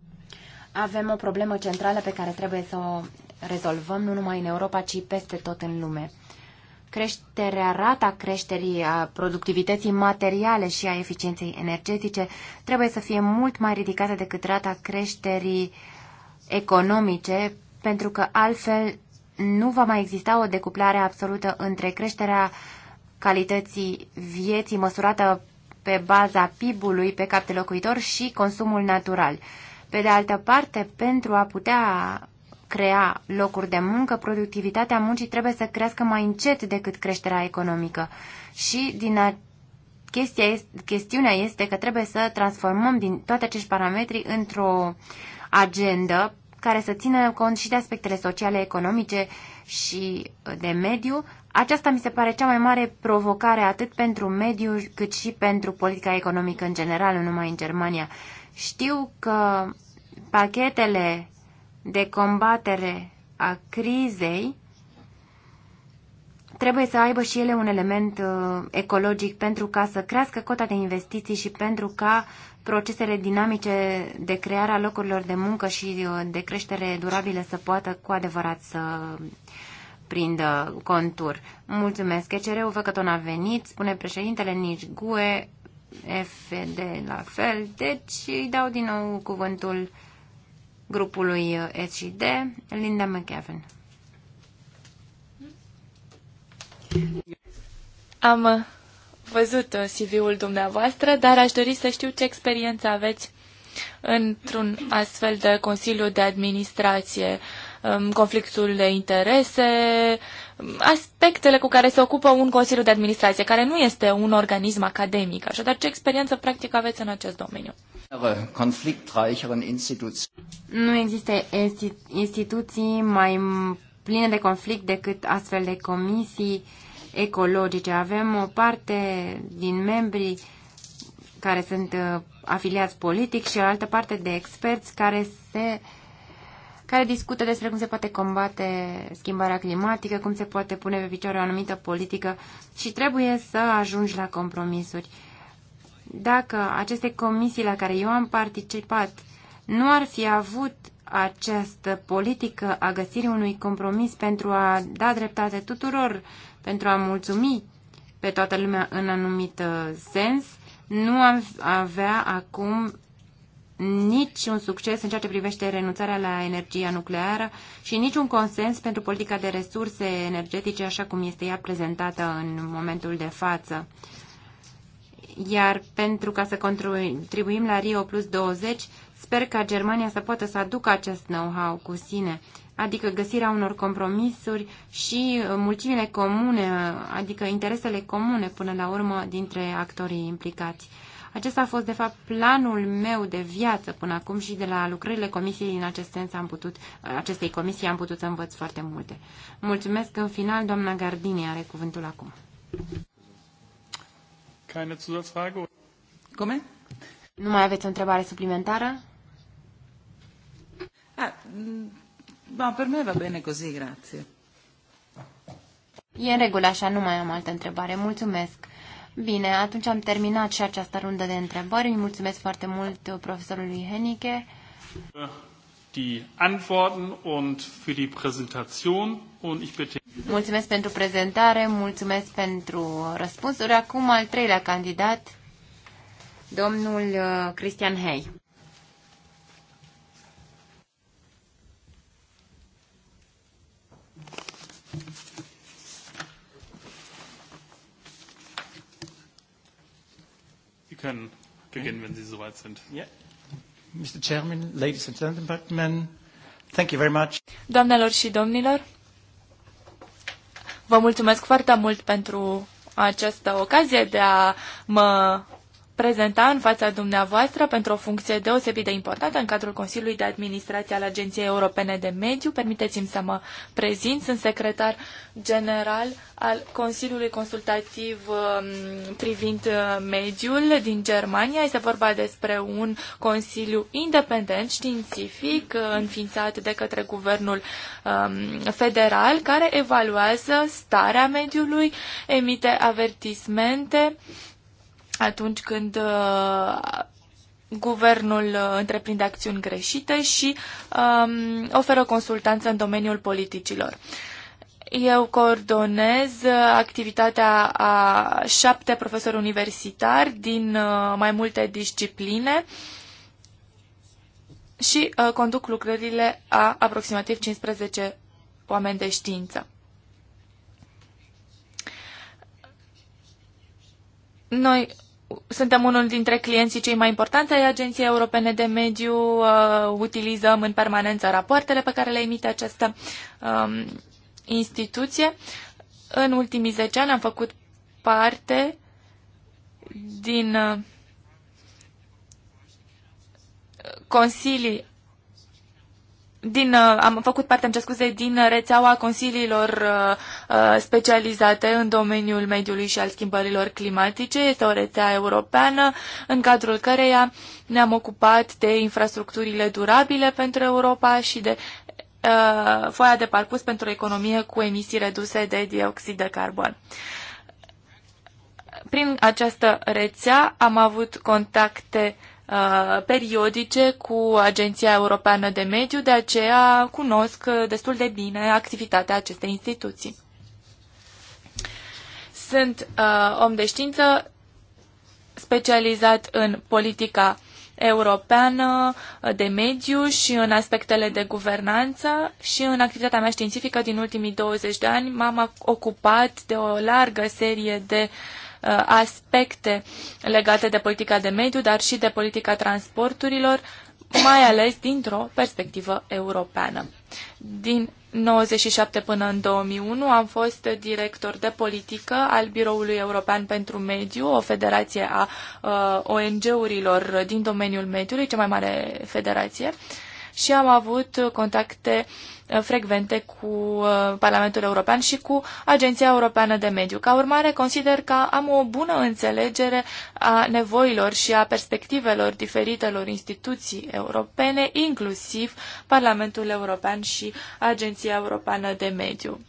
Avem o problemă centrală pe care trebuie să o rezolvăm nu numai în Europa, ci peste tot în lume. Creșterea, rata creșterii a productivității materiale și a eficienței energetice trebuie să fie mult mai ridicată decât rata creșterii economice pentru că altfel nu va mai exista o decuplare absolută între creșterea calității vieții măsurată pe baza PIB-ului pe cap de locuitor și consumul natural. Pe de altă parte, pentru a putea crea locuri de muncă, productivitatea muncii trebuie să crească mai încet decât creșterea economică. Și din a... Chestia este, chestiunea este că trebuie să transformăm din toate acești parametri într-o agendă care să țină cont și de aspectele sociale, economice și uh, de mediu. Aceasta mi se pare cea mai mare provocare atât pentru mediu cât și pentru politica economică în general, nu numai în Germania. Știu că pachetele de combatere a crizei trebuie să aibă și ele un element uh, ecologic pentru ca să crească cota de investiții și pentru ca procesele dinamice de creare a locurilor de muncă și uh, de creștere durabilă să poată cu adevărat să prindă contur. Mulțumesc, ECR-ul, vă că tot a venit, spune președintele, nici GUE, FD la fel, deci îi dau din nou cuvântul grupului SCD, Linda McGavin. Am uh, văzut uh, CV-ul dumneavoastră, dar aș dori să știu ce experiență aveți într-un astfel de consiliu de administrație, um, conflictul de interese, um, aspectele cu care se ocupă un consiliu de administrație, care nu este un organism academic. Așadar, ce experiență practică aveți în acest domeniu? Nu există instituții mai pline de conflict decât astfel de comisii ecologice. Avem o parte din membrii care sunt uh, afiliați politic și o altă parte de experți care se care discută despre cum se poate combate schimbarea climatică, cum se poate pune pe picioare o anumită politică și trebuie să ajungi la compromisuri. Dacă aceste comisii la care eu am participat nu ar fi avut această politică a găsirii unui compromis pentru a da dreptate tuturor pentru a mulțumi pe toată lumea în anumit uh, sens, nu am avea acum nici un succes în ceea ce privește renunțarea la energia nucleară și nici un consens pentru politica de resurse energetice așa cum este ea prezentată în momentul de față. Iar pentru ca să contribuim la Rio Plus 20, sper ca Germania să poată să aducă acest know-how cu sine adică găsirea unor compromisuri și uh, mulțimile comune, uh, adică interesele comune până la urmă dintre actorii implicați. Acesta a fost, de fapt, planul meu de viață până acum și de la lucrările comisiei în acest sens am putut, uh, acestei comisii am putut să învăț foarte multe. Mulțumesc. În final, doamna Gardini are cuvântul acum. Keine Come? Nu mai aveți o întrebare suplimentară? Ah, mm, da, per me va bene così, grazie. E în regulă așa, nu mai am altă întrebare. Mulțumesc. Bine, atunci am terminat și această rundă de întrebări. Îi mulțumesc foarte mult uh, profesorului Henike. Die Antworten und für die Präsentation und ich bitte... Mulțumesc pentru prezentare, mulțumesc pentru răspunsuri. Acum al treilea candidat, domnul uh, Cristian Hei. können beginnen, wenn Sie soweit sind. Yeah. Mr. Chairman, ladies and gentlemen, thank you very much. Doamnelor și domnilor, vă mulțumesc foarte mult pentru această ocazie de a mă prezenta în fața dumneavoastră pentru o funcție deosebit de importantă în cadrul Consiliului de Administrație al Agenției Europene de Mediu. Permiteți-mi să mă prezint. Sunt secretar general al Consiliului Consultativ um, privind uh, mediul din Germania. Este vorba despre un consiliu independent, științific, uh, înființat de către guvernul um, federal, care evaluează starea mediului, emite avertismente, atunci când uh, guvernul uh, întreprinde acțiuni greșite și um, oferă consultanță în domeniul politicilor. Eu coordonez uh, activitatea a șapte profesori universitari din mai multe discipline și conduc lucrările a aproximativ 15 oameni de știință. Noi suntem unul dintre clienții cei mai importante ai Agenției Europene de Mediu, uh, utilizăm în permanență rapoartele pe care le emite această um, instituție. În ultimii 10 ani am făcut parte din uh, consilii din, uh, am făcut parte, am scuze, din rețeaua consiliilor uh, uh, specializate în domeniul mediului și al schimbărilor climatice. Este o rețea europeană în cadrul căreia ne-am ocupat de infrastructurile durabile pentru Europa și de uh, foaia de parcurs pentru o economie cu emisii reduse de dioxid de carbon. Prin această rețea am avut contacte uh, Uh, periodice cu Agenția Europeană de Mediu, de aceea cunosc uh, destul de bine activitatea acestei instituții. Sunt uh, om de știință specializat în politica europeană uh, de mediu și în aspectele de guvernanță și în activitatea mea științifică din ultimii 20 de ani m-am ocupat de o largă serie de uh, Uh, aspecte legate de politica de mediu, dar și de politica transporturilor, mai ales dintr-o perspectivă europeană. Din 97 până în 2001 am fost director de politică al Biroului European pentru Mediu, o federație a uh, ONG-urilor din domeniul mediului, cea mai mare federație. Uh, și am avut contacte uh, frecvente cu uh, Parlamentul European și cu Agenția Europeană de Mediu. Ca urmare, consider că am o bună înțelegere a nevoilor și a perspectivelor diferitelor instituții europene, inclusiv Parlamentul European și Agenția Europeană de Mediu.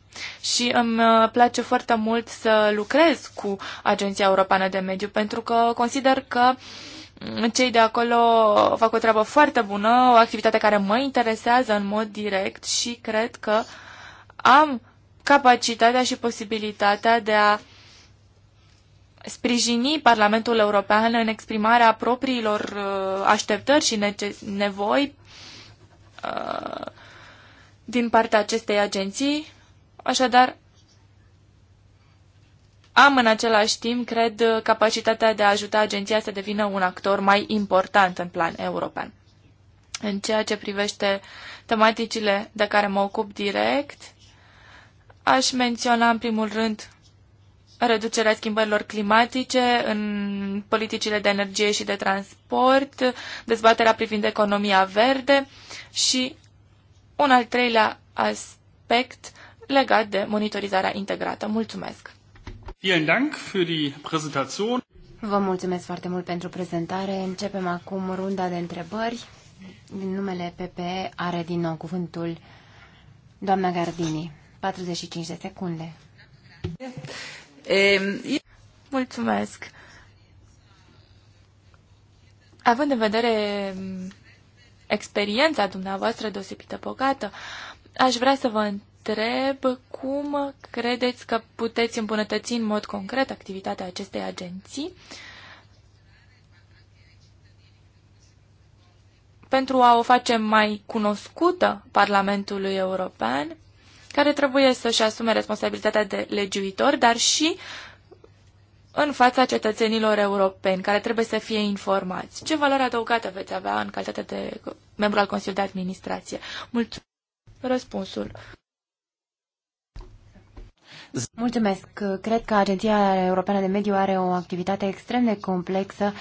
Și îmi uh, place foarte mult să lucrez cu Agenția Europeană de Mediu pentru că consider că uh, cei de acolo fac o treabă foarte bună, o activitate care mă interesează în mod direct și cred că am capacitatea și posibilitatea de a sprijini Parlamentul European în exprimarea propriilor uh, așteptări și nevoi uh, din partea acestei agenții. Așadar, am în același timp, cred, capacitatea de a ajuta agenția să devină un actor mai important în plan european. În ceea ce privește tematicile de care mă ocup direct, aș menționa în primul rând reducerea schimbărilor climatice în politicile de energie și de transport, dezbaterea privind economia verde și un al treilea aspect legat de monitorizarea integrată. Mulțumesc! Vielen Dank für die Präsentation. Vă mulțumesc foarte mult pentru prezentare. Începem acum runda de întrebări. Din numele PPE are din nou cuvântul doamna Gardini. 45 de secunde. Ehm, mulțumesc. Având în vedere mm, experiența dumneavoastră deosebită bogată, aș vrea să vă întreb cum credeți că puteți îmbunătăți în mod concret activitatea acestei agenții pentru a o face mai cunoscută Parlamentului European, care trebuie să-și asume responsabilitatea de legiuitor, dar și în fața cetățenilor europeni, care trebuie să fie informați. Ce valoare adăugată veți avea în calitate de membru al Consiliului de Administrație? Mult răspunsul. Mulțumesc. Cred că Agenția Europeană de Mediu are o activitate extrem de complexă.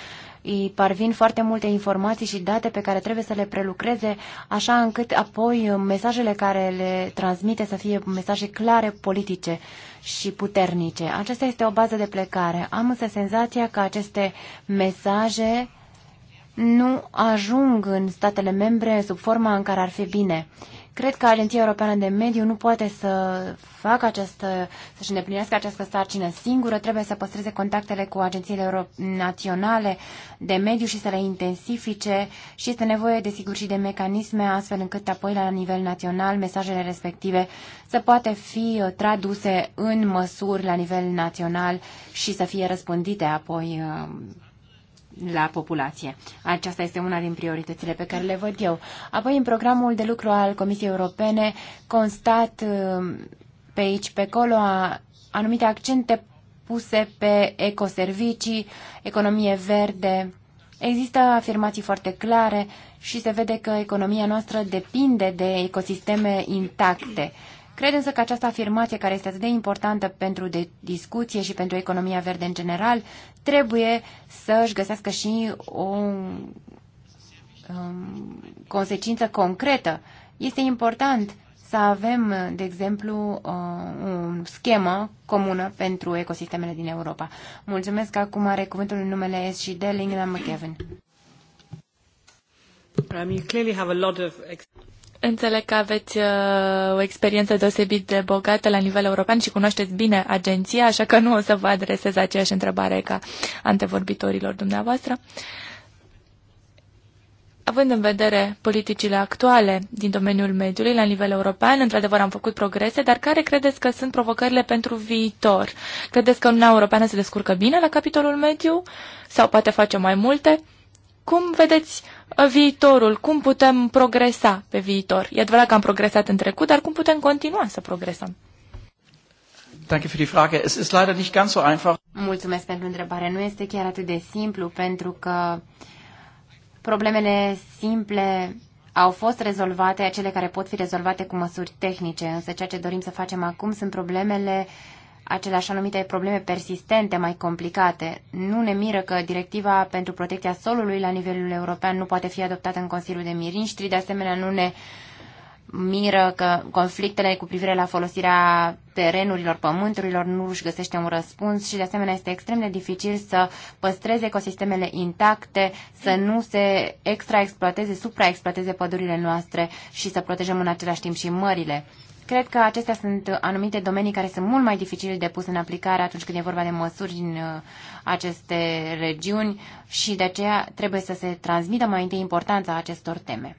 Îi parvin foarte multe informații și date pe care trebuie să le prelucreze, așa încât apoi mesajele care le transmite să fie mesaje clare, politice și puternice. Aceasta este o bază de plecare. Am însă senzația că aceste mesaje nu ajung în statele membre sub forma în care ar fi bine. Cred că Agenția Europeană de Mediu nu poate să facă această, să-și îndeplinească această sarcină singură, trebuie să păstreze contactele cu agențiile naționale de mediu și să le intensifice și este nevoie, desigur, și de mecanisme astfel încât apoi la nivel național mesajele respective să poate fi uh, traduse în măsuri la nivel național și să fie răspândite apoi uh, la populație. Aceasta este una din prioritățile pe care le văd eu. Apoi, în programul de lucru al Comisiei Europene, constat uh, pe aici, pe acolo, anumite accente puse pe ecoservicii, economie verde. Există afirmații foarte clare și se vede că economia noastră depinde de ecosisteme intacte Cred însă că această afirmație, care este atât de importantă pentru de discuție și pentru economia verde în general, trebuie să își găsească și o um, consecință concretă. Este important să avem, de exemplu, uh, o schemă comună pentru ecosistemele din Europa. Mulțumesc. Acum are cuvântul în numele S și a lot of Înțeleg că aveți uh, o experiență deosebit de bogată la nivel european și cunoașteți bine agenția, așa că nu o să vă adresez aceeași întrebare ca antevorbitorilor dumneavoastră. Având în vedere politicile actuale din domeniul mediului la nivel european, într-adevăr am făcut progrese, dar care credeți că sunt provocările pentru viitor? Credeți că Uniunea Europeană se descurcă bine la capitolul mediu sau poate face mai multe? Cum vedeți uh, viitorul? Cum putem progresa pe viitor? E adevărat că am progresat în trecut, dar cum putem continua să progresăm? Danke für die Frage. Es ist leider nicht ganz so einfach. Mulțumesc pentru întrebare. Nu este chiar atât de simplu pentru că problemele simple au fost rezolvate, acele care pot fi rezolvate cu măsuri tehnice, însă ceea ce dorim să facem acum sunt problemele uh, aceleași anumite probleme persistente mai complicate. Nu ne miră că directiva pentru protecția solului la nivelul european nu poate fi adoptată în Consiliul de Miniștri, de asemenea nu ne miră că conflictele cu privire la folosirea terenurilor, pământurilor nu își găsește un răspuns și de asemenea este extrem de dificil să păstreze ecosistemele intacte, să nu se extraexploateze, supraexploateze pădurile noastre și să protejăm în același timp și mările. Cred că acestea sunt anumite domenii care sunt mult mai dificile de pus în aplicare atunci când e vorba de măsuri în uh, aceste regiuni și de aceea trebuie să se transmită mai întâi importanța acestor teme.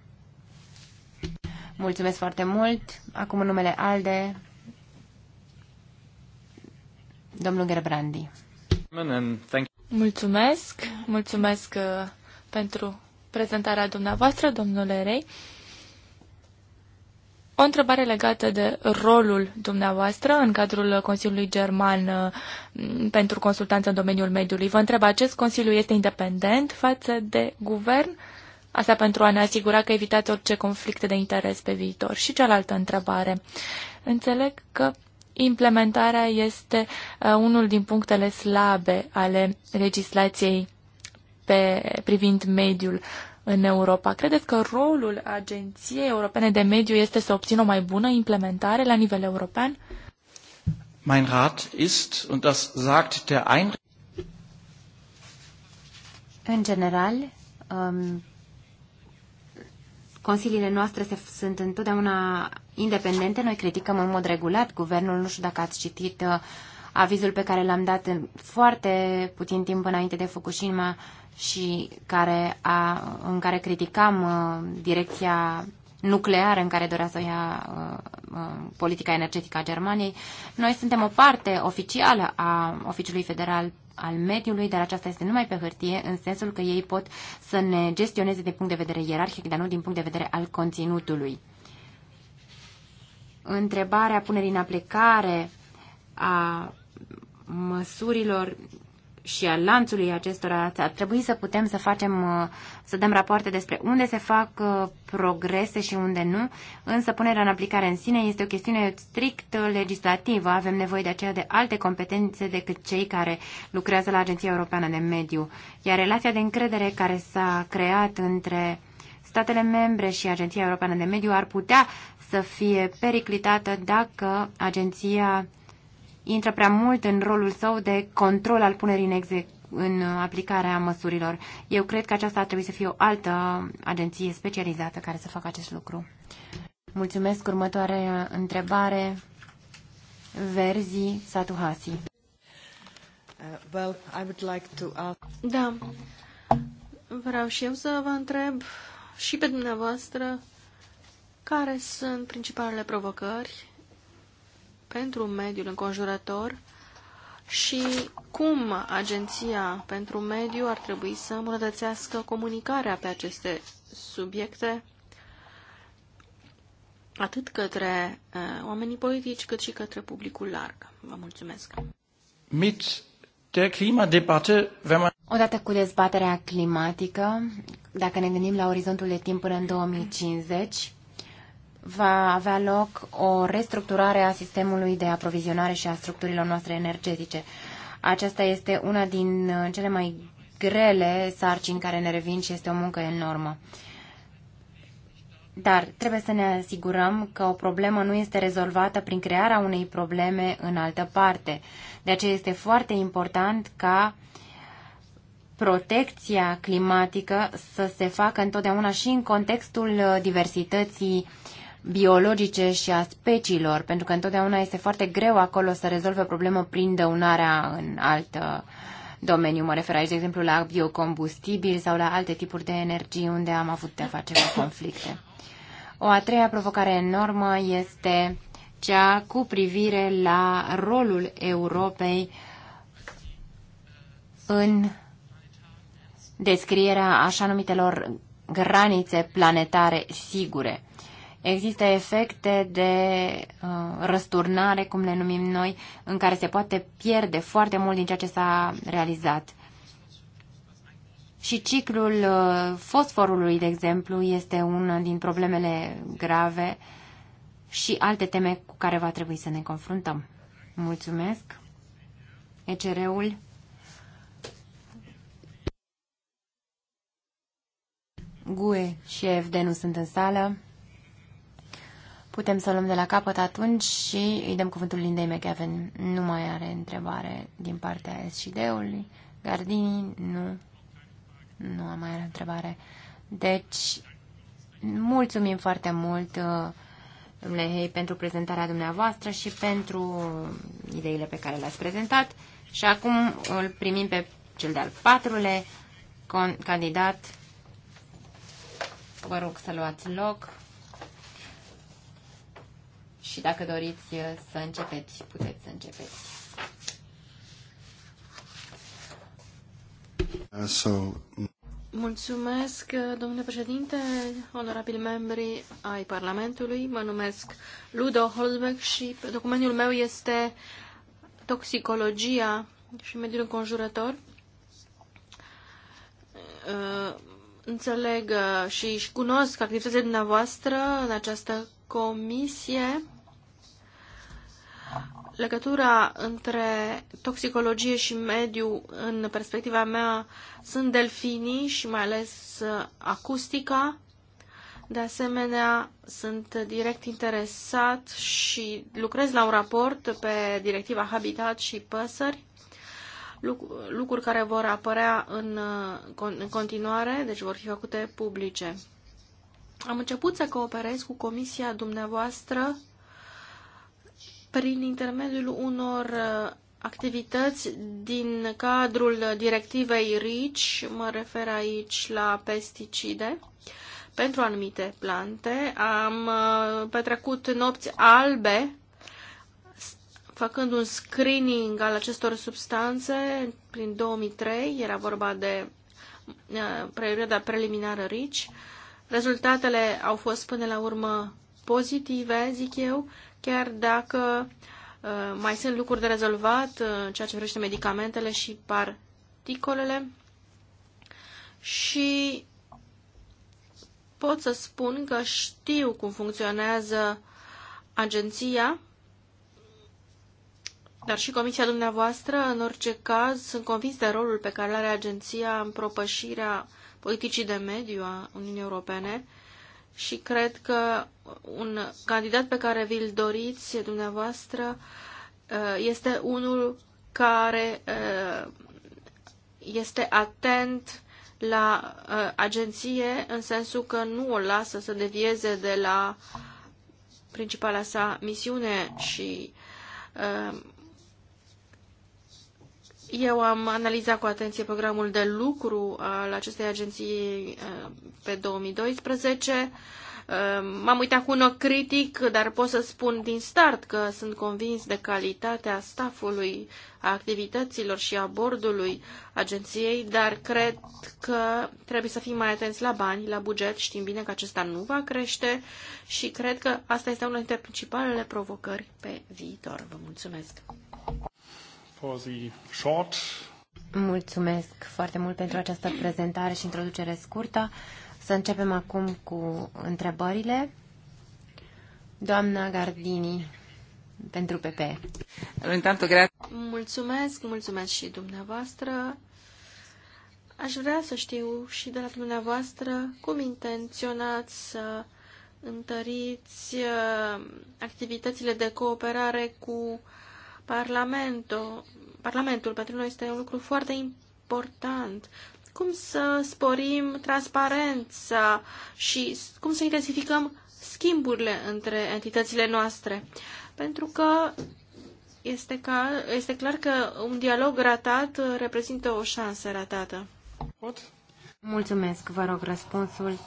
Mulțumesc foarte mult. Acum în numele ALDE, domnul Gerbrandi. Mulțumesc, mulțumesc uh, pentru prezentarea dumneavoastră, domnule Rei. O întrebare legată de rolul dumneavoastră în cadrul Consiliului German uh, pentru consultanță în domeniul mediului. Vă întreb, acest Consiliu este independent față de guvern? Asta pentru a ne asigura că evitați orice conflicte de interes pe viitor. Și cealaltă întrebare. Înțeleg că implementarea este uh, unul din punctele slabe ale legislației pe, privind mediul în Europa. Credeți că rolul Agenției Europene de Mediu este să obțină o mai bună implementare la nivel european? Mein Rat ist, und das sagt der Ein În general, um, consiliile noastre se, sunt întotdeauna independente. Noi criticăm în mod regulat guvernul. Nu știu dacă ați citit uh, avizul pe care l-am dat în foarte puțin timp înainte de Fukushima uh, și care a, în care criticam uh, direcția nucleară în care dorea să ia uh, uh, politica energetică a Germaniei. Noi suntem o parte oficială a Oficiului Federal al Mediului, dar aceasta este numai pe hârtie, în sensul că ei pot să ne gestioneze din punct de vedere ierarhic, dar nu din punct de vedere al conținutului. Întrebarea punerii în aplicare a măsurilor și al lanțului acestora, ar trebui să putem să facem, uh, să dăm rapoarte despre unde se fac uh, progrese și unde nu, însă punerea în aplicare în sine este o chestiune strict uh, legislativă. Avem nevoie de aceea de alte competențe decât cei care lucrează la Agenția Europeană de Mediu. Iar relația de încredere care s-a creat între statele membre și Agenția Europeană de Mediu ar putea să fie periclitată dacă agenția intră prea mult în rolul său de control al punerii în, exec- în aplicarea măsurilor. Eu cred că aceasta ar trebui să fie o altă agenție specializată care să facă acest lucru. Mulțumesc. Următoarea întrebare. Verzi Satuhasi. Uh, well, I would like to ask... Da. Vreau și eu să vă întreb și pe dumneavoastră care sunt principalele provocări pentru mediul înconjurător și cum Agenția pentru Mediu ar trebui să îmbunătățească comunicarea pe aceste subiecte atât către uh, oamenii politici, cât și către publicul larg. Vă mulțumesc. Mit der Klimadebatte, wenn man... Odată cu dezbaterea climatică, dacă ne gândim la orizontul de timp până în 2050, va avea loc o restructurare a sistemului de aprovizionare și a structurilor noastre energetice. Aceasta este una din uh, cele mai grele sarcini care ne revin și este o muncă enormă. Dar trebuie să ne asigurăm că o problemă nu este rezolvată prin crearea unei probleme în altă parte. De aceea este foarte important ca protecția climatică să se facă întotdeauna și în contextul uh, diversității uh, biologice și a speciilor, pentru că întotdeauna este foarte greu acolo să rezolve o problemă prin dăunarea în altă uh, domeniu. Mă refer aici, de exemplu, la biocombustibili sau la alte tipuri de energie unde am avut de-a face cu conflicte. O a treia provocare enormă este cea cu privire la rolul Europei în descrierea așa numitelor granițe planetare sigure. Există efecte de uh, răsturnare, cum le numim noi, în care se poate pierde foarte mult din ceea ce s-a realizat. Și ciclul uh, fosforului, de exemplu, este una din problemele grave și alte teme cu care va trebui să ne confruntăm. Mulțumesc. ECR-ul. GUE și EFD nu sunt în sală. Putem să o luăm de la capăt atunci și îi dăm cuvântul Lindei McEwen. Nu mai are întrebare din partea SCD-ului. Gardini, nu. Nu mai are întrebare. Deci, mulțumim foarte mult, uh, domnule Hei, pentru prezentarea dumneavoastră și pentru ideile pe care le-ați prezentat. Și acum îl primim pe cel de-al patrulea candidat. Vă rog să luați loc. Și dacă doriți uh, să începeți, puteți să începeți. Uh, so... Mm. Mulțumesc, uh, domnule președinte, onorabili membri ai Parlamentului. Mă numesc Ludo Holzberg și documentul meu este toxicologia și mediul înconjurător. Înțeleg și cunosc activitățile dumneavoastră în această comisie Legătura între toxicologie și mediu, în perspectiva mea, sunt delfinii și mai ales uh, acustica. De asemenea, sunt direct interesat și lucrez la un raport pe directiva Habitat și păsări, lucruri care vor apărea în, uh, în continuare, deci vor fi făcute publice. Am început să cooperez cu comisia dumneavoastră prin intermediul unor uh, activități din cadrul directivei RICI, mă refer aici la pesticide, pentru anumite plante. Am uh, petrecut nopți albe făcând un screening al acestor substanțe prin 2003, era vorba de uh, perioada preliminară RICI. Rezultatele au fost până la urmă pozitive, zic eu, chiar dacă uh, mai sunt lucruri de rezolvat uh, în ceea ce vrește medicamentele și particolele. Și pot să spun că știu cum funcționează agenția, dar și comisia dumneavoastră, în orice caz, sunt convins de rolul pe care îl are agenția în propășirea politicii de mediu a Uniunii Europene și cred că un candidat pe care vi-l doriți dumneavoastră uh, este unul care uh, este atent la uh, agenție în sensul că nu o lasă să devieze de la principala sa misiune și eu am analizat cu atenție programul de lucru al acestei agenții uh, pe 2012. Uh, m-am uitat cu un ochi critic, dar pot să spun din start că sunt convins de calitatea staffului, a activităților și a bordului agenției, dar cred că trebuie să fim mai atenți la bani, la buget. Știm bine că acesta nu va crește și cred că asta este una dintre principalele provocări pe viitor. Vă mulțumesc! for the short. Mulțumesc foarte mult pentru această prezentare și introducere scurtă. Să începem acum cu întrebările. Doamna Gardini, pentru PP. Mulțumesc, mulțumesc și dumneavoastră. Aș vrea să știu și de la dumneavoastră cum intenționați să întăriți uh, activitățile de cooperare cu Parlamentul. Parlamentul pentru noi este un lucru foarte important. Cum să sporim transparența și cum să intensificăm schimburile între entitățile noastre? Pentru că este, ca, este clar că un dialog ratat reprezintă o șansă ratată. Mulțumesc, vă rog răspunsul.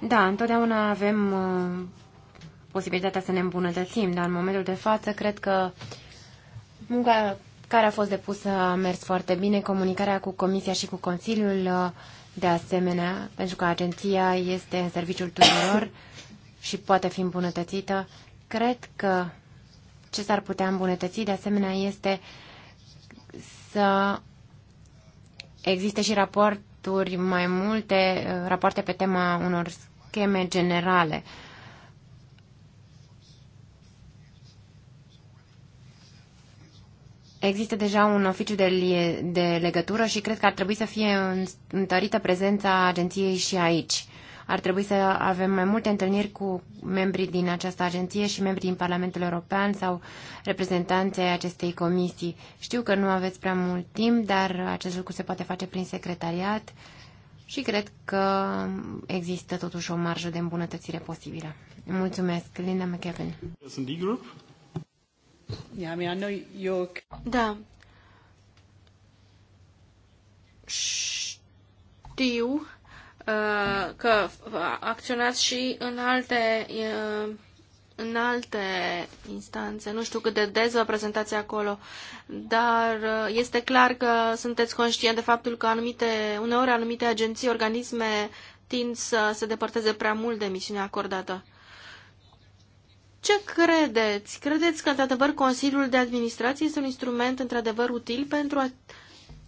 Da, întotdeauna avem uh, posibilitatea să ne îmbunătățim, dar în momentul de față cred că munca care a fost depusă a mers foarte bine, comunicarea cu Comisia și cu Consiliul de asemenea, pentru că agenția este în serviciul tuturor și poate fi îmbunătățită. Cred că ce s-ar putea îmbunătăți de asemenea este să existe și raporturi mai multe, rapoarte pe tema unor scheme generale Există deja un oficiu de, lie, de legătură și cred că ar trebui să fie întărită prezența agenției și aici. Ar trebui să avem mai multe întâlniri cu membrii din această agenție și membrii din Parlamentul European sau reprezentanții acestei comisii. Știu că nu aveți prea mult timp, dar acest lucru se poate face prin secretariat și cred că există totuși o marjă de îmbunătățire posibilă. Mulțumesc, Linda McKevin. Yeah, I mean, I know you're... Da. Știu uh, că acționați și în alte, uh, în alte instanțe. Nu știu cât de des vă prezentați acolo, dar uh, este clar că sunteți conștient de faptul că anumite, uneori anumite agenții, organisme tind să se depărteze prea mult de misiunea acordată. Uh, ce credeți? Credeți că, într-adevăr, Consiliul de Administrație este un instrument, într-adevăr, util pentru a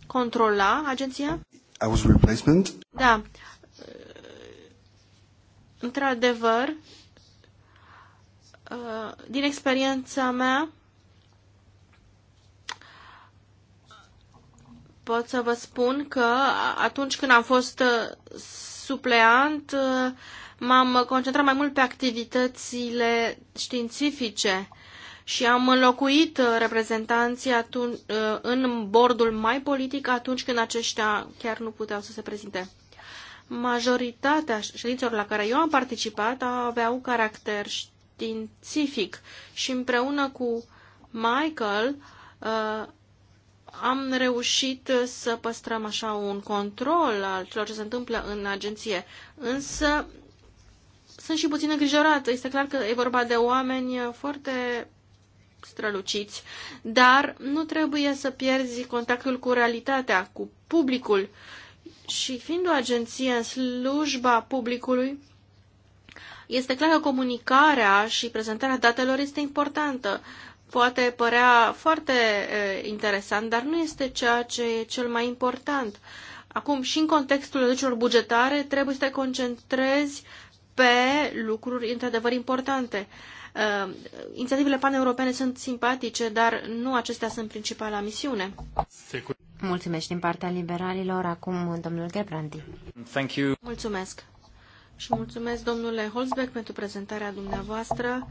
controla agenția? I was replacement. Da. Într-adevăr, uh, din experiența mea, pot să vă spun că atunci când am fost uh, supleant, uh, m-am concentrat mai mult pe activitățile științifice și am înlocuit reprezentanții atunci, uh, în bordul mai politic atunci când aceștia chiar nu puteau să se prezinte. Majoritatea ședințelor la care eu am participat aveau caracter științific și împreună cu Michael uh, am reușit să păstrăm așa un control al celor ce se întâmplă în agenție. Însă sunt și puțin îngrijorată. Este clar că e vorba de oameni foarte străluciți, dar nu trebuie să pierzi contactul cu realitatea, cu publicul. Și fiind o agenție în slujba publicului, este clar că comunicarea și prezentarea datelor este importantă. Poate părea foarte e, interesant, dar nu este ceea ce e cel mai important. Acum, și în contextul legilor bugetare, trebuie să te concentrezi pe lucruri într-adevăr importante. Uh, inițiativele paneuropene sunt simpatice, dar nu acestea sunt principala misiune. Secur Mulțumesc din partea liberalilor. Acum, domnul Gebrandi. Thank you. Mulțumesc. Și mulțumesc, domnule Holzbeck, pentru prezentarea dumneavoastră.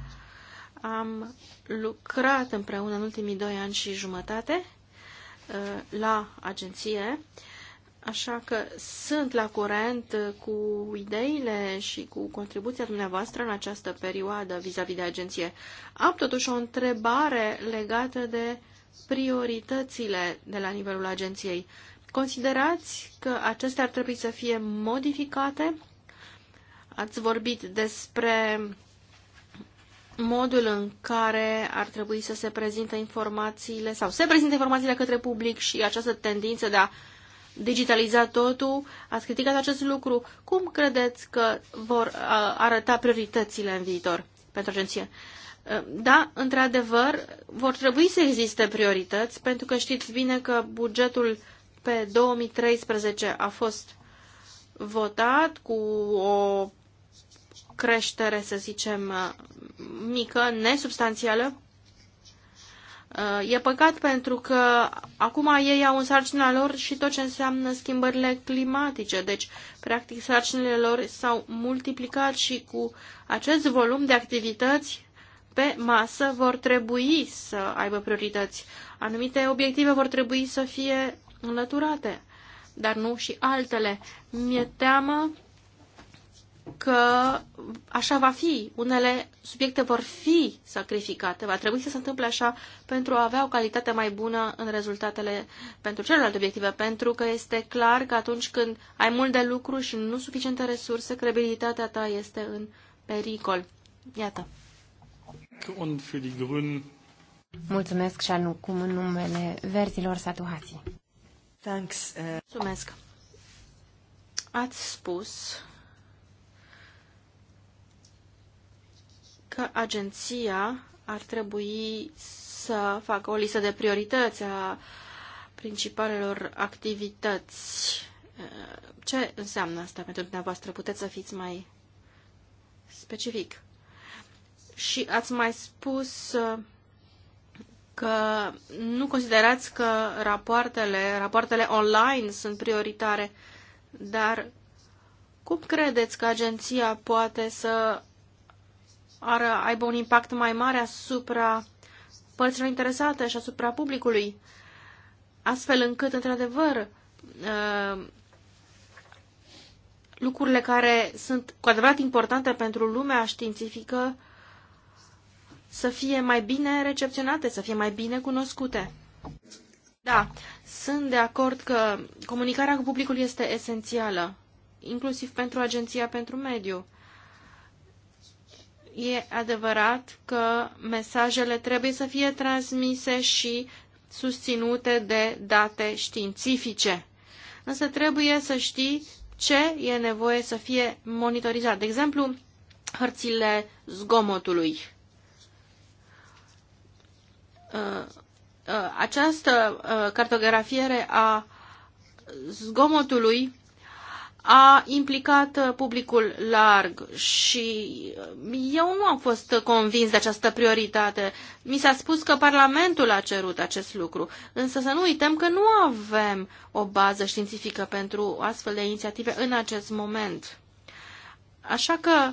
Am lucrat împreună în ultimii doi ani și jumătate uh, la agenție Așa că sunt la curent uh, cu ideile și cu contribuția dumneavoastră în această perioadă vis-a-vis -vis de agenție. Am totuși o întrebare legată de prioritățile de la nivelul agenției. Considerați că acestea ar trebui să fie modificate? Ați vorbit despre modul în care ar trebui să se prezintă informațiile sau se prezintă informațiile către public și această tendință de a digitalizat totul, ați criticat acest lucru. Cum credeți că vor uh, arăta prioritățile în viitor pentru agenție? Uh, da, într-adevăr, vor trebui să existe priorități, pentru că știți bine că bugetul pe 2013 a fost votat cu o creștere, să zicem, uh, mică, nesubstanțială, Uh, e păcat pentru că acum ei au în sarcina lor și tot ce înseamnă schimbările climatice, deci practic sarcinile lor s-au multiplicat și cu acest volum de activități pe masă vor trebui să aibă priorități. Anumite obiective vor trebui să fie înlăturate, dar nu și altele. Mi-e teamă că așa va fi. Unele subiecte vor fi sacrificate. Va trebui să se întâmple așa pentru a avea o calitate mai bună în rezultatele pentru celelalte obiective, pentru că este clar că atunci când ai mult de lucru și nu suficiente resurse, credibilitatea ta este în pericol. Iată. Mulțumesc și cum în numele verzilor satuhații. Thanks. Uh, Mulțumesc. Ați spus că agenția ar trebui să facă o listă de priorități a principalelor activități. Ce înseamnă asta pentru dumneavoastră? Puteți să fiți mai specific. Și ați mai spus uh, că nu considerați că rapoartele, rapoartele online sunt prioritare, dar cum credeți că agenția poate să ar aibă un impact mai mare asupra părților interesate și asupra publicului, astfel încât, într-adevăr, uh, lucrurile care sunt cu adevărat importante pentru lumea științifică să fie mai bine recepționate, să fie mai bine cunoscute. Da, sunt de acord că comunicarea cu publicul este esențială, inclusiv pentru Agenția pentru Mediu e adevărat că mesajele trebuie să fie transmise și susținute de date științifice. Însă trebuie să știi ce e nevoie să fie monitorizat. De exemplu, hărțile zgomotului. Uh, uh, această uh, cartografiere a zgomotului a implicat uh, publicul larg și uh, eu nu am fost convins de această prioritate. Mi s-a spus că Parlamentul a cerut acest lucru, însă să nu uităm că nu avem o bază științifică pentru astfel de inițiative în acest moment. Așa că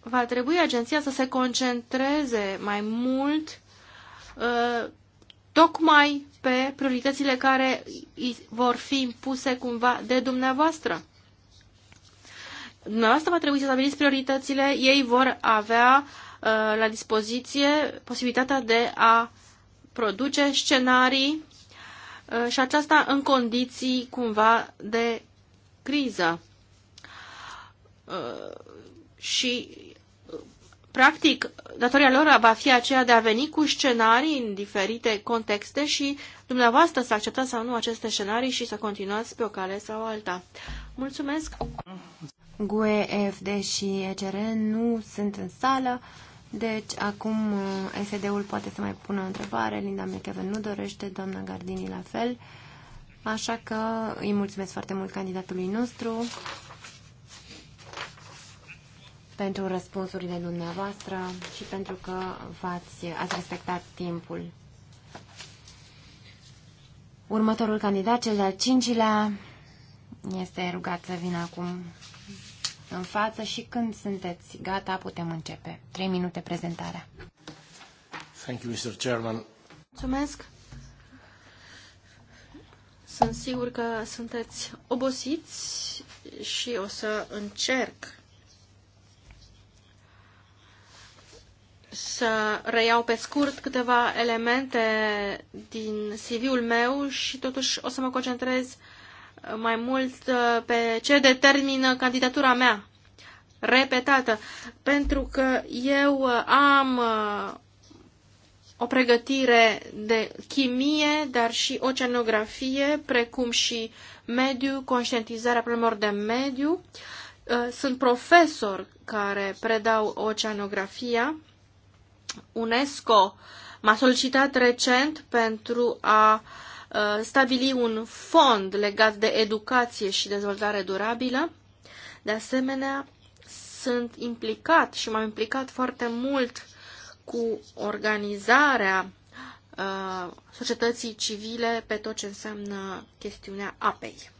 va trebui agenția să se concentreze mai mult uh, tocmai pe prioritățile care vor fi impuse cumva de dumneavoastră. Dumneavoastră va trebui să stabiliți prioritățile, ei vor avea uh, la dispoziție posibilitatea de a produce scenarii uh, și aceasta în condiții cumva de criză. Uh, și Practic, datoria lor va fi aceea de a veni cu scenarii în diferite contexte și dumneavoastră să acceptați sau nu aceste scenarii și să continuați pe o cale sau alta. Mulțumesc! GUE, FD și ECR nu sunt în sală, deci acum uh, SD-ul poate să mai pună o întrebare, Linda McEwen nu dorește, doamna Gardini la fel, așa că îi mulțumesc foarte mult candidatului nostru pentru răspunsurile dumneavoastră și pentru că v-ați ați respectat timpul. Următorul candidat, cel de-al cincilea, este rugat să vină acum în față și când sunteți gata putem începe. Trei minute prezentarea. Thank you, Mr. Chairman. Mulțumesc. Sunt sigur că sunteți obosiți și o să încerc să reiau pe scurt câteva elemente din CV-ul meu și totuși o să mă concentrez mai mult uh, pe ce determină candidatura mea repetată, pentru că eu uh, am uh, o pregătire de chimie, dar și oceanografie, precum și mediu, conștientizarea problemelor de mediu. Sunt profesor care predau oceanografia UNESCO m-a solicitat recent pentru a ă, stabili un fond legat de educație și dezvoltare durabilă. De asemenea, sunt implicat și m-am implicat foarte mult cu organizarea ă, societății civile pe tot ce înseamnă chestiunea apei.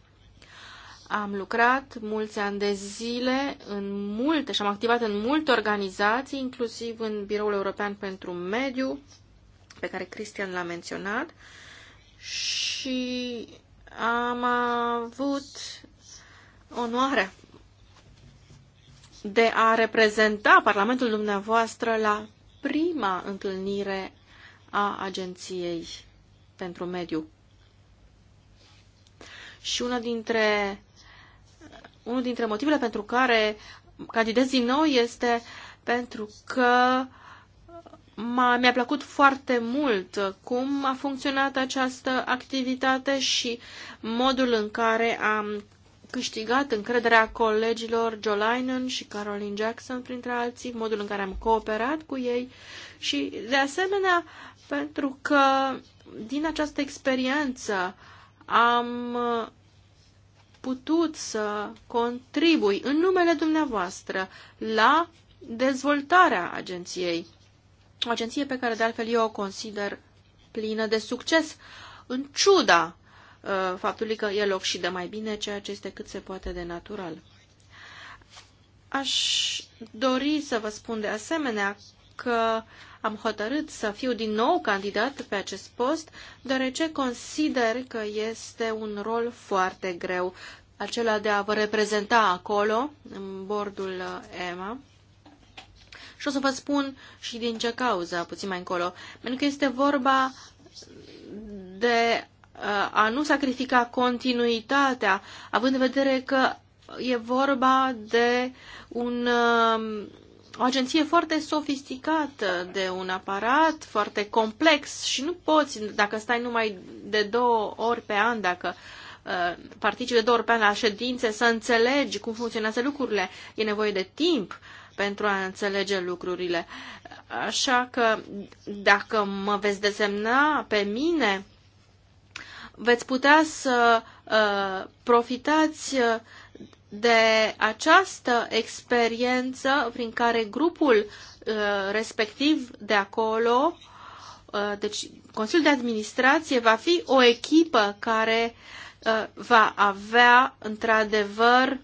Am lucrat mulți ani de zile în multe și am activat în multe organizații, inclusiv în Biroul European pentru Mediu, pe care Cristian l-a menționat, și am avut onoarea de a reprezenta Parlamentul dumneavoastră la prima întâlnire a Agenției pentru Mediu. Și una dintre unul dintre motivele pentru care candidez din nou este pentru că mi-a plăcut foarte mult cum a funcționat această activitate și modul în care am câștigat încrederea colegilor Joe Linen și Caroline Jackson, printre alții, modul în care am cooperat cu ei și, de asemenea, pentru că din această experiență am putut să contribui în numele dumneavoastră la dezvoltarea agenției. O agenție pe care de altfel eu o consider plină de succes, în ciuda uh, faptului că e loc și de mai bine, ceea ce este cât se poate de natural. Aș dori să vă spun de asemenea că am hotărât să fiu din nou candidat pe acest post, deoarece consider că este un rol foarte greu, acela de a vă reprezenta acolo, în bordul uh, EMA. Și o să vă spun și din ce cauză, puțin mai încolo. Pentru că este vorba de uh, a nu sacrifica continuitatea, având în vedere că e vorba de un uh, o agenție foarte sofisticată de un aparat foarte complex și nu poți, dacă stai numai de două ori pe an, dacă uh, participi de două ori pe an la ședințe, să înțelegi cum funcționează lucrurile. E nevoie de timp pentru a înțelege lucrurile. Așa că dacă mă veți desemna pe mine, veți putea să uh, profitați uh, de această experiență prin care grupul uh, respectiv de acolo, uh, deci Consiliul de Administrație va fi o echipă care uh, va avea într-adevăr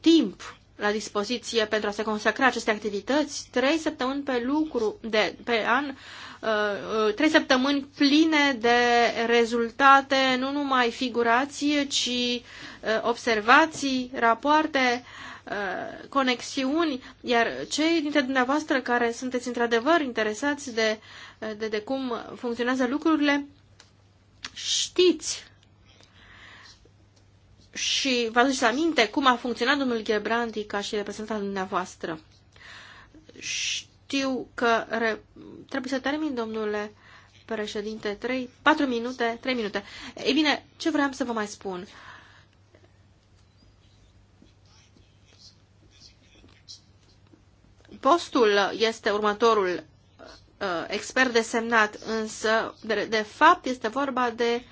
timp la dispoziție pentru a se consacra aceste activități, trei săptămâni pe lucru, de, pe an, trei săptămâni pline de rezultate, nu numai figurație, ci Uh, observații, rapoarte, uh, conexiuni, iar cei dintre dumneavoastră care sunteți într-adevăr interesați de, uh, de, de cum funcționează lucrurile, știți și vă aduceți aminte cum a funcționat domnul Ghebrandi ca și reprezentantul dumneavoastră. Știu că re... trebuie să termin, domnule președinte, 3, 4 minute, 3 minute. Ei bine, ce vreau să vă mai spun? Uh, Postul este următorul uh, expert desemnat, însă de, de fapt este vorba de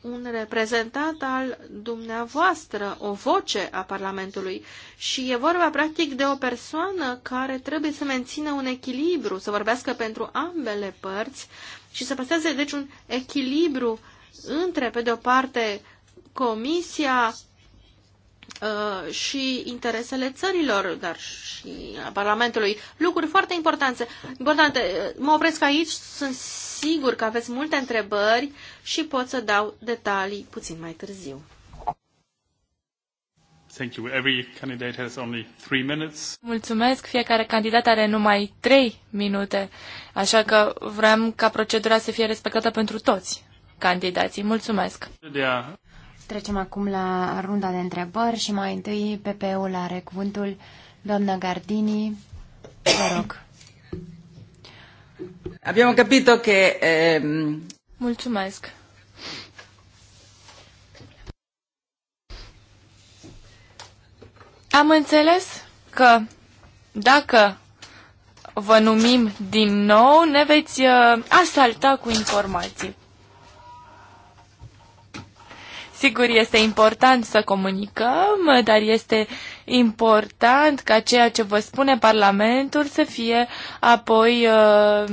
un reprezentant al dumneavoastră, o voce a Parlamentului și e vorba practic de o persoană care trebuie să mențină un echilibru, să vorbească pentru ambele părți și să păstreze deci un echilibru între, pe de o parte, Comisia Uh, și interesele țărilor, dar și a Parlamentului. Lucruri foarte importante. importante. Mă opresc aici, sunt sigur că aveți multe întrebări și pot să dau detalii puțin mai târziu. Thank you. Every candidate has only three minutes. Mulțumesc. Fiecare candidat are numai trei minute, așa că vrem ca procedura să fie respectată pentru toți candidații. Mulțumesc. Yeah. Trecem acum la runda de întrebări și mai întâi PPE-ul are cuvântul. Doamna Gardini, vă rog. Abbiamo capito che... Ehm... Mulțumesc. Am înțeles că dacă vă numim din nou, ne veți uh, asalta cu informații. Sigur, este important să comunicăm, dar este important ca ceea ce vă spune Parlamentul să fie apoi uh,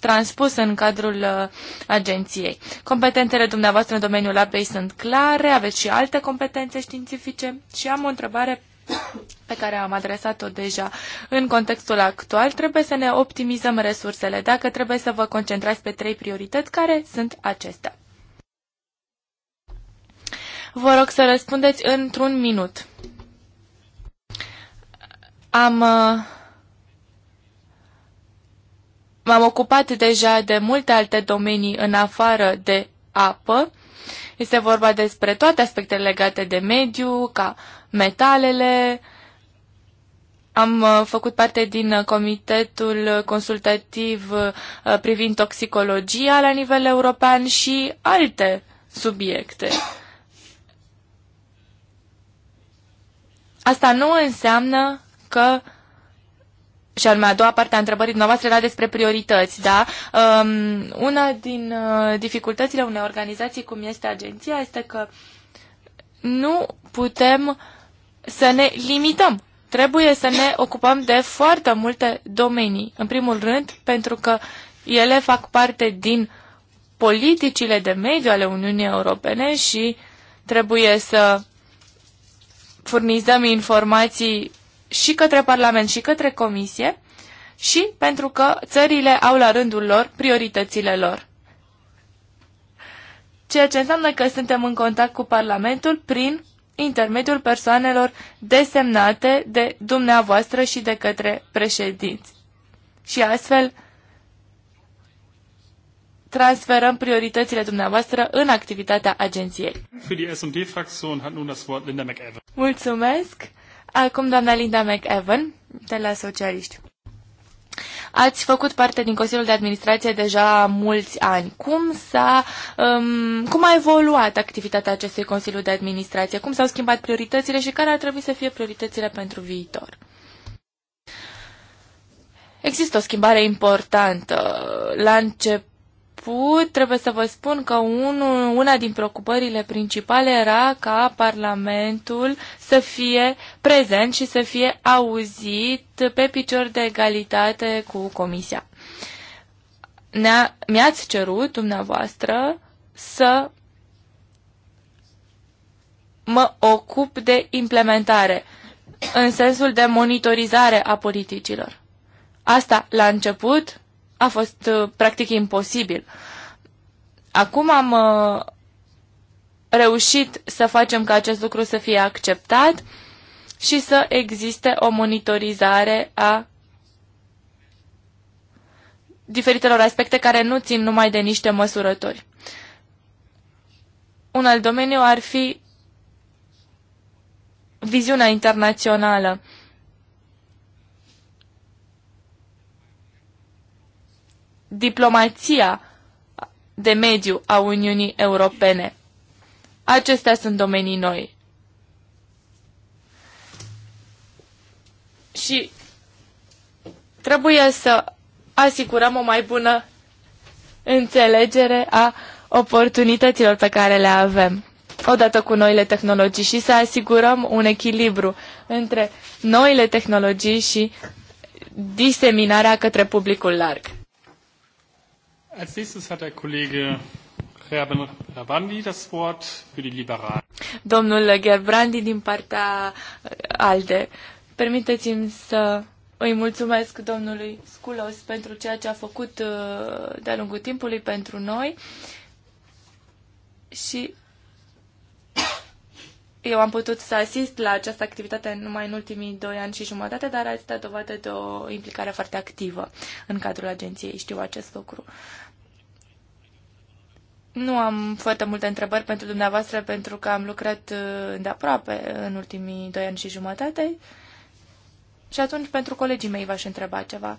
transpus în cadrul uh, agenției. Competențele dumneavoastră în domeniul apei sunt clare, aveți și alte competențe științifice și am o întrebare pe care am adresat-o deja. În contextul actual, trebuie să ne optimizăm resursele. Dacă trebuie să vă concentrați pe trei priorități, care sunt acestea? Vă rog să răspundeți într-un minut. Am... Uh, m-am ocupat deja de multe alte domenii în afară de apă. Este vorba despre toate aspectele legate de mediu, ca metalele. Am uh, făcut parte din comitetul consultativ uh, privind toxicologia la nivel european și alte subiecte. Asta nu înseamnă că și anume a doua parte a întrebării dumneavoastră era despre priorități, da? Um, una din uh, dificultățile unei organizații cum este agenția este că nu putem să ne limităm. Trebuie să ne ocupăm de foarte multe domenii. În primul rând, pentru că ele fac parte din politicile de mediu ale Uniunii Europene și trebuie să furnizăm informații și către Parlament și către Comisie și pentru că țările au la rândul lor prioritățile lor. Ceea ce înseamnă că suntem în contact cu Parlamentul prin intermediul persoanelor desemnate de dumneavoastră și de către președinți. Și astfel transferăm prioritățile dumneavoastră în activitatea agenției. Mulțumesc! Acum doamna Linda McEvan, de la Socialiști. Ați făcut parte din Consiliul de Administrație deja mulți ani. Cum, s-a, um, cum a evoluat activitatea acestui Consiliu de Administrație? Cum s-au schimbat prioritățile și care ar trebui să fie prioritățile pentru viitor? Există o schimbare importantă. La început început, trebuie să vă spun că unul, una din preocupările principale era ca Parlamentul să fie prezent și să fie auzit pe picior de egalitate cu Comisia. Ne-a, mi-ați cerut, dumneavoastră, să mă ocup de implementare, în sensul de monitorizare a politicilor. Asta la început a fost uh, practic imposibil. Acum am uh, reușit să facem ca acest lucru să fie acceptat și să existe o monitorizare a diferitelor aspecte care nu țin numai de niște măsurători. Un alt domeniu ar fi viziunea internațională. diplomația de mediu a Uniunii Europene. Acestea sunt domenii noi. Și trebuie să asigurăm o mai bună înțelegere a oportunităților pe care le avem odată cu noile tehnologii și să asigurăm un echilibru între noile tehnologii și diseminarea către publicul larg. Als nächstes hat der Kollege Gerben Rabandi das Wort für die Liberalen. Domnul Gerbrandi din partea uh, ALDE. Permiteți-mi să îi mulțumesc domnului Sculos pentru ceea ce a făcut uh, de-a lungul timpului pentru noi și eu am putut să asist la această activitate numai în ultimii doi ani și jumătate, dar ați dat dovadă de o implicare foarte activă în cadrul agenției. Știu acest lucru. Uh, nu am foarte multe întrebări pentru dumneavoastră pentru că am lucrat uh, îndeaproape în ultimii doi ani și jumătate. Și atunci pentru colegii mei v-aș întreba ceva.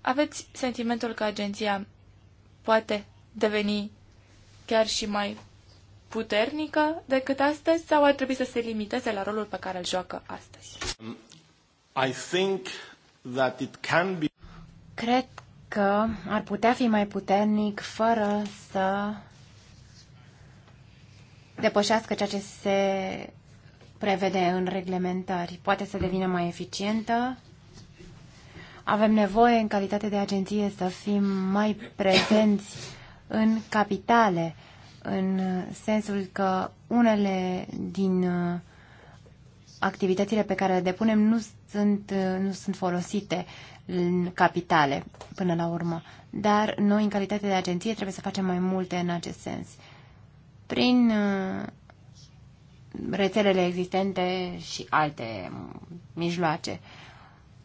Aveți sentimentul că agenția poate deveni chiar și mai puternică decât astăzi sau ar trebui să se limiteze la rolul pe care îl joacă astăzi? Um, I think that it can be... Cred că ar putea fi mai puternic fără să depășească ceea ce se prevede în reglementări. Poate să devină mai eficientă. Avem nevoie, în calitate de agenție, să fim mai prezenți în capitale, în sensul că unele din uh, activitățile pe care le depunem nu sunt, uh, nu sunt folosite în capitale, până la urmă. Dar noi, în calitate de agenție, trebuie să facem mai multe în acest sens. Prin uh, rețelele existente și alte mijloace.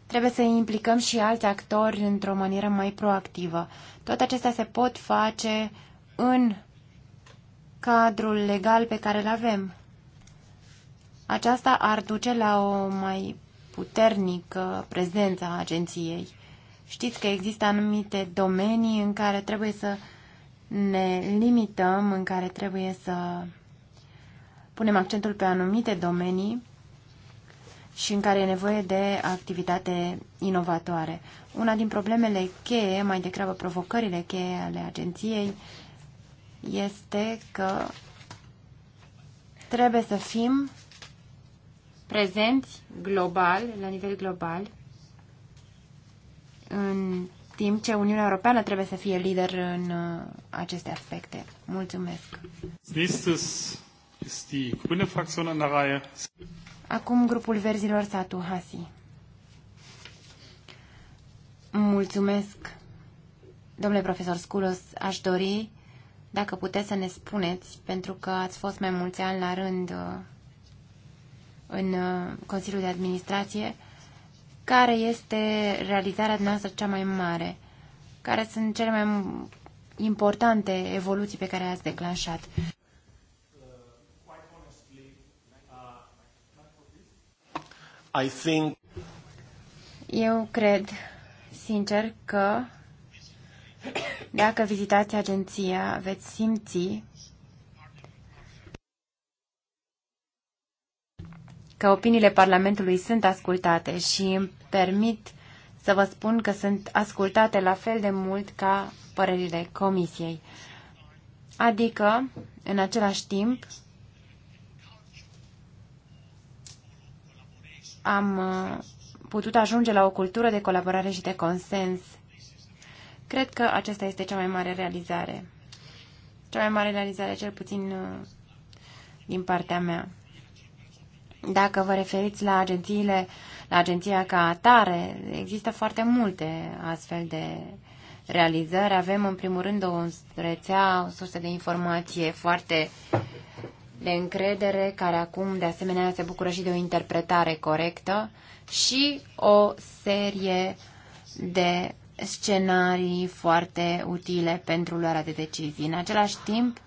Trebuie să implicăm și alți actori într-o manieră mai proactivă. Tot acestea se pot face în cadrul legal pe care îl avem. Aceasta ar duce la o mai puternică prezența agenției. Știți că există anumite domenii în care trebuie să ne limităm, în care trebuie să punem accentul pe anumite domenii și în care e nevoie de activitate inovatoare. Una din problemele cheie, mai degrabă provocările cheie ale agenției, este că trebuie să fim prezenți global, la nivel global, în timp ce Uniunea Europeană trebuie să fie lider în uh, aceste aspecte. Mulțumesc! Acum grupul verzilor Satu Hasi. Mulțumesc, domnule profesor Sculos. Aș dori, dacă puteți să ne spuneți, pentru că ați fost mai mulți ani la rând uh, în uh, Consiliul de Administrație, care este realizarea noastră cea mai mare, care sunt cele mai importante evoluții pe care ați declanșat. I think... Eu cred, sincer, că dacă vizitați agenția, veți simți că opiniile Parlamentului sunt ascultate și îmi permit să vă spun că sunt ascultate la fel de mult ca părerile Comisiei. Adică, în același timp, am uh, putut ajunge la o cultură de colaborare și de consens. Cred că acesta este cea mai mare realizare. Cea mai mare realizare, cel puțin uh, din partea mea. Dacă vă referiți la agențiile, la agenția ca atare, există foarte multe astfel de realizări. Avem, în primul rând, o rețea, o sursă de informație foarte de încredere, care acum, de asemenea, se bucură și de o interpretare corectă și o serie de scenarii foarte utile pentru luarea de decizii. În același timp,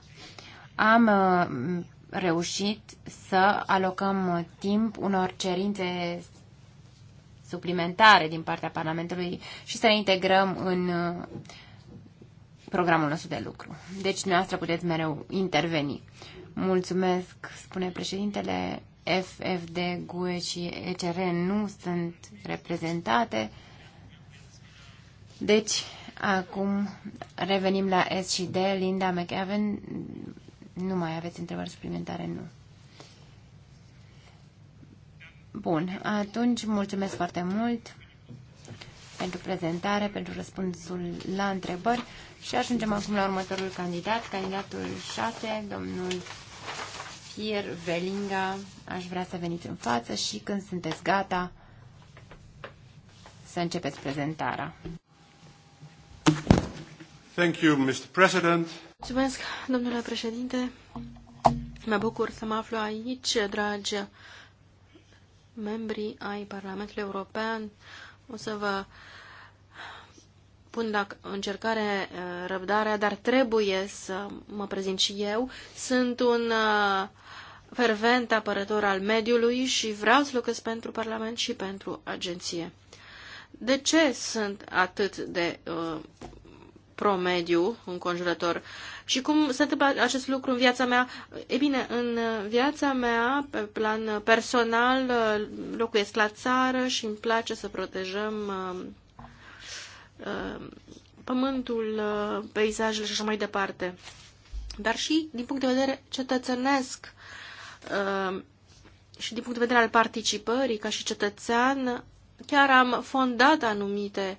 am reușit să alocăm timp unor cerințe suplimentare din partea Parlamentului și să le integrăm în uh, programul nostru de lucru. Deci, dumneavoastră puteți mereu interveni. Mulțumesc, spune președintele. FFD, GUE și ECR nu sunt reprezentate. Deci, acum revenim la S și D. Linda McEwen nu mai aveți întrebări suplimentare? Nu. Bun, atunci mulțumesc foarte mult pentru prezentare, pentru răspunsul la întrebări și ajungem acum la următorul candidat, candidatul 6, domnul Pier Velinga. Aș vrea să veniți în față și când sunteți gata să începeți prezentarea. Thank you, Mr. President. Mulțumesc, domnule președinte. Mă bucur să mă aflu aici, dragi membri ai Parlamentului European. O să vă pun la încercare uh, răbdarea, dar trebuie să mă prezint și eu. Sunt un uh, fervent apărător al mediului și vreau să lucrez pentru Parlament și pentru agenție. De ce sunt atât de uh, promediu înconjurător. Și cum se întâmplă acest lucru în viața mea? E bine, în viața mea, pe plan personal, locuiesc la țară și îmi place să protejăm uh, uh, pământul, uh, peisajele și așa mai departe. Dar și din punct de vedere cetățenesc și din punct de vedere al participării ca și cetățean, chiar am fondat anumite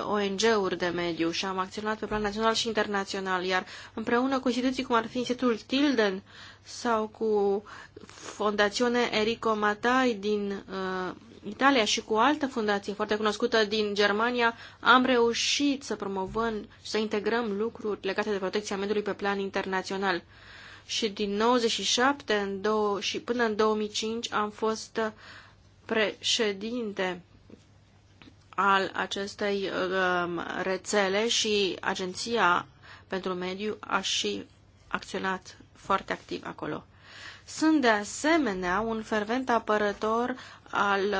ONG-uri de mediu și am acționat pe plan național și internațional, iar împreună cu instituții cum ar fi Institutul Tilden sau cu Fondațiune Erico Matai din uh, Italia și cu o altă fundație foarte cunoscută din Germania, am reușit să promovăm și să integrăm lucruri legate de protecția mediului pe plan internațional. Și din 97 în două, și până în 2005 am fost președinte al acestei um, rețele și Agenția pentru Mediu a și acționat foarte activ acolo. Sunt de asemenea un fervent apărător al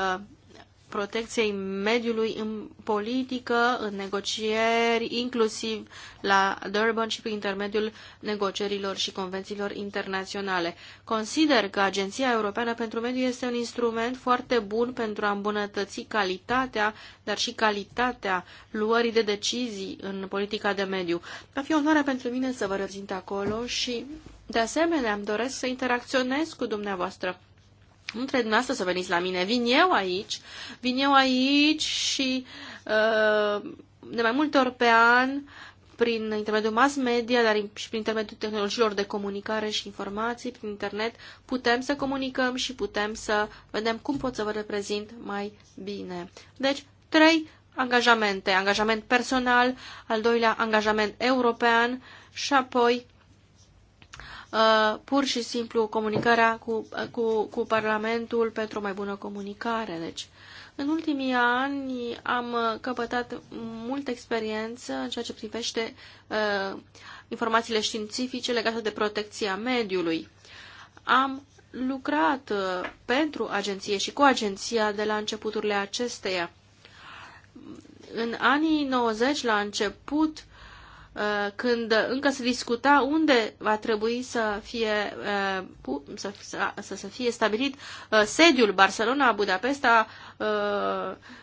protecției mediului în politică, în negocieri, inclusiv la Durban și prin intermediul negocierilor și convențiilor internaționale. Consider că Agenția Europeană pentru Mediu este un instrument foarte bun pentru a îmbunătăți calitatea, dar și calitatea luării de decizii în politica de mediu. Va fi onoarea pentru mine să vă rezint acolo și, de asemenea, îmi doresc să interacționez cu dumneavoastră nu trebuie dumneavoastră să veniți la mine, vin eu aici, vin eu aici și uh, de mai multe ori pe an, prin intermediul mass media, dar și prin intermediul tehnologiilor de comunicare și informații, prin internet, putem să comunicăm și putem să vedem cum pot să vă reprezint mai bine. Deci, trei angajamente. Angajament personal, al doilea angajament european și apoi Uh, pur și simplu comunicarea cu, cu, cu Parlamentul pentru o mai bună comunicare. Deci, în ultimii ani am căpătat multă experiență în ceea ce privește uh, informațiile științifice legate de protecția mediului. Am lucrat uh, pentru agenție și cu agenția de la începuturile acesteia. În anii 90, la început, Uh, când încă se discuta unde va trebui să fie, uh, să, să, să fie stabilit uh, sediul Barcelona, Budapesta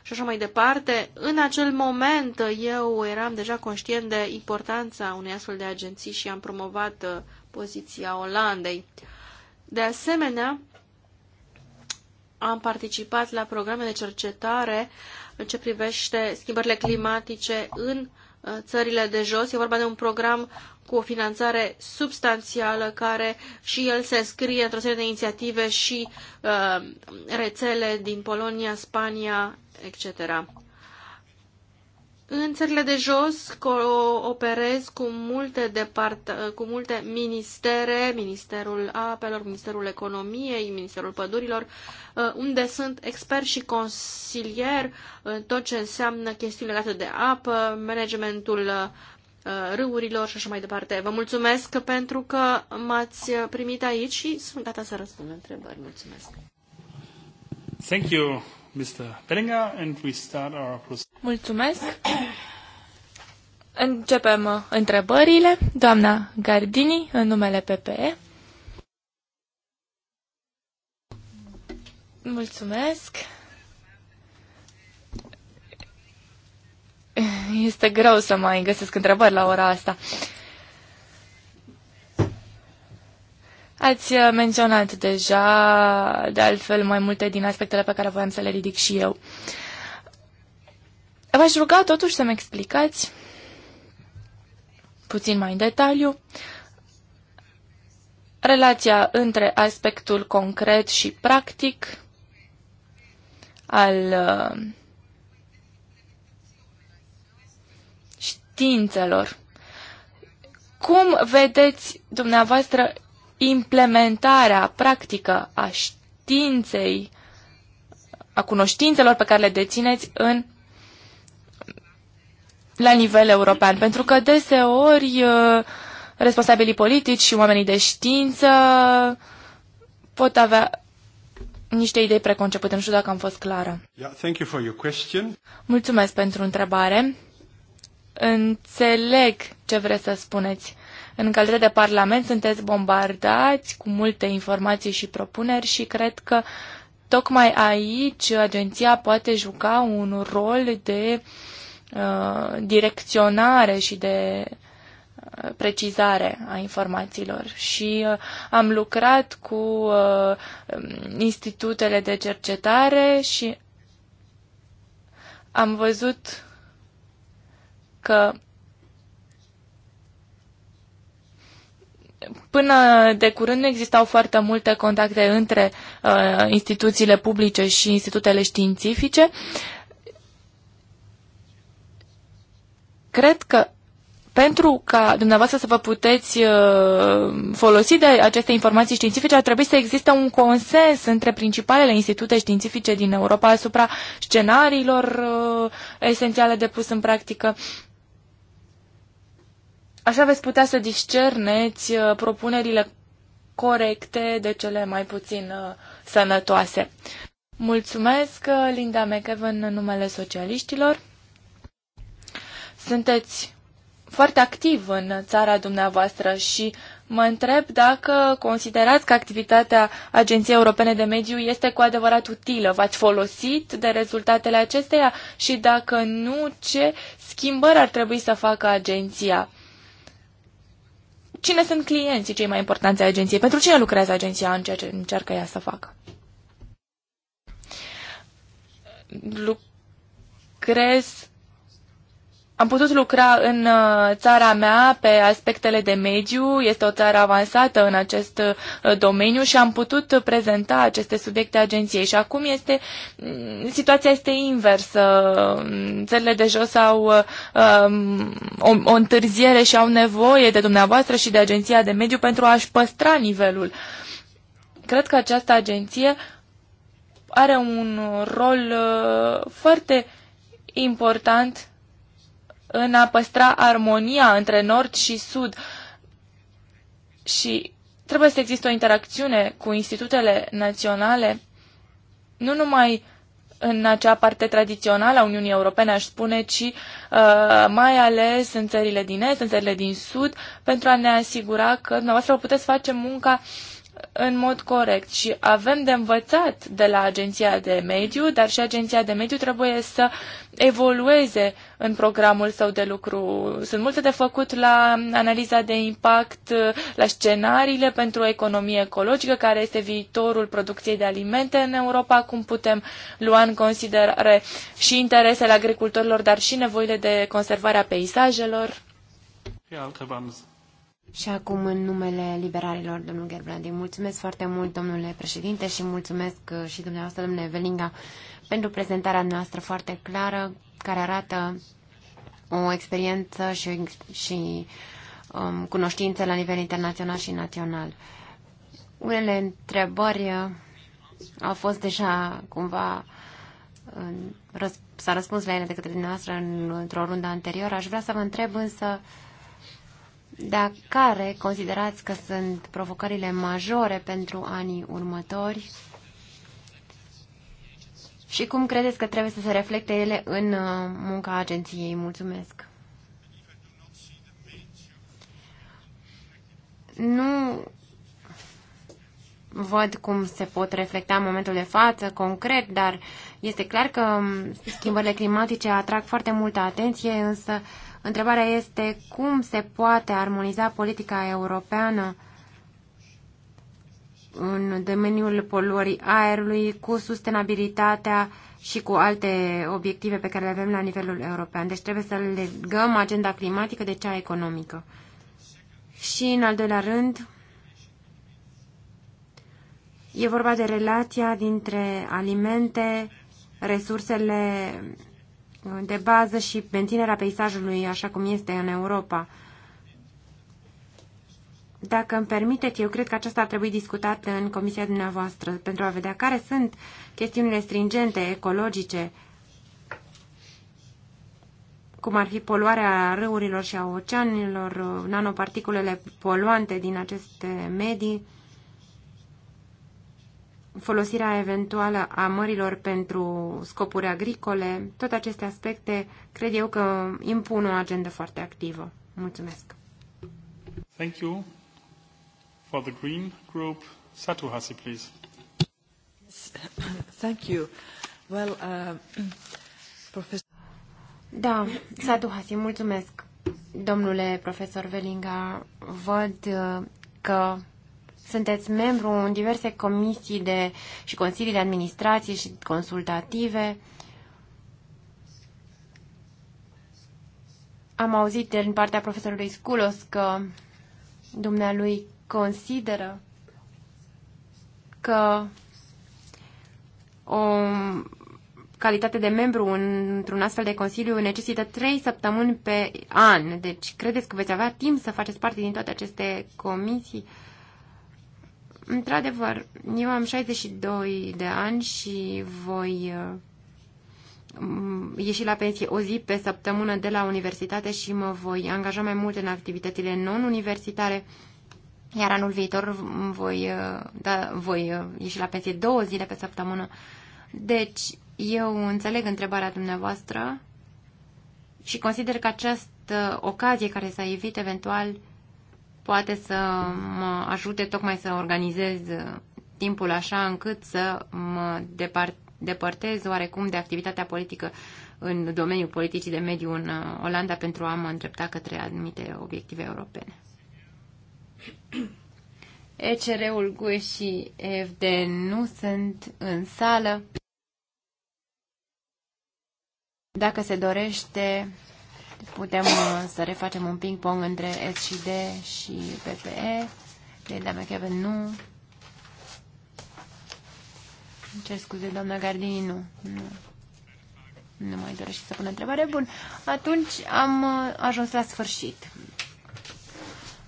și așa mai departe. În acel moment eu eram deja conștient de importanța unei astfel de agenții și am promovat poziția Olandei. De asemenea, am participat la programe de cercetare în ce privește schimbările climatice în uh, țările de jos. E vorba de un program cu o finanțare substanțială care și el se scrie într-o serie de inițiative și uh, rețele din Polonia, Spania, etc. În țările de jos cooperez cu multe, depart- cu multe ministere, Ministerul Apelor, Ministerul Economiei, Ministerul Pădurilor, uh, unde sunt expert și consilier în tot ce înseamnă chestiuni legate de apă, managementul uh, râurilor și așa mai departe. Vă mulțumesc pentru că m-ați primit aici și sunt gata să răspund întrebări. Mulțumesc! Thank you Mr. Bellinger and we start our Mulțumesc. Începem uh, întrebările. Doamna Gardini, în numele PPE. Mulțumesc. Este greu să mai găsesc întrebări la ora asta. Uh, Ați uh, menționat deja, de altfel, mai multe din aspectele pe care voiam să le ridic și eu. V-aș ruga totuși să-mi explicați puțin mai în detaliu relația între aspectul concret și practic al uh, științelor. Cum vedeți dumneavoastră implementarea practică a științei, a cunoștințelor pe care le dețineți în la nivel european, pentru că deseori uh, responsabilii politici și oamenii de știință pot avea niște idei preconcepute. Nu știu dacă am fost clară. Yeah, thank you for your question. Mulțumesc pentru întrebare. Înțeleg ce vreți să spuneți în calitate de Parlament sunteți bombardați cu multe informații și propuneri și cred că tocmai aici agenția poate juca un rol de uh, direcționare și de uh, precizare a informațiilor și uh, am lucrat cu uh, institutele de cercetare și am văzut că Până de curând nu existau foarte multe contacte între uh, instituțiile publice și institutele științifice. Cred că pentru ca dumneavoastră să vă puteți uh, folosi de aceste informații științifice, ar trebui să existe un consens între principalele institute științifice din Europa asupra scenariilor uh, esențiale de pus în practică. Uh, Așa veți putea să discerneți uh, propunerile corecte de cele mai puțin uh, sănătoase. Mulțumesc, uh, Linda McEvan, în numele socialiștilor. Sunteți foarte activ în țara dumneavoastră și mă întreb dacă considerați că activitatea Agenției Europene de Mediu este cu adevărat utilă. V-ați folosit de rezultatele acesteia și dacă nu, ce schimbări ar trebui să facă agenția? cine sunt clienții cei mai importanți ai agenției, pentru cine lucrează agenția în ceea ce încearcă ea să facă. Lucrez am putut lucra în uh, țara mea pe aspectele de mediu, este o țară avansată în acest uh, domeniu și am putut prezenta aceste subiecte agenției. Și acum este, mm, situația este inversă. Mm, țările de jos au uh, um, o, o întârziere și au nevoie de dumneavoastră și de agenția de mediu pentru a-și păstra nivelul. Cred că această agenție are un rol uh, foarte important în a păstra armonia între nord și sud. Și trebuie să existe o interacțiune cu institutele naționale, nu numai în acea parte tradițională a Uniunii Europene, aș spune, ci uh, mai ales în țările din Est, în țările din Sud, pentru a ne asigura că dumneavoastră puteți face munca uh, în mod corect și avem de învățat de la Agenția de Mediu, dar și Agenția de Mediu trebuie să evolueze în programul său de lucru. Sunt multe de făcut la analiza de impact, la scenariile pentru o economie ecologică, care este viitorul producției de alimente în Europa, cum putem lua în considerare și interesele agricultorilor, dar și nevoile de conservare a peisajelor. Ja, și acum, în numele liberalilor, domnul Gerbrandi, mulțumesc foarte mult, domnule președinte, și mulțumesc uh, și dumneavoastră, domnule Velinga, pentru prezentarea noastră foarte clară, care arată o experiență și, și um, cunoștință la nivel internațional și național. Unele întrebări uh, au fost deja cumva s-a răspuns la ele de către dumneavoastră într-o rundă anterioară. Aș vrea să vă întreb însă uh, dar care considerați că sunt provocările majore pentru anii următori și cum credeți că trebuie să se reflecte ele în uh, munca agenției? Mulțumesc! Nu văd cum se pot reflecta în momentul de față, concret, dar este clar că schimbările climatice atrag foarte multă atenție, însă Întrebarea este cum se poate armoniza politica europeană în domeniul poluării aerului cu sustenabilitatea și cu alte obiective pe care le avem la nivelul european. Deci trebuie să legăm agenda climatică de cea economică. Și, în al doilea rând, e vorba de relația dintre alimente, resursele de bază și menținerea peisajului așa cum este în Europa. Dacă îmi permiteți, eu cred că aceasta ar trebui discutată în comisia dumneavoastră pentru a vedea care sunt chestiunile stringente, ecologice, cum ar fi poluarea râurilor și a oceanilor, nanoparticulele poluante din aceste medii, folosirea eventuală a mărilor pentru scopuri agricole, toate aceste aspecte cred eu că impun o agendă foarte activă. Mulțumesc. Thank you. For the Green Group, Satu Hasi, please. Thank you. Well, uh, professor... Da, Satu Hasi, mulțumesc. Domnule profesor Velinga, văd uh, că sunteți membru în diverse comisii de, și consilii de administrație și consultative. Am auzit din partea profesorului Sculos că dumnealui consideră că o calitate de membru într-un astfel de consiliu necesită trei săptămâni pe an. Deci, credeți că veți avea timp să faceți parte din toate aceste comisii? Într-adevăr, eu am 62 de ani și voi uh, ieși la pensie o zi pe săptămână de la universitate și mă voi angaja mai mult în activitățile non-universitare, iar anul viitor voi, uh, da, voi uh, ieși la pensie două zile pe săptămână. Deci, eu înțeleg întrebarea dumneavoastră și consider că această ocazie care s-a evit eventual poate să mă ajute tocmai să organizez timpul așa încât să mă depart, depărtez oarecum de activitatea politică în domeniul politicii de mediu în uh, Olanda pentru a mă îndrepta către anumite obiective europene. ECR-ul GUE și EFD nu sunt în sală. Dacă se dorește putem uh, să refacem un ping-pong între S și D și PPE. Linda Kevin, nu. Ce scuze, doamna Gardini, nu. Nu. Nu mai dorește să pună întrebare. Bun. Atunci am uh, ajuns la sfârșit.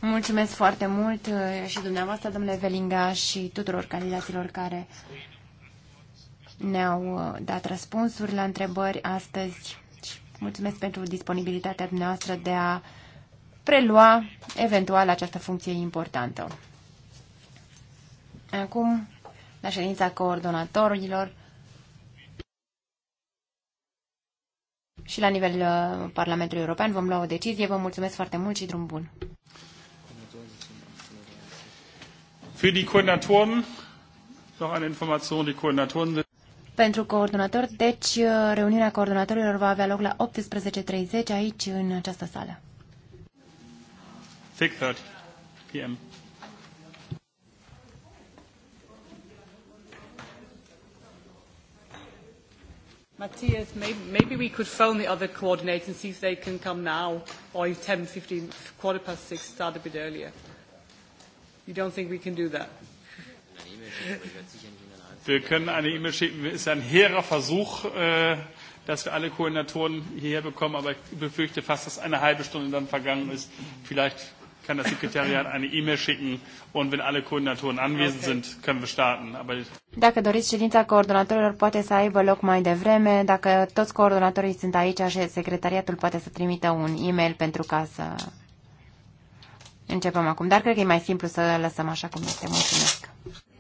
Mulțumesc foarte mult uh, și dumneavoastră, domnule Velinga, și tuturor candidaților care ne-au dat răspunsuri la întrebări astăzi mulțumesc pentru disponibilitatea noastră de a prelua eventual această funcție importantă. Acum, la ședința coordonatorilor și la nivel uh, Parlamentului European vom lua o decizie. Vă mulțumesc foarte mult și drum bun! Für die Koordinatoren noch eine Information. Die Koordinatoren sind pentru coordonatori, deci uh, reuniunea coordonatorilor va avea loc la 18.30 aici, în această sală. 6.30 p.m. Matthias, maybe, maybe we could phone the other coordinators and see if they can come now, or if 10, 15, quarter past six, start a bit earlier. You don't think we can do that? Wir können eine E-Mail schicken. Es ist ein hehrer Versuch, äh, dass wir alle Koordinatoren hierher bekommen, aber ich befürchte fast, dass eine halbe Stunde dann vergangen ist. Vielleicht kann das Sekretariat eine E-Mail schicken und wenn alle Koordinatoren anwesend okay. sind, können wir starten. Aber dacă doriți, ședința coordonatorilor poate să aibă loc mai devreme. Dacă toți coordonatorii sunt aici, așa secretariatul poate să trimită un e-mail pentru ca să începem acum. Dar cred că e mai simplu să lăsăm așa cum este. Mulțumesc!